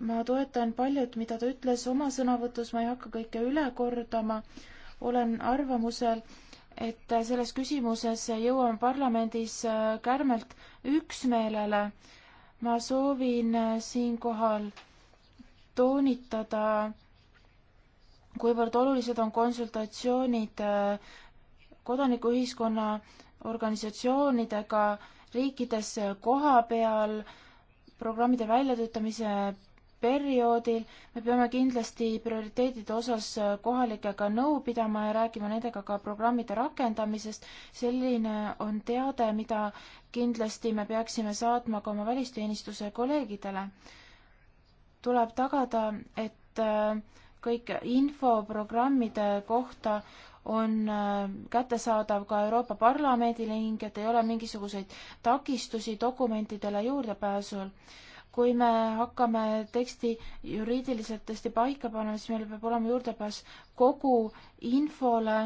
ma toetan paljut, mida ta ütles oma sõnavõtus, ma ei hakka kõike üle kordama. olen arvamusel, et selles küsimuses jõuame parlamendis äh, kärmelt üksmeelele. ma soovin äh, siinkohal toonitada, kuivõrd olulised on konsultatsioonid äh, kodanikuühiskonna organisatsioonidega riikides koha peal programmide väljatöötamise perioodil me peame kindlasti prioriteedide osas äh, kohalikega nõu pidama ja rääkima nendega ka programmide rakendamisest. selline on teade, mida kindlasti me peaksime saatma ka oma välisteenistuse kolleegidele. tuleb tagada, et äh, kõik info programmide kohta on äh, kättesaadav ka Euroopa Parlamendile ning et ei ole mingisuguseid takistusi dokumentidele juurdepääsul. kui me hakkame teksti juriidiliselt tõesti paika panema, siis meil peab olema juurdepääs kogu infole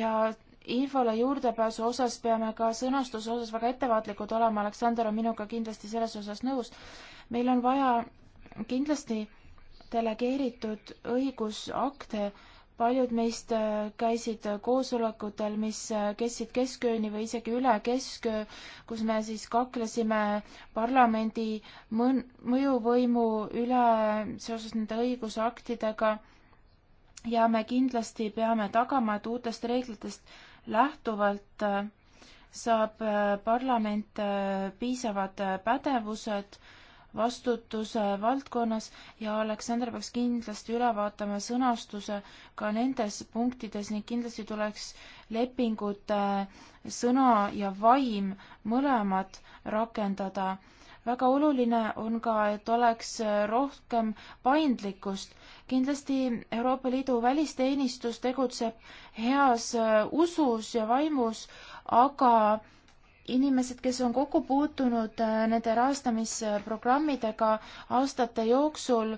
ja infole juurdepääsu osas peame ka sõnastuse osas väga ettevaatlikud olema, Aleksander on minuga kindlasti selles osas nõus meil on vaja kindlasti delegeeritud õigusakte, paljud meist äh, käisid äh, koosolekutel, mis äh, kestsid keskööni või isegi üle kesköö, kus me siis kaklesime parlamendi mõjuvõimu üle seoses nende õigusaktidega. ja me kindlasti peame tagama, et uutest reeglitest lähtuvalt saab parlament piisavad pädevused vastutuse valdkonnas ja Aleksander peaks kindlasti üle vaatama sõnastuse ka nendes punktides ning kindlasti tuleks lepingute sõna ja vaim mõlemad rakendada. väga oluline on ka, et oleks rohkem paindlikkust. kindlasti Euroopa Liidu välisteenistus tegutseb heas usus ja vaimus, aga inimesed, kes on kokku puutunud äh, nende rahastamisprogrammidega aastate jooksul,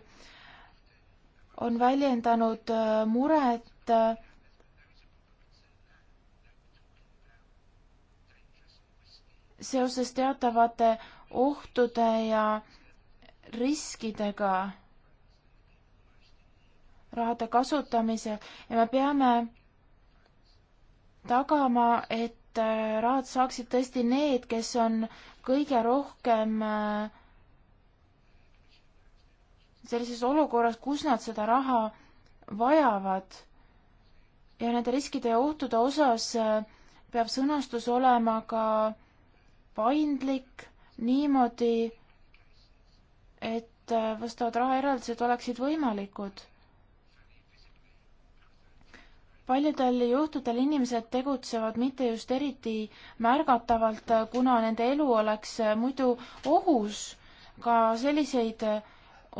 on väljendanud äh, muret äh, seoses teatavate ohtude ja riskidega rahade kasutamisel ja me peame tagama, et et äh, rahad saaksid tõesti need, kes on kõige rohkem äh, sellises olukorras, kus nad seda raha vajavad. ja nende riskide ja ohtude osas äh, peab sõnastus olema ka paindlik niimoodi, et vastavad rahaeraldised oleksid võimalikud paljudel juhtudel inimesed tegutsevad mitte just eriti märgatavalt, kuna nende elu oleks äh, muidu ohus. ka selliseid äh,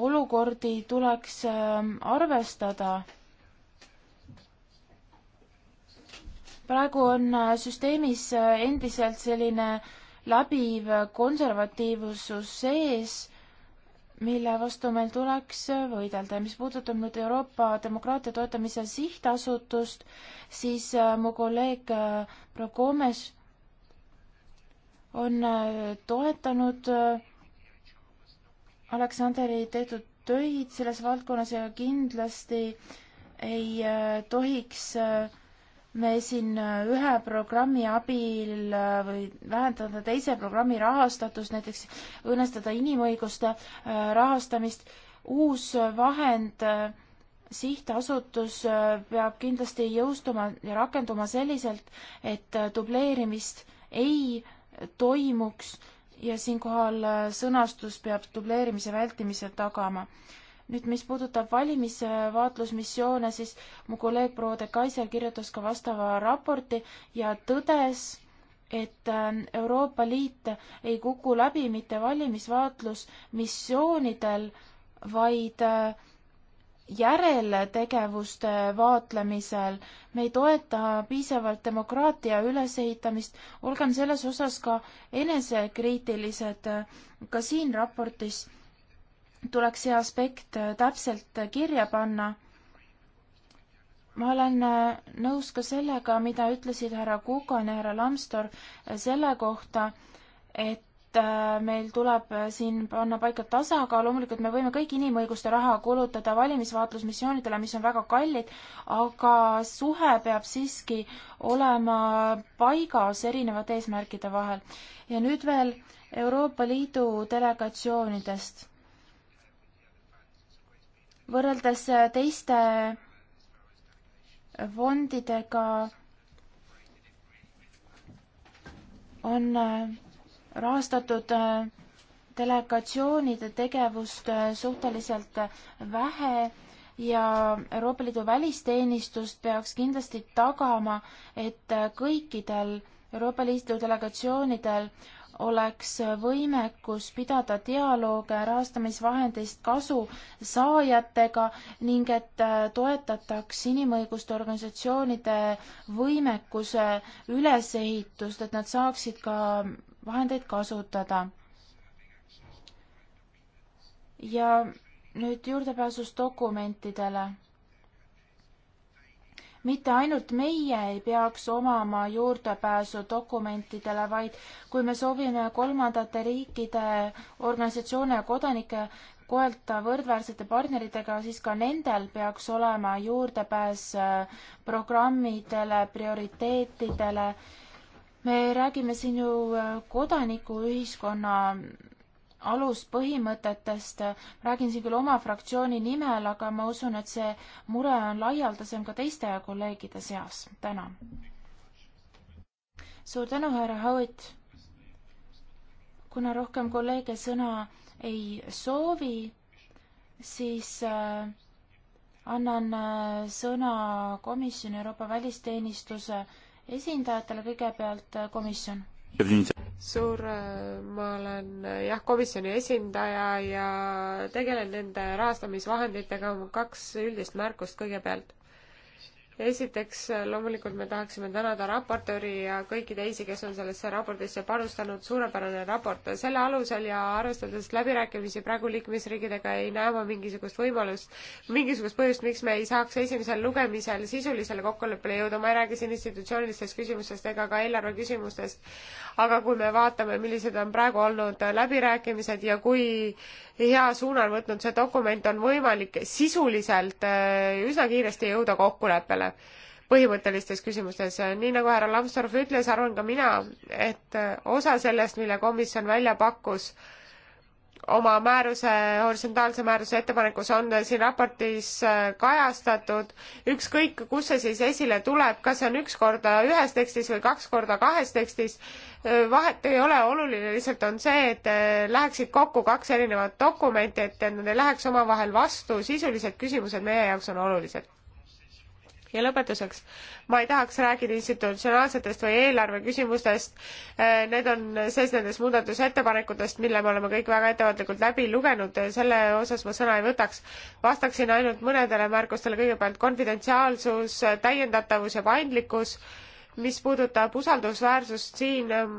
olukordi tuleks ähm, arvestada. praegu on äh, süsteemis endiselt selline läbiv konservatiivsus sees mille vastu meil tuleks võidelda ja mis puudutab nüüd Euroopa demokraatia toetamise sihtasutust, siis äh, mu kolleeg äh, proua Gomes on äh, toetanud Aleksandri tehtud töid selles valdkonnas ja kindlasti ei tohiks äh, me siin äh, ühe programmi abil äh, või vähendada teise programmi rahastatust, näiteks õõnestada inimõiguste äh, rahastamist, uus vahend sihtasutus peab kindlasti jõustuma ja rakenduma selliselt, et dubleerimist ei toimuks ja siinkohal sõnastus peab dubleerimise vältimise tagama nüüd, mis puudutab valimisvaatlusmissioone, siis mu kolleeg proua de Kaiser kirjutas ka vastava raporti ja tõdes, et ähm, Euroopa Liit ei kuku läbi mitte valimisvaatlusmissioonidel, vaid äh, järeltegevuste vaatlemisel. me ei toeta piisavalt demokraatia ülesehitamist, olgem selles osas ka enesekriitilised. Äh, ka siin raportis tuleks see aspekt äh, täpselt äh, kirja panna. ma olen äh, nõus ka sellega, mida ütlesid härra Kukan ja härra Lamstor selle kohta, et meil tuleb siin panna paika tasakaal, loomulikult me võime kõik inimõiguste raha kulutada valimisvaatlusmissioonidele, mis on väga kallid, aga suhe peab siiski olema paigas erinevate eesmärkide vahel. ja nüüd veel Euroopa Liidu delegatsioonidest võrreldes teiste fondidega on rahastatud delegatsioonide tegevust suhteliselt vähe ja Euroopa Liidu välisteenistust peaks kindlasti tagama, et kõikidel Euroopa Liidu delegatsioonidel oleks võimekus pidada dialoog rahastamisvahendist kasu saajatega ning et äh, toetataks inimõiguste organisatsioonide võimekuse ülesehitust, et nad saaksid ka vahendeid kasutada. ja nüüd juurdepääsus dokumentidele mitte ainult meie ei peaks omama juurdepääsu dokumentidele, vaid kui me soovime kolmandate riikide organisatsioone ja kodanikke koelda võrdväärsete partneritega, siis ka nendel peaks olema juurdepääs äh, programmidele, prioriteetidele. me räägime siin ju äh, kodanikuühiskonna aluspõhimõtetest. räägin siin küll oma fraktsiooni nimel, aga ma usun, et see mure on laialdasem ka teiste kolleegide seas. tänan. suur tänu, härra Howitt. kuna rohkem kolleege sõna ei soovi, siis äh, annan äh, sõna komisjoni Euroopa välisteenistuse esindajatele, kõigepealt äh, komisjon suur, äh, ma olen äh, jah, komisjoni esindaja ja tegelen nende rahastamisvahenditega, kaks üldist märkust kõigepealt esiteks loomulikult me tahaksime tänada raportööri ja kõiki teisi, kes on sellesse raportisse panustanud, suurepärane raport. selle alusel ja arvestades läbirääkimisi praegu liikmesriikidega ei näe ma mingisugust võimalust, mingisugust põhjust, miks me ei saaks esimesel lugemisel sisulisele kokkuleppele jõuda, ma ei räägi siin institutsioonilistest küsimustest ega ka eelarve küsimustest, aga kui me vaatame, millised on praegu olnud läbirääkimised ja kui hea suuna on võtnud see dokument, on võimalik sisuliselt äh, üsna kiiresti jõuda kokkuleppele põhimõttelistes küsimustes. nii nagu härra Lambsdorff ütles, arvan ka mina, et äh, osa sellest, mille komisjon välja pakkus, äh, oma määruse, horisontaalse määruse ettepanekus on siin raportis äh, kajastatud, ükskõik kus see siis esile tuleb, kas see on üks korda ühes tekstis või kaks korda kahes tekstis, äh, vahet ei ole, oluline lihtsalt on see, et äh, läheksid kokku kaks erinevat dokumenti, et nad ei läheks omavahel vastu, sisulised küsimused meie jaoks on olulised ja lõpetuseks, ma ei tahaks rääkida institutsionaalsetest või eelarve küsimustest, äh, need on sees nendes muudatusettepanekutest, mille me oleme kõik väga ettevaatlikult läbi lugenud, selle osas ma sõna ei võtaks. vastaksin ainult mõnedele märkustele, kõigepealt konfidentsiaalsus, täiendatavus ja paindlikkus, mis puudutab usaldusväärsust, siin ähm,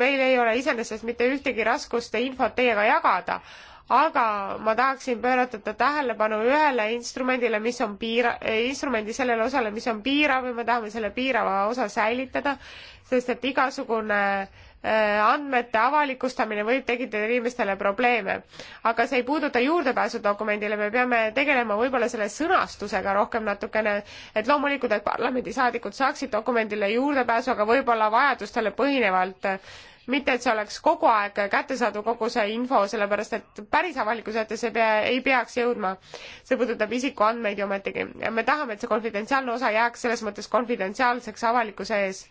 meil ei ole iseenesest mitte ühtegi raskust infot teiega jagada aga ma tahaksin pöörata tähelepanu ühele instrumendile, mis on piira-, eh, instrumendi sellele osale, mis on piirav ja me tahame selle piirava osa säilitada, sest et igasugune eh, andmete avalikustamine võib tekitada inimestele probleeme. aga see ei puuduta juurdepääsu dokumendile, me peame tegelema võib-olla selle sõnastusega rohkem natukene, et loomulikult, et parlamendisaadikud saaksid dokumendile juurdepääsu, aga võib-olla vajadustele põhinevalt eh, mitte, et see oleks kogu aeg kättesaadav, kogu see info, sellepärast et päris avalikkuse ette see pea, ei peaks jõudma. see puudutab isikuandmeid ju ometigi ja me tahame, et see konfidentsiaalne osa jääks selles mõttes konfidentsiaalseks avalikkuse ees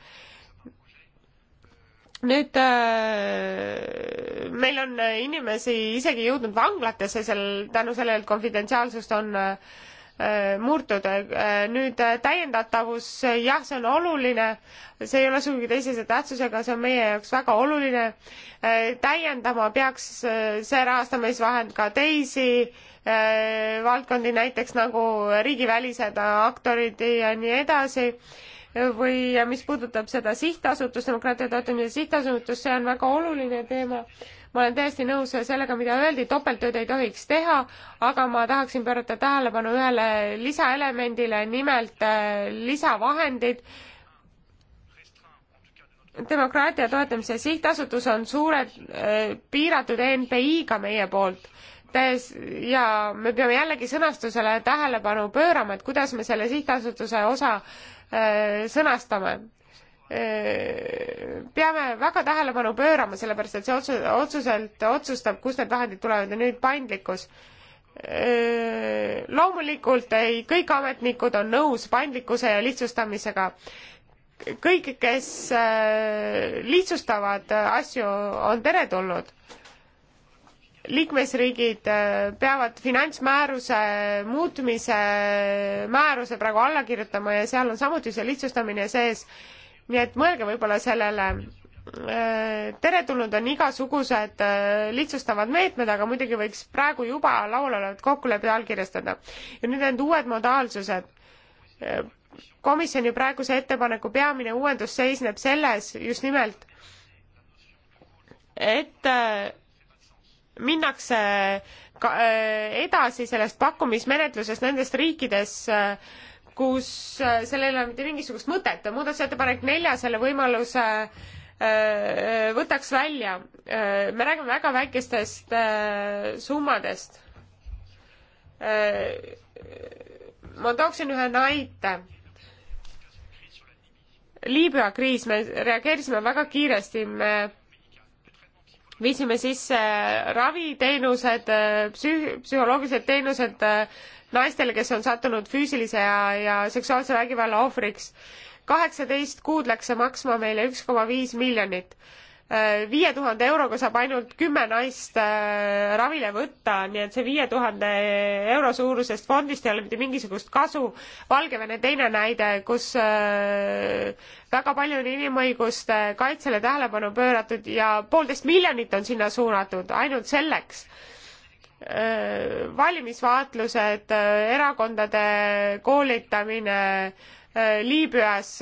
nüüd äh, meil on inimesi isegi jõudnud vanglatesse seal tänu sellele, et konfidentsiaalsust on äh, Äh, murtud. Äh, nüüd äh, täiendatavus, jah, see on oluline, see ei ole sugugi teisese tähtsusega, see on meie jaoks väga oluline. täiendama peaks see rahastamisvahend ka teisi valdkondi, näiteks nagu riigivälised aktorid ja nii edasi või mis puudutab seda sihtasutust, demokraatia toetamise sihtasutust, see on väga oluline teema ma olen täiesti nõus sellega, mida öeldi, topelttööd ei tohiks teha, aga ma tahaksin pöörata tähelepanu ühele lisaelemendile, nimelt äh, lisavahendid demokraatia toetamise sihtasutus on suured äh, piiratud NPI-ga meie poolt täies- ja me peame jällegi sõnastusele tähelepanu pöörama, et kuidas me selle sihtasutuse osa äh, sõnastame. Äh, peame väga tähelepanu pöörama, sellepärast et see otsus, otsuselt otsustab, kust need vahendid tulevad ja nüüd paindlikkus. Äh, loomulikult ei, kõik ametnikud on nõus paindlikkuse ja lihtsustamisega. kõik, kes äh, lihtsustavad asju, on teretulnud liikmesriigid peavad finantsmääruse muutmise määruse praegu alla kirjutama ja seal on samuti see lihtsustamine sees nii et mõelge võib-olla sellele äh, teretulnud on igasugused äh, lihtsustavad meetmed, aga muidugi võiks praegu juba laual olevat kokkulepped allkirjastada. ja nüüd need uued modaalsused. Äh, komisjoni praeguse ettepaneku peamine uuendus seisneb selles just nimelt, et minnakse edasi sellest pakkumismenetlusest nendes riikides, kus äh, sellel ei ole mitte mingisugust mõtet. muudatusettepanek nelja selle võimaluse äh, äh, võtaks välja. me räägime väga väikestest summadest. ma tooksin ühe näite Liibüa kriis, me reageerisime väga kiiresti, me viisime sisse raviteenused, psüh-, psühholoogilised teenused, naistele, kes on sattunud füüsilise ja, ja seksuaalse vägivalla ohvriks. kaheksateist kuud läks see maksma meile üks koma viis miljonit. Äh, viie tuhande euroga saab ainult kümme naist äh, ravile võtta, nii et see viie tuhande euro suurusest fondist ei ole mitte mingisugust kasu. Valgevene teine näide, kus äh, väga palju on inimõiguste kaitsele tähelepanu pööratud ja poolteist miljonit on sinna suunatud ainult selleks Äh, valimisvaatlused, äh, erakondade koolitamine äh, Liibüas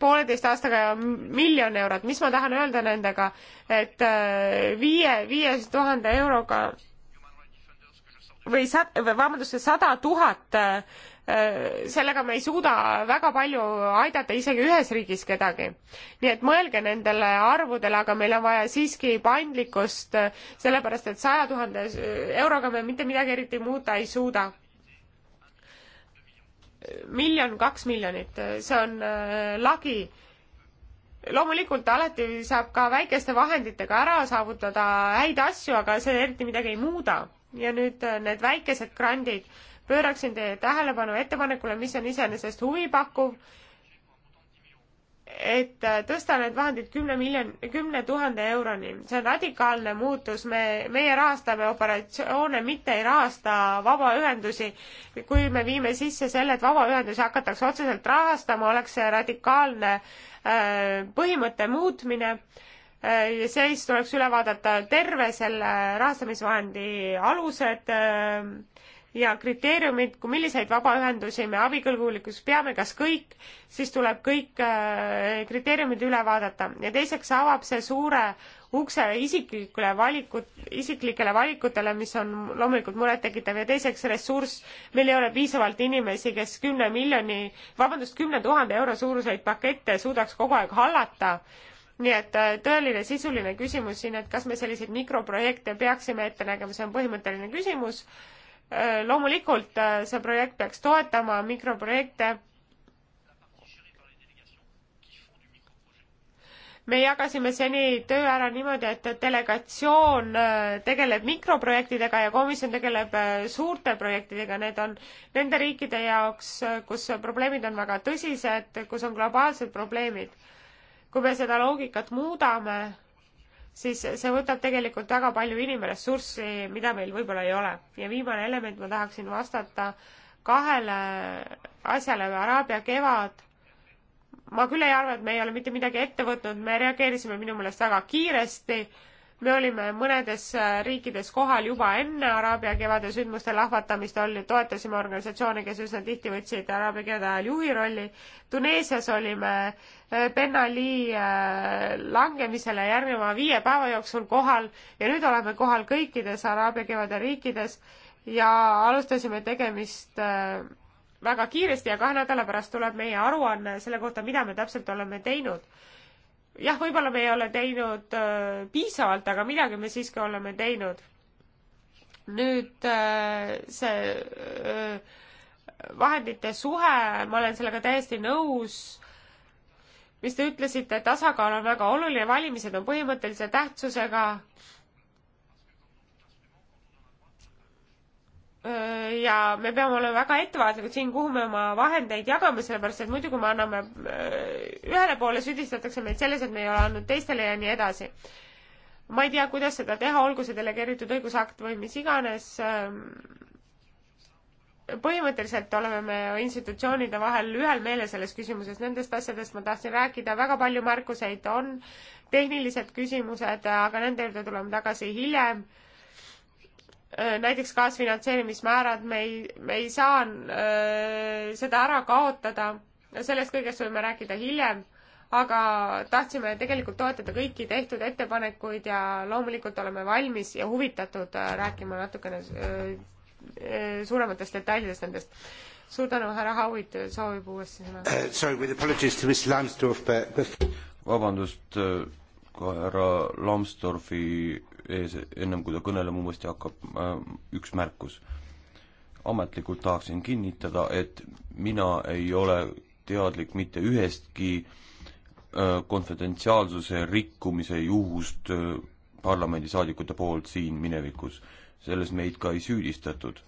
pooleteist aastaga ja miljon eurot, mis ma tahan öelda nendega, et viie, viie tuhande euroga või sa-, vabandust, sada tuhat Äh, sellega me ei suuda väga palju aidata isegi ühes riigis kedagi. nii et mõelge nendele arvudele, aga meil on vaja siiski paindlikkust, sellepärast et saja tuhande euroga me mitte midagi eriti muuta ei suuda. miljon, kaks miljonit, see on äh, lagi loomulikult alati saab ka väikeste vahenditega ära saavutada häid asju, aga see eriti midagi ei muuda. ja nüüd äh, need väikesed grandid pööraksin teie tähelepanu ettepanekule, mis on iseenesest huvipakkuv, et tõsta need vahendid kümne miljon, kümne tuhande euroni. see on radikaalne muutus, me, meie rahastame operatsioone, mitte ei rahasta vabaühendusi. kui me viime sisse selle, et vabaühendusi hakatakse otseselt rahastama, oleks see radikaalne äh, põhimõtte muutmine äh, ja siis tuleks üle vaadata terve selle rahastamisvahendi alused äh, ja kriteeriumid, kui milliseid vabaühendusi me abikõlbulikuks peame, kas kõik, siis tuleb kõik äh, kriteeriumid üle vaadata ja teiseks avab see suure ukse isiklikule valikut, isiklikele valikutele, mis on loomulikult murettekitav ja teiseks ressurss, meil ei ole piisavalt inimesi, kes kümne miljoni, vabandust, kümne tuhande euro suuruseid pakette suudaks kogu aeg hallata nii et äh, tõeline sisuline küsimus siin, et kas me selliseid mikroprojekte peaksime ette nägema, see on põhimõtteline küsimus Äh, loomulikult äh, see projekt peaks toetama mikroprojekte. me jagasime seni töö ära niimoodi, et delegatsioon äh, tegeleb mikroprojektidega ja komisjon tegeleb suurte projektidega, need on nende riikide jaoks, kus probleemid on väga tõsised, kus on globaalsed probleemid. kui me seda loogikat muudame siis see võtab tegelikult väga palju inimressurssi, mida meil võib-olla ei ole. ja viimane element, ma tahaksin vastata kahele asjale, Araabia kevad, ma küll ei arva, et me ei ole mitte midagi ette võtnud, me reageerisime minu meelest väga kiiresti me olime mõnedes äh, riikides kohal juba enne Araabia kevade sündmuste lahvatamist, oli, toetasime organisatsioone, kes üsna tihti võtsid Araabia kevade ajal juhi rolli. Tuneesias olime äh, Ben Ali äh, langemisele järgneva viie päeva jooksul kohal ja nüüd oleme kohal kõikides Araabia kevade riikides ja alustasime tegemist väga kiiresti ja kahe nädala pärast tuleb meie aruanne selle kohta, mida me täpselt oleme teinud jah, võib-olla me ei ole teinud äh, piisavalt, aga midagi me siiski oleme teinud. nüüd äh, see äh, vahendite suhe, ma olen sellega täiesti nõus, mis te ütlesite, tasakaal on väga oluline, valimised on põhimõttelise tähtsusega äh, Äh, ja me peame olema väga ettevaatlikud siin, kuhu me oma vahendeid jagame, sellepärast et muidu, kui me anname äh, ühele poole, süüdistatakse meid selles, et me ei ole andnud teistele ja nii edasi. ma ei tea, kuidas seda teha, olgu see delegeeritud õigusakt või mis iganes. Ähm, põhimõtteliselt oleme me institutsioonide vahel ühel meelel selles küsimuses, nendest asjadest ma tahtsin rääkida, väga palju märkuseid on, tehnilised küsimused, aga nende juurde tuleme tagasi hiljem Äh, näiteks kaasfinantseerimismäärad, me ei, me ei saa öö, äh, seda ära kaotada, sellest kõigest võime rääkida hiljem, aga tahtsime tegelikult toetada kõiki tehtud ettepanekuid ja loomulikult oleme valmis ja huvitatud äh, rääkima natukene öö, suurematest detailidest nendest. suur tänu, härra Howitt soovib uuesti sõna. Sorry, with apologies to Miss Lambsdorff but.... vabandust, härra Lambsdorffi ees, ennem kui ta kõnelema uuesti hakkab, äh, üks märkus. ametlikult tahaksin kinnitada, et mina ei ole teadlik mitte ühestki äh, konfidentsiaalsuse rikkumise juhust äh, parlamendisaadikute poolt siin minevikus. selles meid ka ei süüdistatud.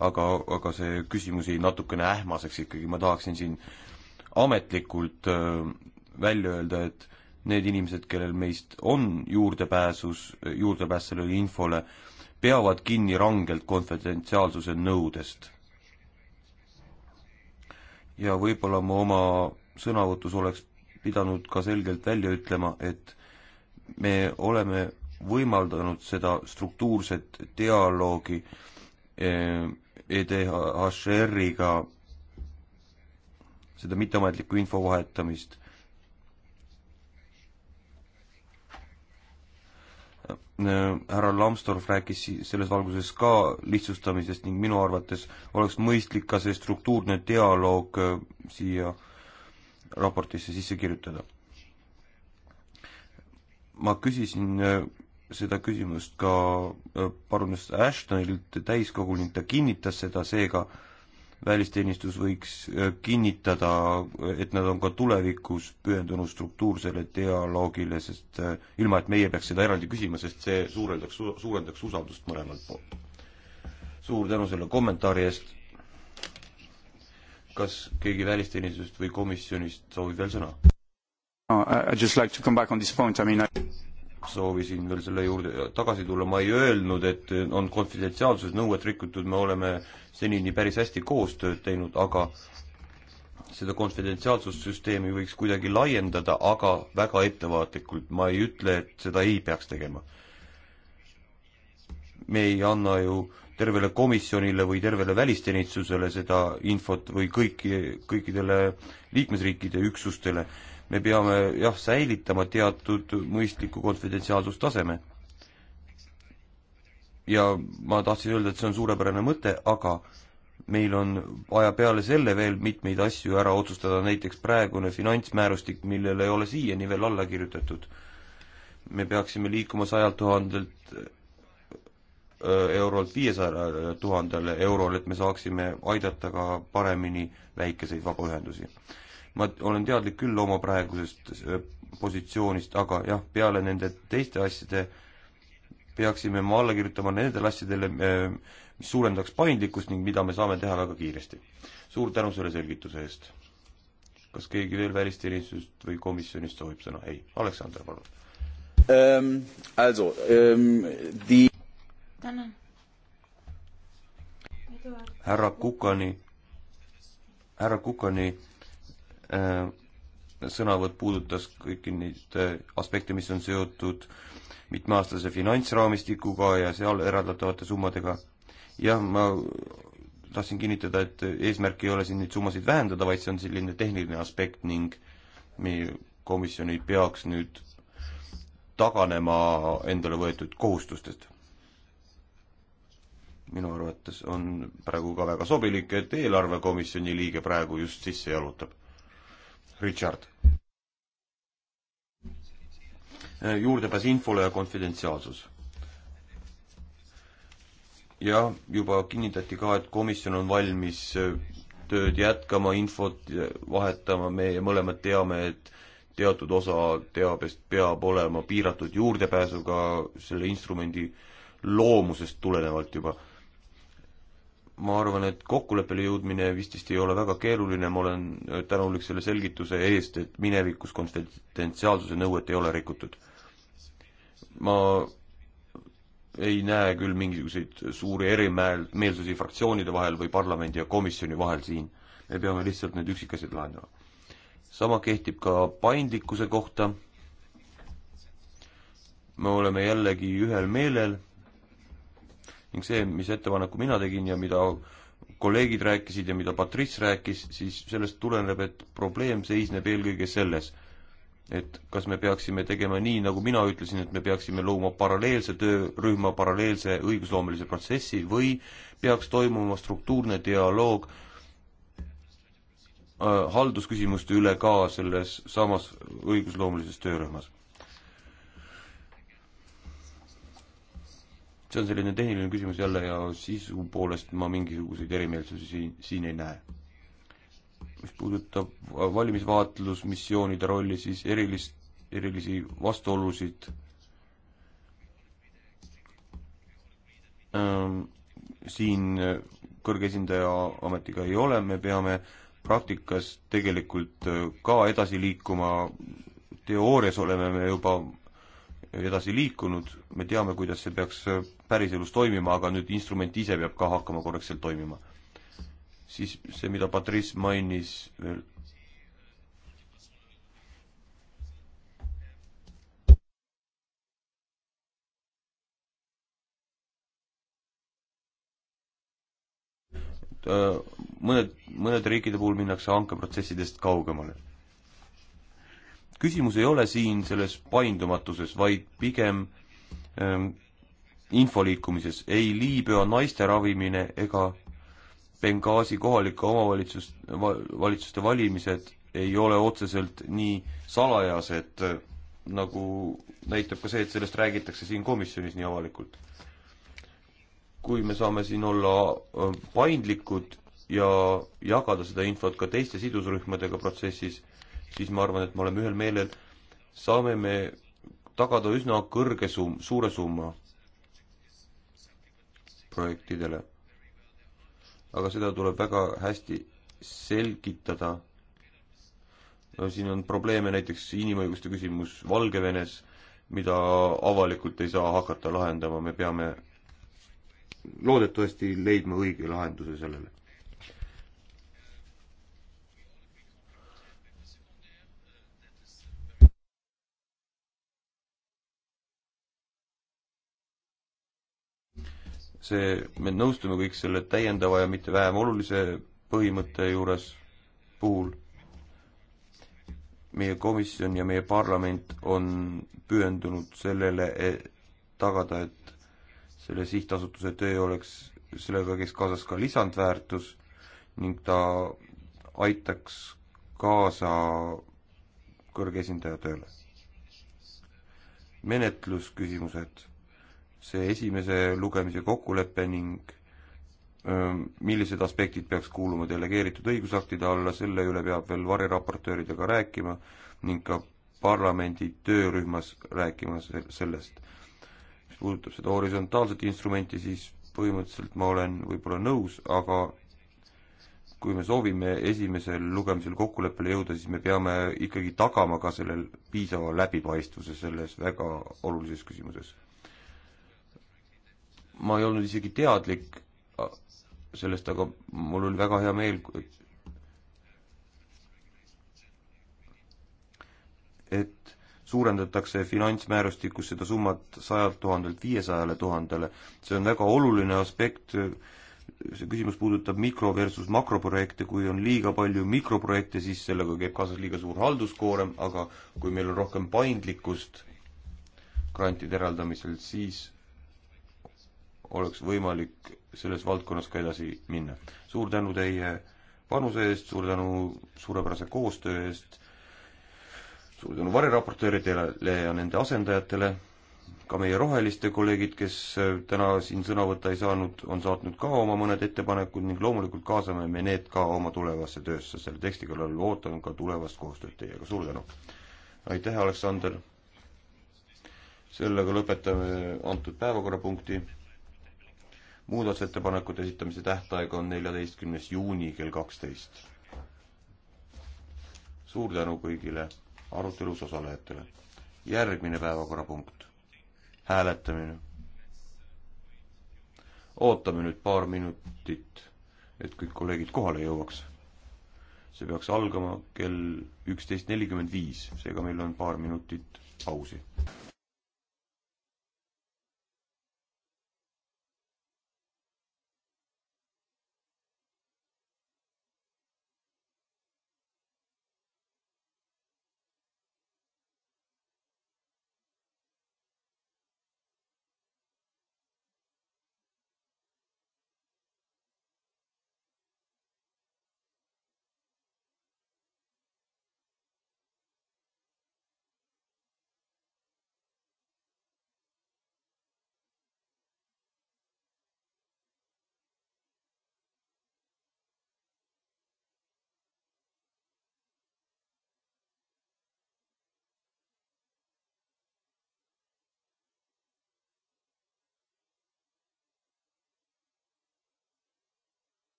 aga, aga see küsimus jäi natukene ähmaseks ikkagi, ma tahaksin siin ametlikult välja öelda, et need inimesed, kellel meist on juurdepääsus, juurdepääs sellele infole, peavad kinni rangelt konfidentsiaalsuse nõudest. ja võib-olla ma oma sõnavõtus oleks pidanud ka selgelt välja ütlema, et me oleme võimaldanud seda struktuurset dialoogi EDHR-iga, eh, e seda mitteametlikku info vahetamist Äh, härra Lambsdorff rääkis selles valguses ka lihtsustamisest ning minu arvates oleks mõistlik ka see struktuurne dialoog äh, siia raportisse sisse kirjutada. ma küsisin äh, seda küsimust ka parunes Ashtonilt täiskogul ning ta kinnitas seda, seega äh, välisteenistus võiks äh, kinnitada, et nad on ka tulevikus pühendunud struktuursele dialoogile, sest äh, ilma, et meie peaks seda eraldi küsima, sest see suurendaks, suurendaks usaldust mõlemalt poolt. suur tänu selle kommentaari eest. kas keegi välisteenistusest või komisjonist soovib veel sõna no,? I just like to come back on this point, I mean I soovisin veel selle juurde tagasi tulla, ma ei öelnud, et on konfidentsiaalsusnõuet rikutud, me oleme senini päris hästi koostööd teinud, aga seda konfidentsiaalsussüsteemi võiks kuidagi laiendada, aga väga ettevaatlikult, ma ei ütle, et seda ei peaks tegema. me ei anna ju tervele komisjonile või tervele välisteenistusele seda infot või kõiki, kõikidele liikmesriikide üksustele me peame jah, säilitama teatud mõistliku konfidentsiaalsustaseme. ja ma tahtsin öelda, et see on suurepärane mõte, aga meil on vaja peale selle veel mitmeid asju ära otsustada, näiteks praegune finantsmäärustik, millele ei ole siiani veel alla kirjutatud. me peaksime liikuma sajalt tuhandelt äh, eurolt viiesajale tuhandele eurole, et me saaksime aidata ka paremini väikeseid vabaühendusi ma olen teadlik küll oma praegusest äh, positsioonist, aga jah, peale nende teiste asjade peaksime me alla kirjutama nendele asjadele, äh, mis suurendaks paindlikkust ning mida me saame teha väga kiiresti. suur tänu selle selgituse eest. kas keegi veel välisteenistusest või komisjonist soovib sõna? ei, Aleksander, palun ähm,. Also ähm, die tänan. härra Kukani, härra Kukani Äh, sõnavõtt puudutas kõiki neid äh, aspekte, mis on seotud mitmeaastase finantsraamistikuga ja seal eraldatavate summadega. jah, ma tahtsin kinnitada, et eesmärk ei ole siin neid summasid vähendada, vaid see on selline tehniline aspekt ning meie komisjon ei peaks nüüd taganema endale võetud kohustustest. minu arvates on praegu ka väga sobilik, et eelarvekomisjoni liige praegu just sisse jalutab. Richard. juurdepääs infole ja konfidentsiaalsus. jah, juba kinnitati ka, et komisjon on valmis äh, tööd jätkama, infot äh, vahetama, me mõlemad teame, et teatud osa teabest peab olema piiratud juurdepääsuga selle instrumendi loomusest tulenevalt juba ma arvan, et kokkuleppele jõudmine vist vist ei ole väga keeruline, ma olen tänulik selle selgituse eest, et minevikus konfidentsiaalsuse nõuet ei ole rikutud. ma ei näe küll mingisuguseid suuri erimäel-, meelsusi fraktsioonide vahel või parlamendi ja komisjoni vahel siin. me peame lihtsalt need üksikasjad lahendama. sama kehtib ka paindlikkuse kohta, me oleme jällegi ühel meelel ning see, mis ettepaneku mina tegin ja mida kolleegid rääkisid ja mida Patrice rääkis, siis sellest tuleneb, et probleem seisneb eelkõige selles, et kas me peaksime tegema nii, nagu mina ütlesin, et me peaksime looma paralleelse töörühma, paralleelse õigusloomelise protsessi või peaks toimuma struktuurne dialoog äh, haldusküsimuste üle ka selles samas õigusloomelises töörühmas see on selline tehniline küsimus jälle ja sisu poolest ma mingisuguseid erimeelsusi siin, siin ei näe. mis puudutab valimisvaatlusmissioonide rolli, siis erilist, erilisi vastuolusid ähm, siin kõrge esindaja ametiga ei ole, me peame praktikas tegelikult äh, ka edasi liikuma, teoorias oleme me juba edasi liikunud, me teame, kuidas see peaks äh, päriselus toimima, aga nüüd instrument ise peab ka hakkama korrektselt toimima. siis see, mida Patrice mainis veel. Äh, mõned, mõnede riikide puhul minnakse hankeprotsessidest kaugemale küsimus ei ole siin selles paindumatuses, vaid pigem ähm, info liikumises, ei Liibüa naiste ravimine ega Benghazi kohalike omavalitsus, valitsuste valimised ei ole otseselt nii salajased, nagu näitab ka see, et sellest räägitakse siin komisjonis nii avalikult. kui me saame siin olla paindlikud ja jagada seda infot ka teiste sidusrühmadega protsessis, siis ma arvan, et me oleme ühel meelel, saame me tagada üsna kõrge sum-, suure summa projektidele. aga seda tuleb väga hästi selgitada. no siin on probleeme näiteks inimõiguste küsimus Valgevenes, mida avalikult ei saa hakata lahendama, me peame loodetavasti leidma õige lahenduse sellele see, me nõustume kõik selle täiendava ja mitte vähem olulise põhimõtte juures puhul. meie komisjon ja meie parlament on pühendunud sellele et tagada, et selle sihtasutuse töö oleks sellega käis kaasas ka lisandväärtus ning ta aitaks kaasa kõrge esindaja tööle. menetlusküsimused see esimese lugemise kokkulepe ning millised aspektid peaks kuuluma delegeeritud õigusaktide alla, selle üle peab veel variraportööridega rääkima ning ka parlamendi töörühmas rääkima sellest. mis puudutab seda horisontaalset instrumenti, siis põhimõtteliselt ma olen võib-olla nõus, aga kui me soovime esimesel lugemisel kokkuleppele jõuda, siis me peame ikkagi tagama ka sellel piisava läbipaistvuse selles väga olulises küsimuses ma ei olnud isegi teadlik sellest, aga mul oli väga hea meel, et suurendatakse finantsmäärustikus seda summat sajalt tuhandelt viiesajale tuhandele. see on väga oluline aspekt, see küsimus puudutab mikro versus makroprojekte, kui on liiga palju mikroprojekte, siis sellega käib kaasas liiga suur halduskoorem, aga kui meil on rohkem paindlikkust grantide eraldamisel, siis oleks võimalik selles valdkonnas ka edasi minna. suur tänu teie panuse eest, suur tänu suurepärase koostöö eest, suur tänu variraportööridele ja nende asendajatele, ka meie roheliste kolleegid, kes täna siin sõna võtta ei saanud, on saatnud ka oma mõned ettepanekud ning loomulikult kaasame me need ka oma tulevasse töösse, selle teksti kallal ootan ka tulevast koostööd teiega, suur tänu! aitäh, Aleksander! sellega lõpetame antud päevakorrapunkti muudatusettepanekute esitamise tähtaeg on neljateistkümnes juuni kell kaksteist. suur tänu kõigile arutelus osalejatele. järgmine päevakorrapunkt, hääletamine. ootame nüüd paar minutit, et kõik kolleegid kohale jõuaks. see peaks algama kell üksteist nelikümmend viis, seega meil on paar minutit pausi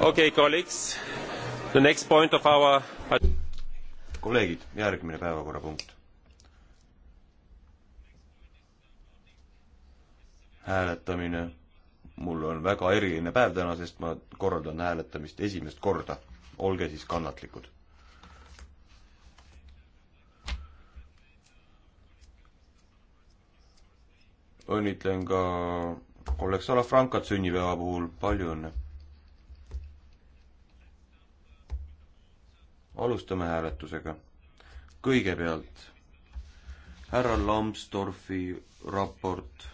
Okay, our... kolleegid järgmine päevakorrapunkt hääletamine mul on väga eriline päev täna sest ma korraldan hääletamist esimest korda olge siis kannatlikud õnnitlen ka kolleeg Salafrankat sünnipäeva puhul palju õnne alustame hääletusega. kõigepealt härra Lambsdorfi raport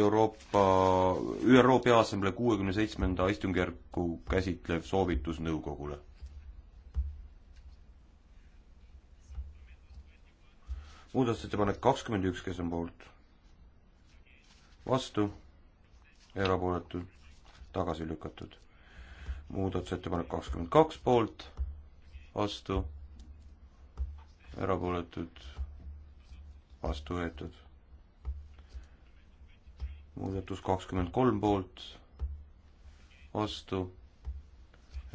Euroopa, ÜRO Peaassamblee kuuekümne seitsmenda istungjärku käsitlev soovitus nõukogule. muudatusettepanek kakskümmend üks, kes on poolt? vastu, erapooletu, tagasi lükatud muudatusettepanek kakskümmend kaks poolt, vastu, erapooletud, vastu võetud. muudatus kakskümmend kolm poolt, vastu,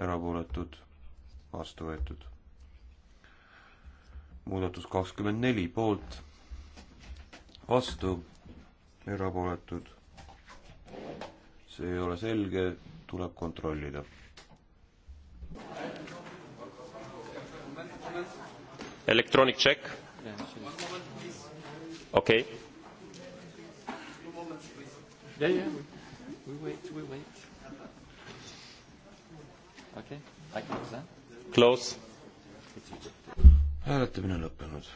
erapooletud, vastu võetud. muudatus kakskümmend neli poolt, vastu, erapooletud, see ei ole selge, tuleb kontrollida electronic check okay yeah yeah we, we wait we wait okay i close that close hääletamine lõppenud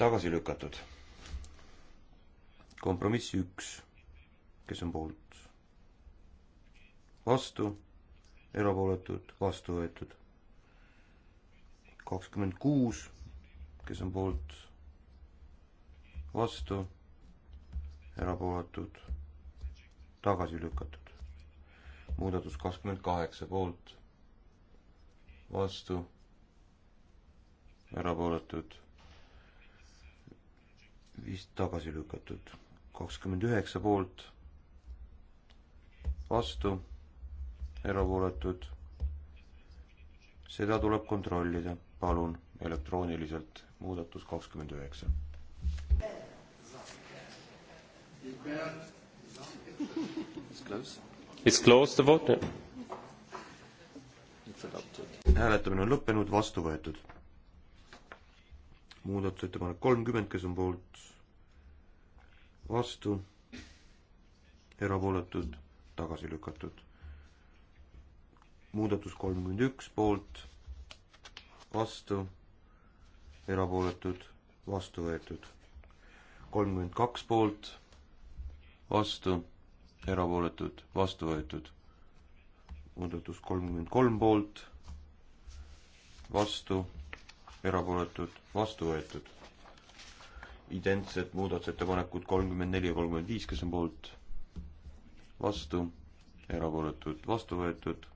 tagasi lükatud kompromiss üks kes on poolt vastu erapooletud vastu võetud kakskümmend kuus kes on poolt, vastu, erapooletud, tagasi lükatud. muudatus kakskümmend kaheksa poolt, vastu, erapooletud, vist tagasi lükatud. kakskümmend üheksa poolt, vastu, erapooletud, seda tuleb kontrollida, palun, elektrooniliselt muudatus kakskümmend üheksa. It's closed the vote. hääletamine on lõppenud, vastu võetud. muudatusettepanek kolmkümmend, kes on poolt, vastu, erapooletud, tagasi lükatud. muudatus kolmkümmend üks poolt, vastu erapooletud, vastu võetud. kolmkümmend kaks poolt, vastu, erapooletud, vastu võetud. muudatus kolmkümmend kolm poolt, vastu, erapooletud, vastu võetud. identsed muudatusettepanekud kolmkümmend neli ja kolmkümmend viis, kes on poolt, vastu, erapooletud, vastu võetud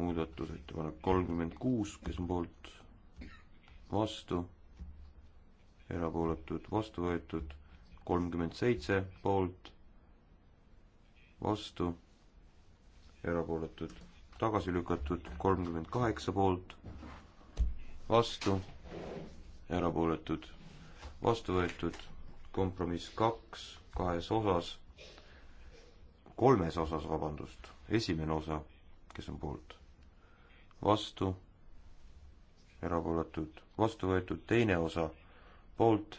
muudatusettepanek kolmkümmend kuus, kes on poolt vastu, erapooletud, vastu võetud, kolmkümmend seitse poolt, vastu, erapooletud, tagasi lükatud, kolmkümmend kaheksa poolt, vastu, erapooletud, vastu võetud, kompromiss kaks, kahes osas, kolmes osas, vabandust, esimene osa, kes on poolt, vastu erapooletud, vastu võetud, teine osa poolt,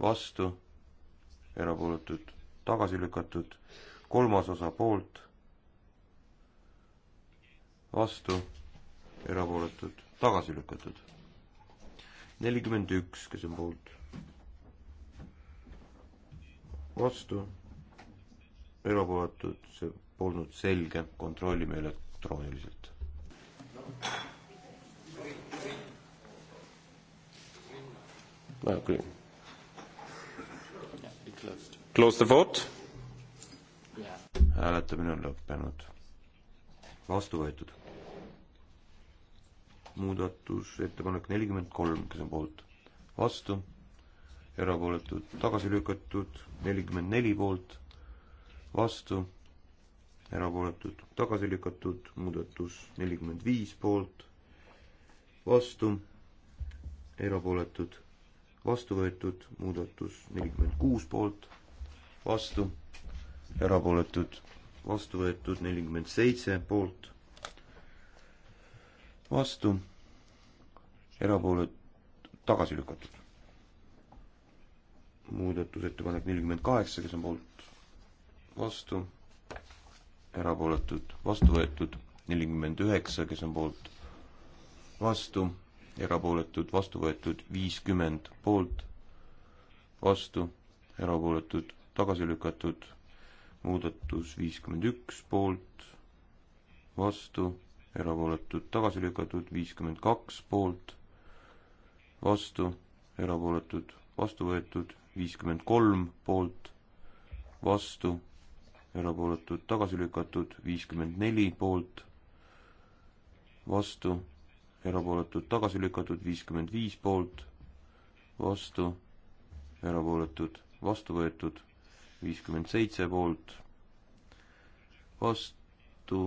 vastu, erapooletud, tagasi lükatud, kolmas osa poolt, vastu, erapooletud, tagasi lükatud. nelikümmend üks, kes on poolt, vastu, erapooletud, see polnud selge, kontrollime elektrooniliselt. No, ah, green. Close the vote. hääletamine on lõppenud. vastu võetud. muudatusettepanek nelikümmend kolm, kes on poolt? vastu. erapooletud, tagasi lükatud, nelikümmend neli poolt. vastu. erapooletud, tagasi lükatud, muudatus nelikümmend viis poolt. vastu. erapooletud vastu võetud, muudatus nelikümmend kuus poolt, vastu, erapooletud, vastu võetud nelikümmend seitse poolt, vastu, erapoolet-, tagasi lükatud. muudatusettepanek nelikümmend kaheksa, kes on poolt, vastu, erapooletud, vastu võetud, nelikümmend üheksa, kes on poolt, vastu erapooletud, vastu võetud viiskümmend poolt, vastu, erapooletud, tagasi lükatud, muudatus viiskümmend üks poolt, vastu, erapooletud, tagasi lükatud, viiskümmend kaks poolt, vastu, erapooletud, vastu võetud, viiskümmend kolm poolt, vastu, erapooletud, tagasi lükatud, viiskümmend neli poolt, vastu erapooletud tagasi lükatud, viiskümmend viis poolt, vastu, erapooletud vastu võetud, viiskümmend seitse poolt, vastu,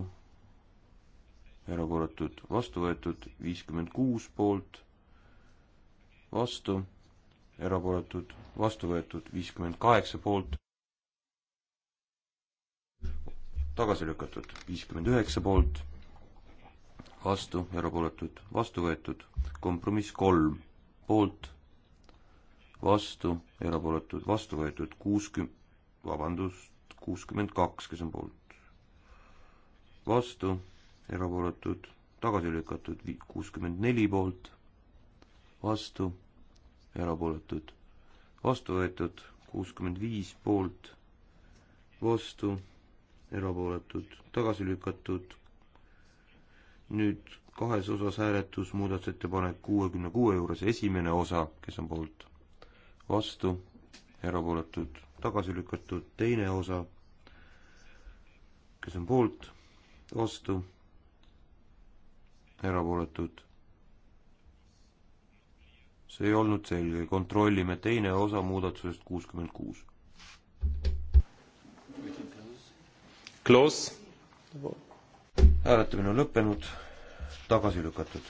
erapooletud vastu võetud, viiskümmend kuus poolt, vastu, erapooletud vastu võetud, viiskümmend kaheksa poolt, tagasi lükatud, viiskümmend üheksa poolt vastu, erapooletud, vastu võetud. kompromiss kolm, poolt, vastu, erapooletud, vastu võetud. kuuskümmend, vabandust, kuuskümmend kaks, kes on poolt. vastu, erapooletud, tagasi lükatud, kuuskümmend neli poolt, vastu, erapooletud, vastu võetud, kuuskümmend viis poolt, vastu, erapooletud, tagasi lükatud, nüüd kahes osas hääletus muudatusettepanek kuuekümne kuue juures, esimene osa, kes on poolt, vastu, erapooletud, tagasi lükatud, teine osa, kes on poolt, vastu, erapooletud. see ei olnud selge, kontrollime teine osa muudatusest kuuskümmend kuus. Close hääletamine on lõppenud, tagasi lükatud.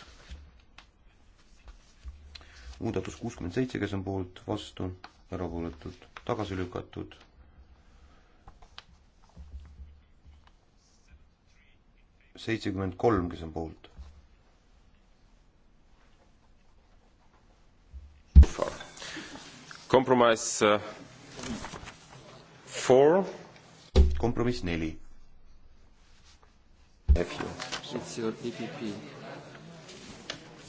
muudatus kuuskümmend seitse, kes on poolt, vastu, erapooletud, tagasi lükatud. seitsekümmend kolm, kes on poolt kompromiss uh, four. kompromiss neli. It's your EPP.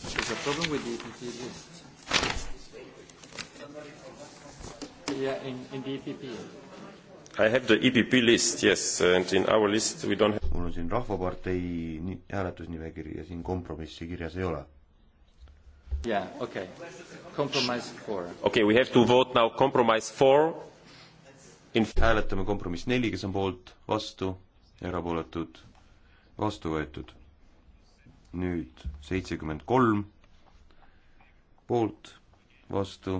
There's a problem with the EPP list. Yeah, in, in the EPP. I have the EPP list, yes, and in our list we don't have... mul on siin Rahvapartei hääletusnimekiri ja siin kompromissi kirjas ei ole. Yeah, okay. Compromise four. Okay, we have to vote now compromise four in.... hääletame kompromiss neli, kes on poolt, vastu, erapooletud vastu võetud. nüüd seitsekümmend kolm poolt, vastu,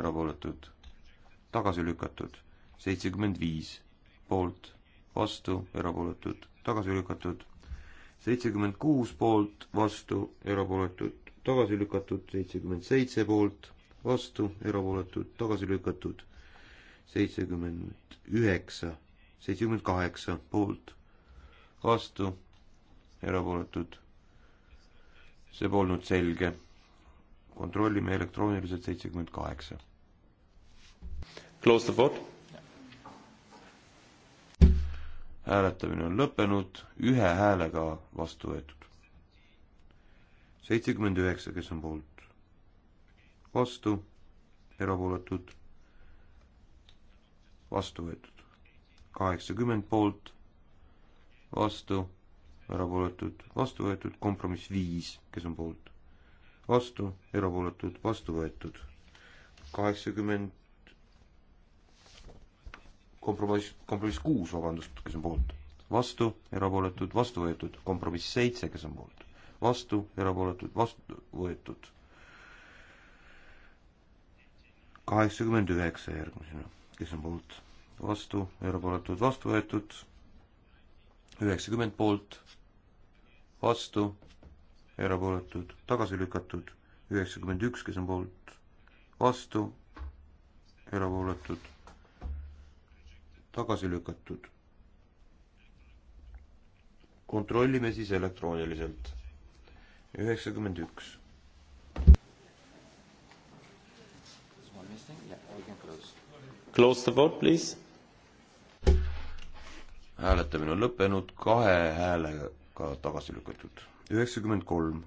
erapooletud, tagasi lükatud. seitsekümmend viis poolt, vastu, erapooletud, tagasi lükatud. seitsekümmend kuus poolt, vastu, erapooletud, tagasi lükatud, seitsekümmend seitse poolt, vastu, erapooletud, tagasi lükatud, seitsekümmend üheksa, seitsekümmend kaheksa poolt, vastu, erapooletud. see polnud selge. kontrollime elektrooniliselt seitsekümmend kaheksa. Close the vote. hääletamine on lõppenud, ühe häälega vastu võetud. seitsekümmend üheksa, kes on poolt, vastu, erapooletud, vastu võetud. kaheksakümmend poolt vastu, erapooletud, vastu võetud, kompromiss viis, kes on poolt, vastu, erapooletud, vastu võetud, kaheksakümmend, kompromiss, kompromiss kuus, vabandust, kes on poolt, vastu, erapooletud, vastu võetud, kompromiss seitse, kes on poolt, vastu, erapooletud, vastu võetud, kaheksakümmend üheksa järgmisena, kes on poolt, vastu, erapooletud, vastu võetud, üheksakümmend poolt, vastu, erapooletud, tagasi lükatud, üheksakümmend üks, kes on poolt, vastu, erapooletud, tagasi lükatud. kontrollime siis elektrooniliselt. üheksakümmend üks. Close the vote, please hääletamine on lõppenud, kahe häälega tagasi lükatud. üheksakümmend kolm.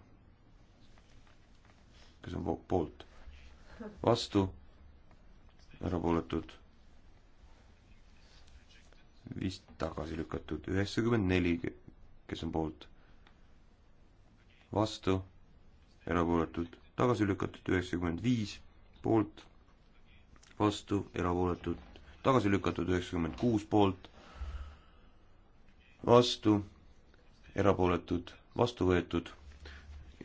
kes on poolt? vastu? erapooletud? vist tagasi lükatud. üheksakümmend neli, kes on poolt? vastu? erapooletud? tagasi lükatud. üheksakümmend viis, poolt? vastu? erapooletud? tagasi lükatud. üheksakümmend kuus, poolt vastu, erapooletud, vastu võetud.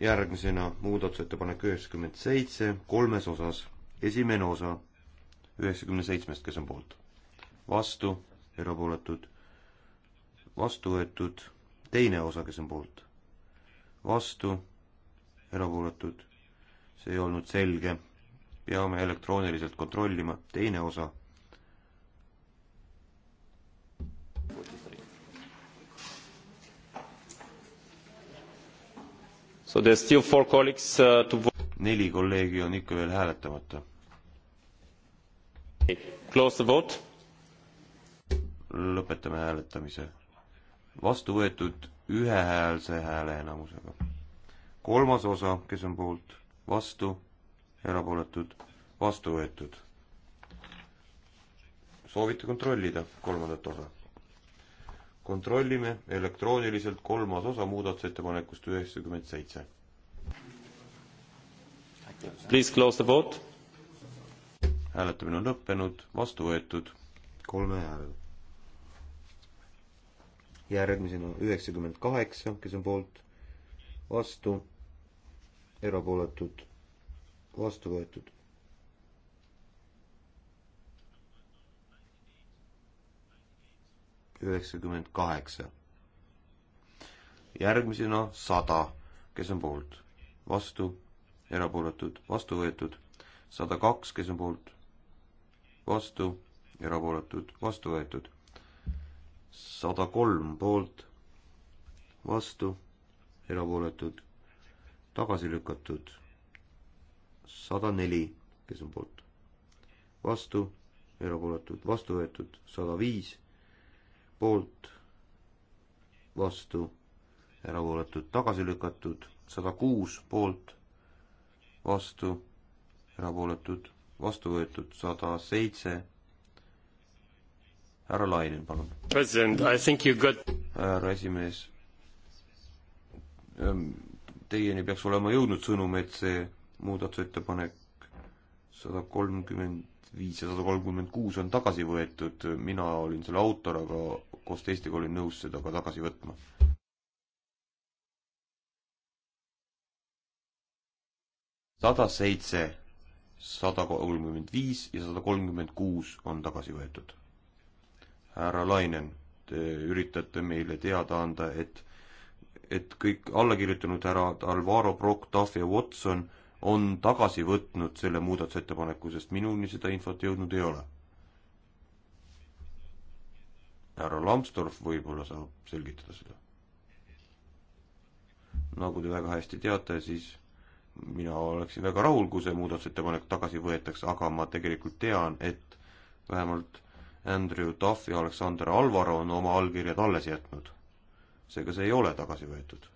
järgmisena muudatusettepanek üheksakümmend seitse kolmes osas. esimene osa üheksakümne seitsmest, kes on poolt, vastu, erapooletud, vastu võetud, teine osa, kes on poolt, vastu, erapooletud, see ei olnud selge, peame elektrooniliselt kontrollima, teine osa So there are still four colleagues uh, to vote. neli kolleegi on ikka veel hääletamata. Close the vote. lõpetame hääletamise. vastu võetud ühehäälse hääleenamusega. kolmas osa, kes on poolt, vastu, erapooletud, vastu võetud. soovite kontrollida kolmandat osa kontrollime elektrooniliselt kolmas osa muudatusettepanekust üheksakümmend seitse. Please close the vote. hääletamine on lõppenud, vastu võetud kolme häälega. järgmisena üheksakümmend kaheksa, kes on poolt, vastu, erapooletud, vastu võetud üheksakümmend kaheksa. järgmisena sada, kes on poolt, vastu, erapooletud, vastu võetud, sada kaks, kes on poolt, vastu, erapooletud, vastu võetud, sada kolm poolt, vastu, erapooletud, tagasi lükatud, sada neli, kes on poolt, vastu, erapooletud, vastu võetud, sada viis poolt, vastu, erapooletud, tagasi lükatud, sada kuus poolt, vastu, erapooletud, vastu võetud, sada seitse. härra Lainen, palun. president, I think you got. härra esimees, ähm, teieni peaks olema jõudnud sõnum, et see muudatusettepanek sada kolmkümmend viis ja sada kolmkümmend kuus on tagasi võetud, mina olin selle autor, aga koos teistega olin nõus seda ka tagasi võtma. sada seitse, sada kolmkümmend viis ja sada kolmkümmend kuus on tagasi võetud. härra Lainen, te üritate meile teada anda, et et kõik allakirjutanud härrad Alvaro, Brock, Duff ja Watson on tagasi võtnud selle muudatusettepaneku, sest minuni seda infot jõudnud ei ole härra Lambsdorff võib-olla saab selgitada seda. nagu te väga hästi teate, siis mina oleksin väga rahul, kui see muudatusettepanek tagasi võetakse, aga ma tegelikult tean, et vähemalt Andrew Duff ja Alexander Alvaro on oma allkirjad alles jätnud. seega see ei ole tagasi võetud.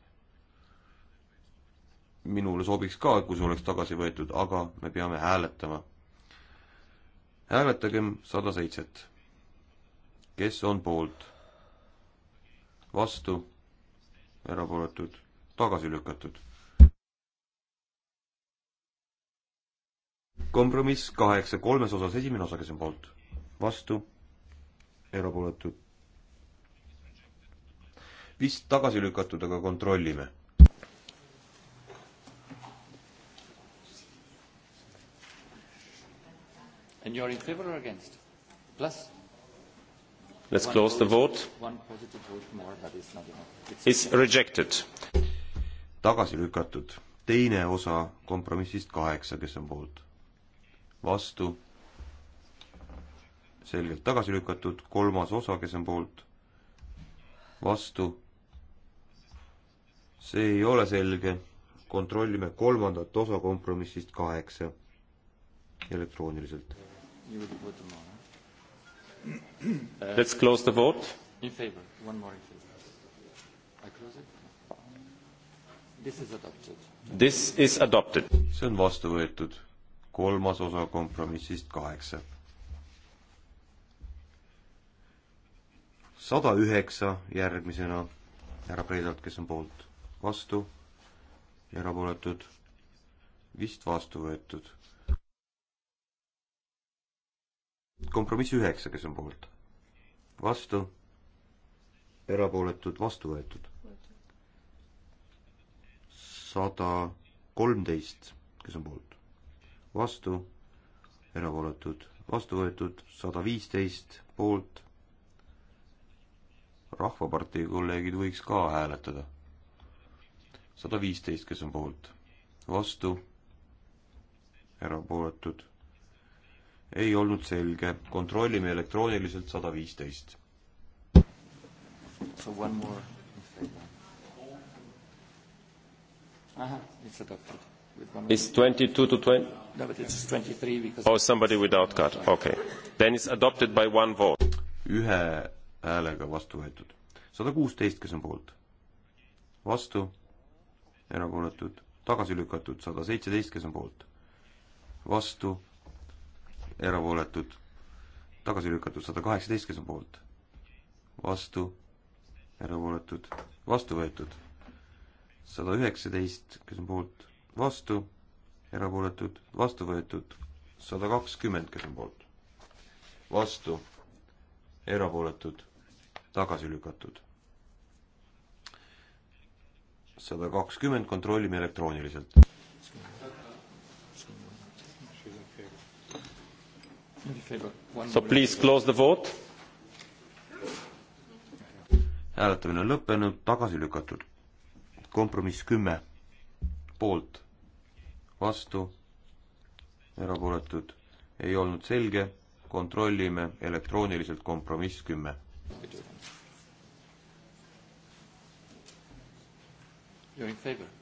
minule sobiks ka, kui see oleks tagasi võetud, aga me peame hääletama. hääletagem sada seitset kes on poolt? vastu, erapooletud, tagasi lükatud. kompromiss kaheksa kolmes osas, esimene osa, kes on poolt? vastu, erapooletud. vist tagasi lükatud, aga kontrollime And you are in favor or against? Plus? Let's close the vote. It's rejected. tagasi lükatud. teine osa kompromissist kaheksa, kes on poolt? vastu. selgelt tagasi lükatud. kolmas osa, kes on poolt? vastu. see ei ole selge. kontrollime kolmandat osa kompromissist kaheksa elektrooniliselt. jõudu võtma Uh, Let's close the vote. In favor. One more in favor. I close it. This is adopted. This is adopted. see on vastu võetud. kolmas osa kompromissist kaheksa. sada üheksa järgmisena härra Preidalt, kes on poolt, vastu, erapooletud, vist vastu võetud kompromiss üheksa, kes on poolt? vastu, erapooletud, vastu võetud. sada kolmteist, kes on poolt? vastu, erapooletud, vastu võetud, sada viisteist poolt. rahvapartei kolleegid võiks ka hääletada. sada viisteist, kes on poolt? vastu, erapooletud ei olnud selge. kontrollime elektrooniliselt sada viisteist. So one more in favor. Uh-huh, it's adopted. It's 22 to 20? No, but it's 23 because... Oh, somebody without card, okay. Then it's adopted by one vote. Ühe häälega vastu võetud. 116, kes on poolt? Vastu, erapooletud, tagasi lükatud, 117, kes on poolt? Vastu, erapooletud, tagasi lükatud sada kaheksateist, kes on poolt, vastu, erapooletud, vastu võetud sada üheksateist, kes on poolt, vastu, erapooletud, vastu võetud sada kakskümmend, kes on poolt, vastu, erapooletud, tagasi lükatud sada kakskümmend, kontrollime elektrooniliselt. So please close the vote. hääletamine on lõppenud, tagasi lükatud. kompromiss kümme, poolt, vastu, erapooletud, ei olnud selge, kontrollime elektrooniliselt kompromiss kümme.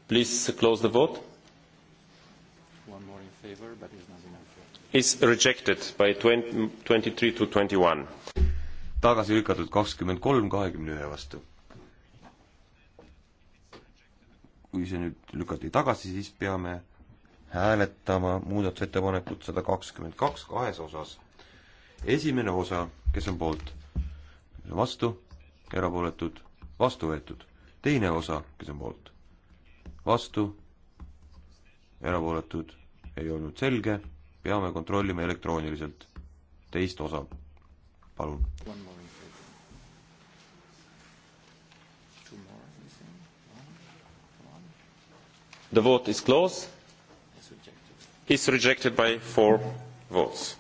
Please close the vote. One more in favor, but is not enough is rejected by twenty three to twenty one. tagasi lükatud kakskümmend kolm kahekümne ühe vastu. kui see nüüd lükati tagasi, siis peame hääletama muudatusettepanekut sada kakskümmend kaks kahes osas. esimene osa, kes on poolt, vastu, erapooletud, vastu võetud. teine osa, kes on poolt, vastu, erapooletud, ei olnud selge peame kontrollima elektrooniliselt. teist osa, palun. The vote is closed. It's rejected by four votes.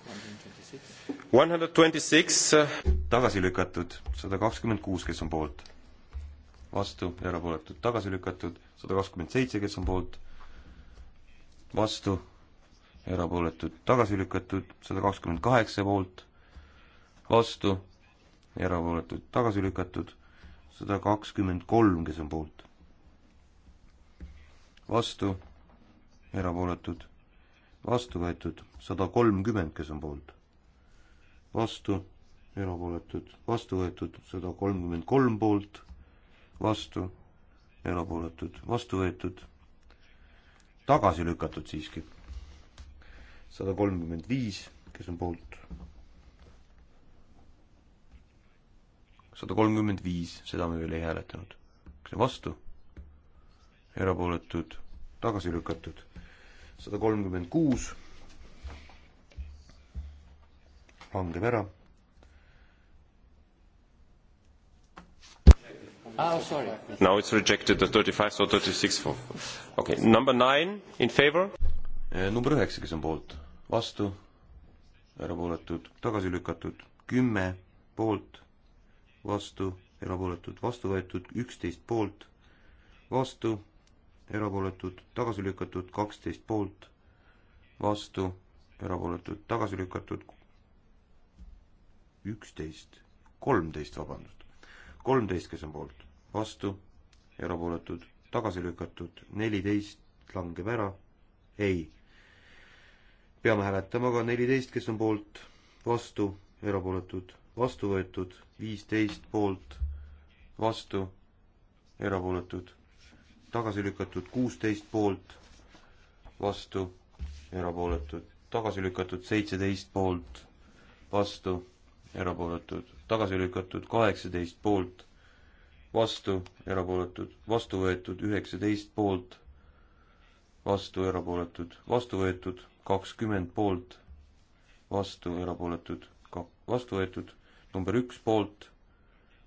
One hundred twenty six. Uh, tagasi lükatud sada kakskümmend kuus, kes on poolt vastu, erapooletud tagasi lükatud, sada kakskümmend seitse, kes on poolt, vastu, erapooletud tagasi lükatud, sada kakskümmend kaheksa poolt, vastu, erapooletud tagasi lükatud, sada kakskümmend kolm, kes on poolt, vastu, erapooletud, vastu võetud, sada kolmkümmend, kes on poolt, vastu, erapooletud, vastu võetud, sada kolmkümmend kolm poolt, vastu, erapooletud, vastu võetud, tagasi lükatud siiski sada kolmkümmend viis, kes on poolt? sada kolmkümmend viis, seda me veel ei hääletanud. kas on vastu? erapooletud, tagasi lükatud. sada kolmkümmend kuus langeb ära. Oh, sorry. Now it's rejected the 35 or 36 for. Okay, number 9 in favor. Eh, number 9, kes on poolt vastu, erapooletud, tagasi lükatud, kümme poolt, vastu, erapooletud, vastu võetud, üksteist poolt, vastu, erapooletud, tagasi lükatud, kaksteist poolt, vastu, erapooletud, tagasi lükatud, üksteist, kolmteist, vabandust. kolmteist, kes on poolt, vastu, erapooletud, tagasi lükatud, neliteist langeb ära, ei peame hääletama ka neliteist, kes on poolt, vastu, erapooletud, vastu võetud, viisteist poolt, vastu, erapooletud, tagasi lükatud, kuusteist poolt, vastu, erapooletud, tagasi lükatud, seitseteist poolt, vastu, erapooletud, tagasi lükatud, kaheksateist poolt, vastu, erapooletud, vastu võetud, üheksateist poolt, vastu, erapooletud, vastu võetud kakskümmend poolt, vastu, erapooletud, vastu võetud, number üks poolt,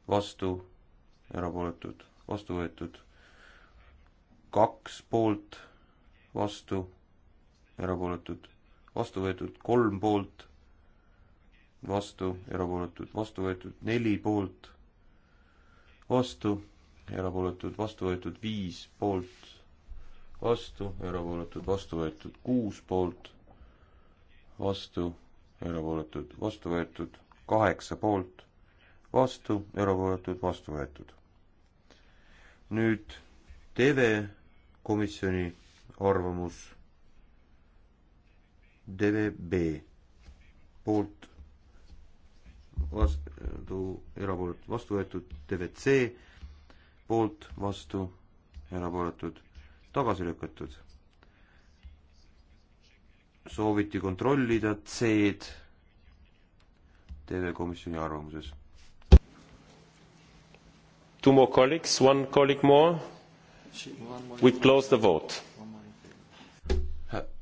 vastu, erapooletud, vastu võetud, kaks poolt, vastu, erapooletud, vastu võetud, kolm poolt, vastu, erapooletud, vastu võetud, neli poolt, vastu, erapooletud, vastu võetud, viis poolt, vastu, erapooletud, vastu võetud kuus poolt, vastu, erapooletud, vastu võetud kaheksa poolt, vastu, erapooletud, vastu võetud. nüüd TV komisjoni arvamus DVB poolt vastu, erapooletud, vastu võetud DVC poolt, vastu, erapooletud tagasi lükatud. sooviti kontrollida C-d TV-komisjoni arvamuses. Two more colleagues, one colleague more. We close the vote.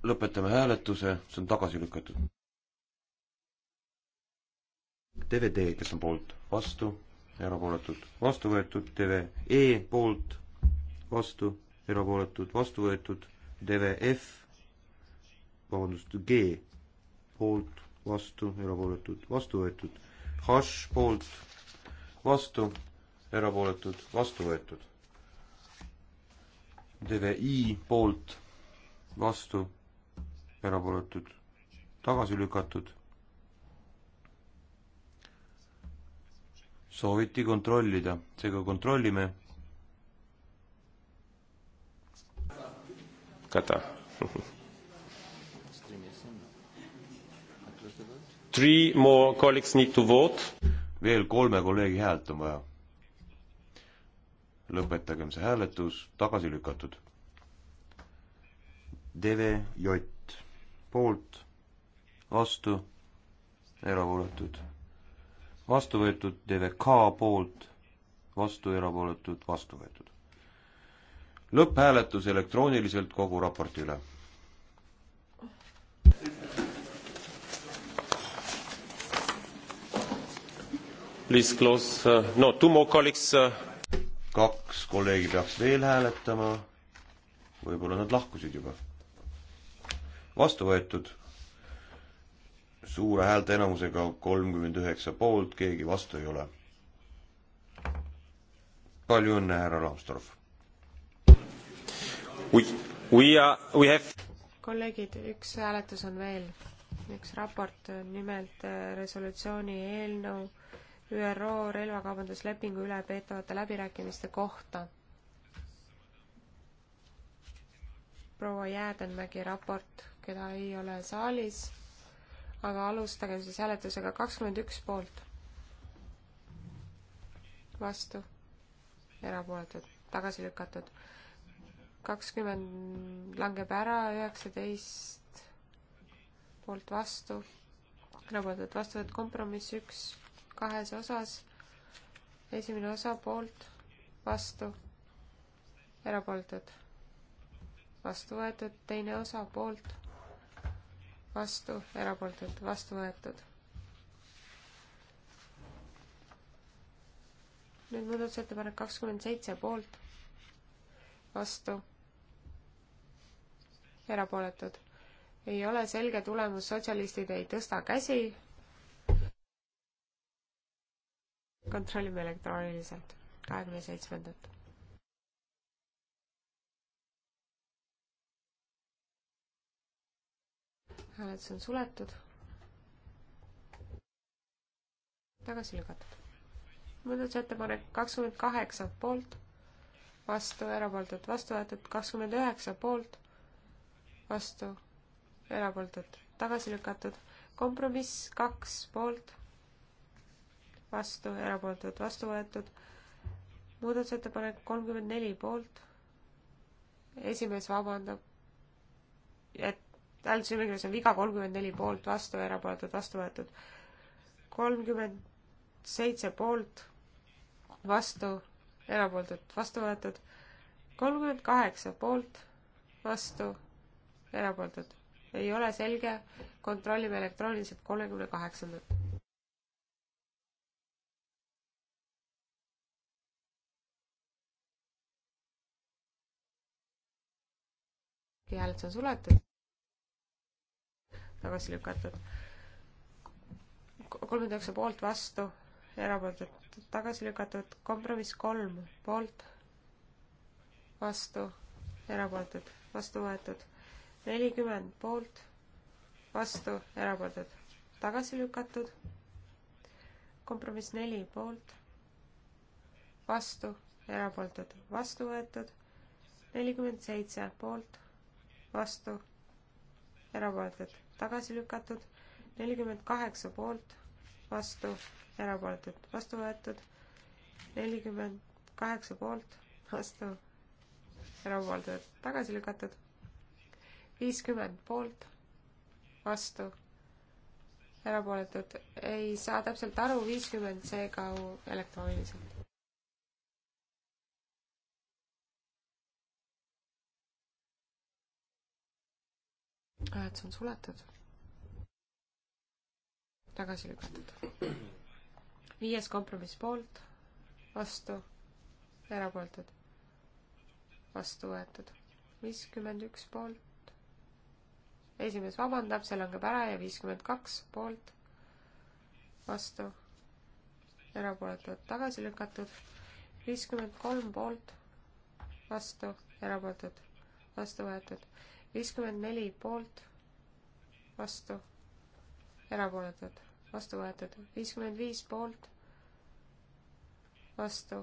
lõpetame hääletuse, see on tagasi lükatud. DVD, kes on poolt, vastu, erapooletud, vastu võetud, TVE poolt, vastu erapooletud, vastu võetud, DVF, vabandust, G poolt, vastu, erapooletud, vastu võetud, H poolt, vastu, erapooletud, vastu võetud. DVI poolt, vastu, erapooletud, tagasi lükatud. sooviti kontrollida, seega kontrollime Κατά. Mhm. Three more colleagues need to vote. veel kolme kolleegi häält on vaja. lõpetagem see hääletus, tagasi lükatud. DVJ poolt, vastu, erapooletud. vastu võetud DVK poolt, vastu erapooletud, vastu võetud lõpphääletus elektrooniliselt kogu raporti üle. Please close uh,, no two more colleagues uh.... kaks kolleegi peaks veel hääletama. võib-olla nad lahkusid juba. vastu võetud. suure häälteenamusega kolmkümmend üheksa poolt, keegi vastu ei ole. palju õnne, härra Lambsdorff. Have... kolleegid, üks hääletus on veel, üks raport, äh, nimelt äh, resolutsiooni eelnõu ÜRO relvakaubanduslepingu üle peetavate läbirääkimiste kohta. proua Jäädenmägi raport, keda ei ole saalis, aga alustagem siis hääletusega kakskümmend üks poolt. vastu, erapooletud, tagasi lükatud kakskümmend langeb ära, üheksateist poolt vastu, erapooletud vastu, et kompromiss üks kahes osas, esimene osa poolt, vastu, erapooletud, vastu võetud, teine osa poolt, vastu, erapooletud, vastu võetud. nüüd muudatusettepanek kakskümmend seitse poolt, vastu erapooletud. ei ole selge tulemus, sotsialistid ei tõsta käsi. kontrollime elektrooniliselt kahekümne seitsmendat. hääletus on suletud. tagasi lükatud. muudatusettepanek kakskümmend kaheksa poolt, vastu, erapooletud, vastu võetud kakskümmend üheksa poolt vastu, erapooletud, tagasi lükatud. kompromiss kaks poolt, vastu, erapooletud, vastu võetud. muudatusettepanek kolmkümmend neli poolt. esimees vabandab, et hääletusnimekirjas on viga kolmkümmend neli poolt, vastu, erapooletud, vastu võetud. kolmkümmend seitse poolt, vastu, erapooletud, vastu võetud. kolmkümmend kaheksa poolt, vastu erapooletud. ei ole selge, kontrollime elektrooniliselt kolmekümne kaheksandat. hääletus on suletud, tagasi lükatud. kolmkümmend üheksa poolt, vastu, erapooletud, tagasi lükatud, kompromiss kolm poolt, vastu, erapooletud, vastu võetud nelikümmend poolt, vastu, erapooletud, tagasi lükatud. kompromiss neli poolt, vastu, erapooletud, vastu võetud. nelikümmend seitse poolt, vastu, erapooletud, tagasi lükatud. nelikümmend kaheksa poolt, vastu, erapooletud, vastu võetud. nelikümmend kaheksa poolt, vastu, erapooletud, tagasi lükatud viiskümmend poolt, vastu, erapooletud. ei saa täpselt aru, viiskümmend seega elektrooniliselt. hääletus on suletud. tagasi lükatud. viies kompromiss poolt, vastu, erapooletud, vastu võetud. viiskümmend üks poolt esimees vabandab, see langeb ära ja viiskümmend kaks poolt, vastu, erapooletud, tagasi lükatud, viiskümmend kolm poolt, vastu, erapooletud, vastu võetud, viiskümmend neli poolt, vastu, erapooletud, vastu võetud, viiskümmend viis poolt, vastu,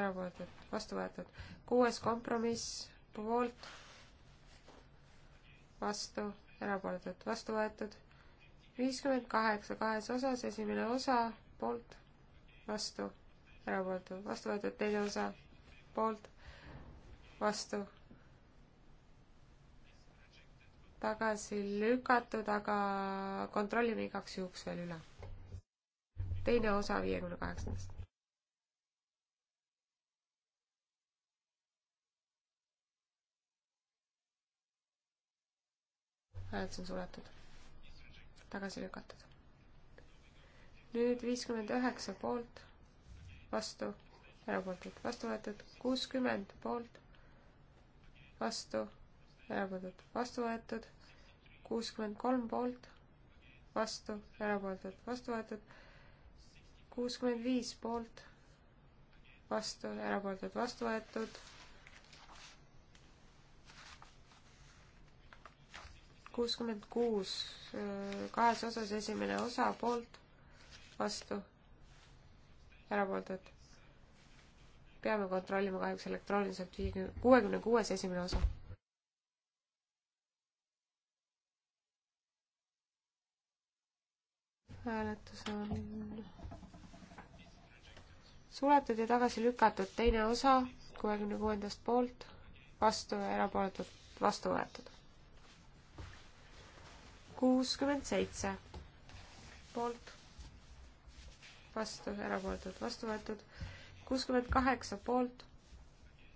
erapooletud, vastu võetud, kuues kompromiss, poolt, vastu erapooletud, vastu võetud. viiskümmend kaheksa kahes osas, esimene osa, poolt, vastu, erapooletu, vastu võetud, teine osa, poolt, vastu, tagasi lükatud, aga kontrollime igaks juhuks veel üle. teine osa viiekümne kaheksandast. hääletus on suletud. tagasi lükatud. nüüd viiskümmend üheksa poolt, vastu, erapooletud, vastu võetud, kuuskümmend poolt, vastu, erapooletud, vastu võetud, kuuskümmend kolm poolt, vastu, erapooletud, vastu võetud, kuuskümmend viis poolt, vastu, erapooletud, vastu võetud kuuskümmend kuus kahes osas, esimene osa poolt, vastu, erapooletud. peame kontrollima kahjuks elektrooniliselt viiekümne, kuuekümne kuues esimene osa. hääletus on suletud ja tagasi lükatud, teine osa kuuekümne kuuendast poolt, vastu ja erapooletult vastu võetud kuuskümmend seitse poolt, vastu, erapooletud, vastu võetud, kuuskümmend kaheksa poolt,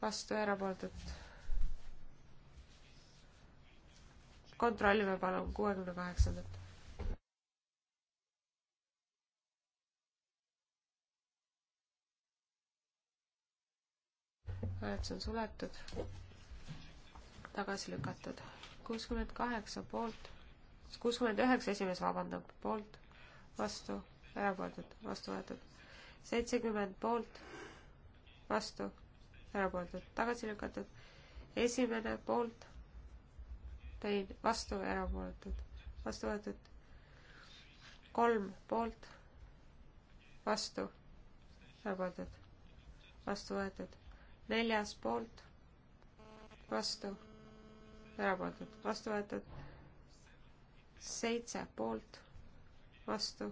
vastu, erapooletud. kontrollime palun kuuekümne kaheksandat. hääletus on suletud, tagasi lükatud, kuuskümmend kaheksa poolt kuuskümmend üheksa, esimees vabandab, poolt, vastu, erapooletud, vastu võetud. seitsekümmend poolt, vastu, erapooletud, tagasi lükatud. esimene poolt, tein, vastu, erapooletud, vastu võetud. kolm poolt, vastu, erapooletud, vastu võetud. neljas poolt, vastu, erapooletud, vastu võetud seitse poolt, vastu,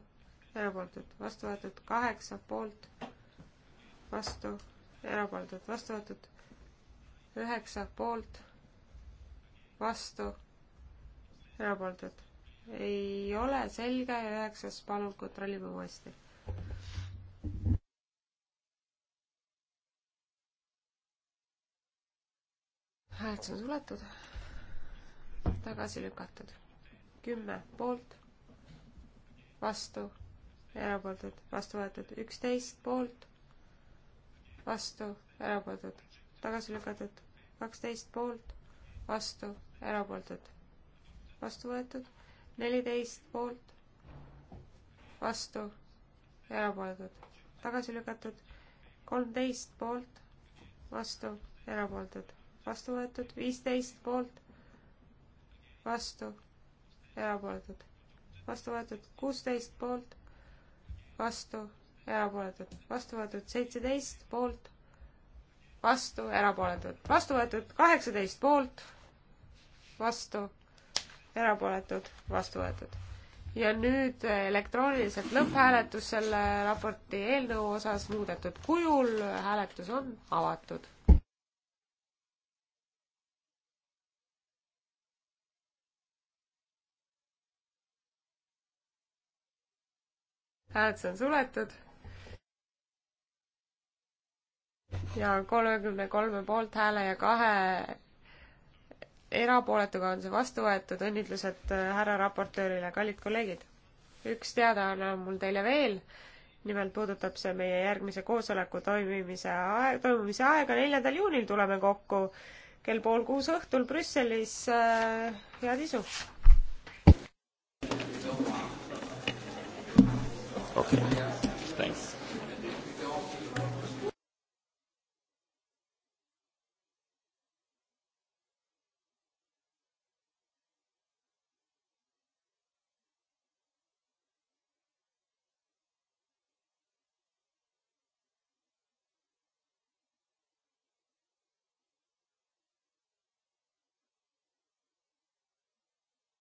erapooletud, vastu võetud kaheksa poolt, vastu, erapooletud, vastu võetud üheksa poolt, vastu, erapooletud. ei ole selge, üheksas, palun kontrollime uuesti. hääletus on suletud, tagasi lükatud kümme poolt, vastu, erapooletud, vastu võetud, üksteist poolt, vastu, erapooletud, tagasi lükatud, kaksteist poolt, vastu, erapooletud, vastu võetud, neliteist poolt, vastu, erapooletud, tagasi lükatud, kolmteist poolt, vastu, erapooletud, vastu võetud, viisteist poolt, vastu erapooletud, vastu võetud kuusteist poolt, vastu, erapooletud, vastu võetud seitseteist poolt, vastu, erapooletud, vastu võetud kaheksateist poolt, vastu, erapooletud, vastu võetud. ja nüüd elektrooniliselt lõpphääletus selle raporti eelnõu osas muudetud kujul, hääletus on avatud hääletus on suletud. ja kolmekümne kolme poolthääle ja kahe erapooletuga on see vastu võetud, õnnitlused äh, härra raportöörile, kallid kolleegid. üks teadaanne on mul teile veel, nimelt puudutab see meie järgmise koosoleku toimimise aeg, toimumise aega, neljandal juunil tuleme kokku kell pool kuus õhtul Brüsselis äh,, head isu!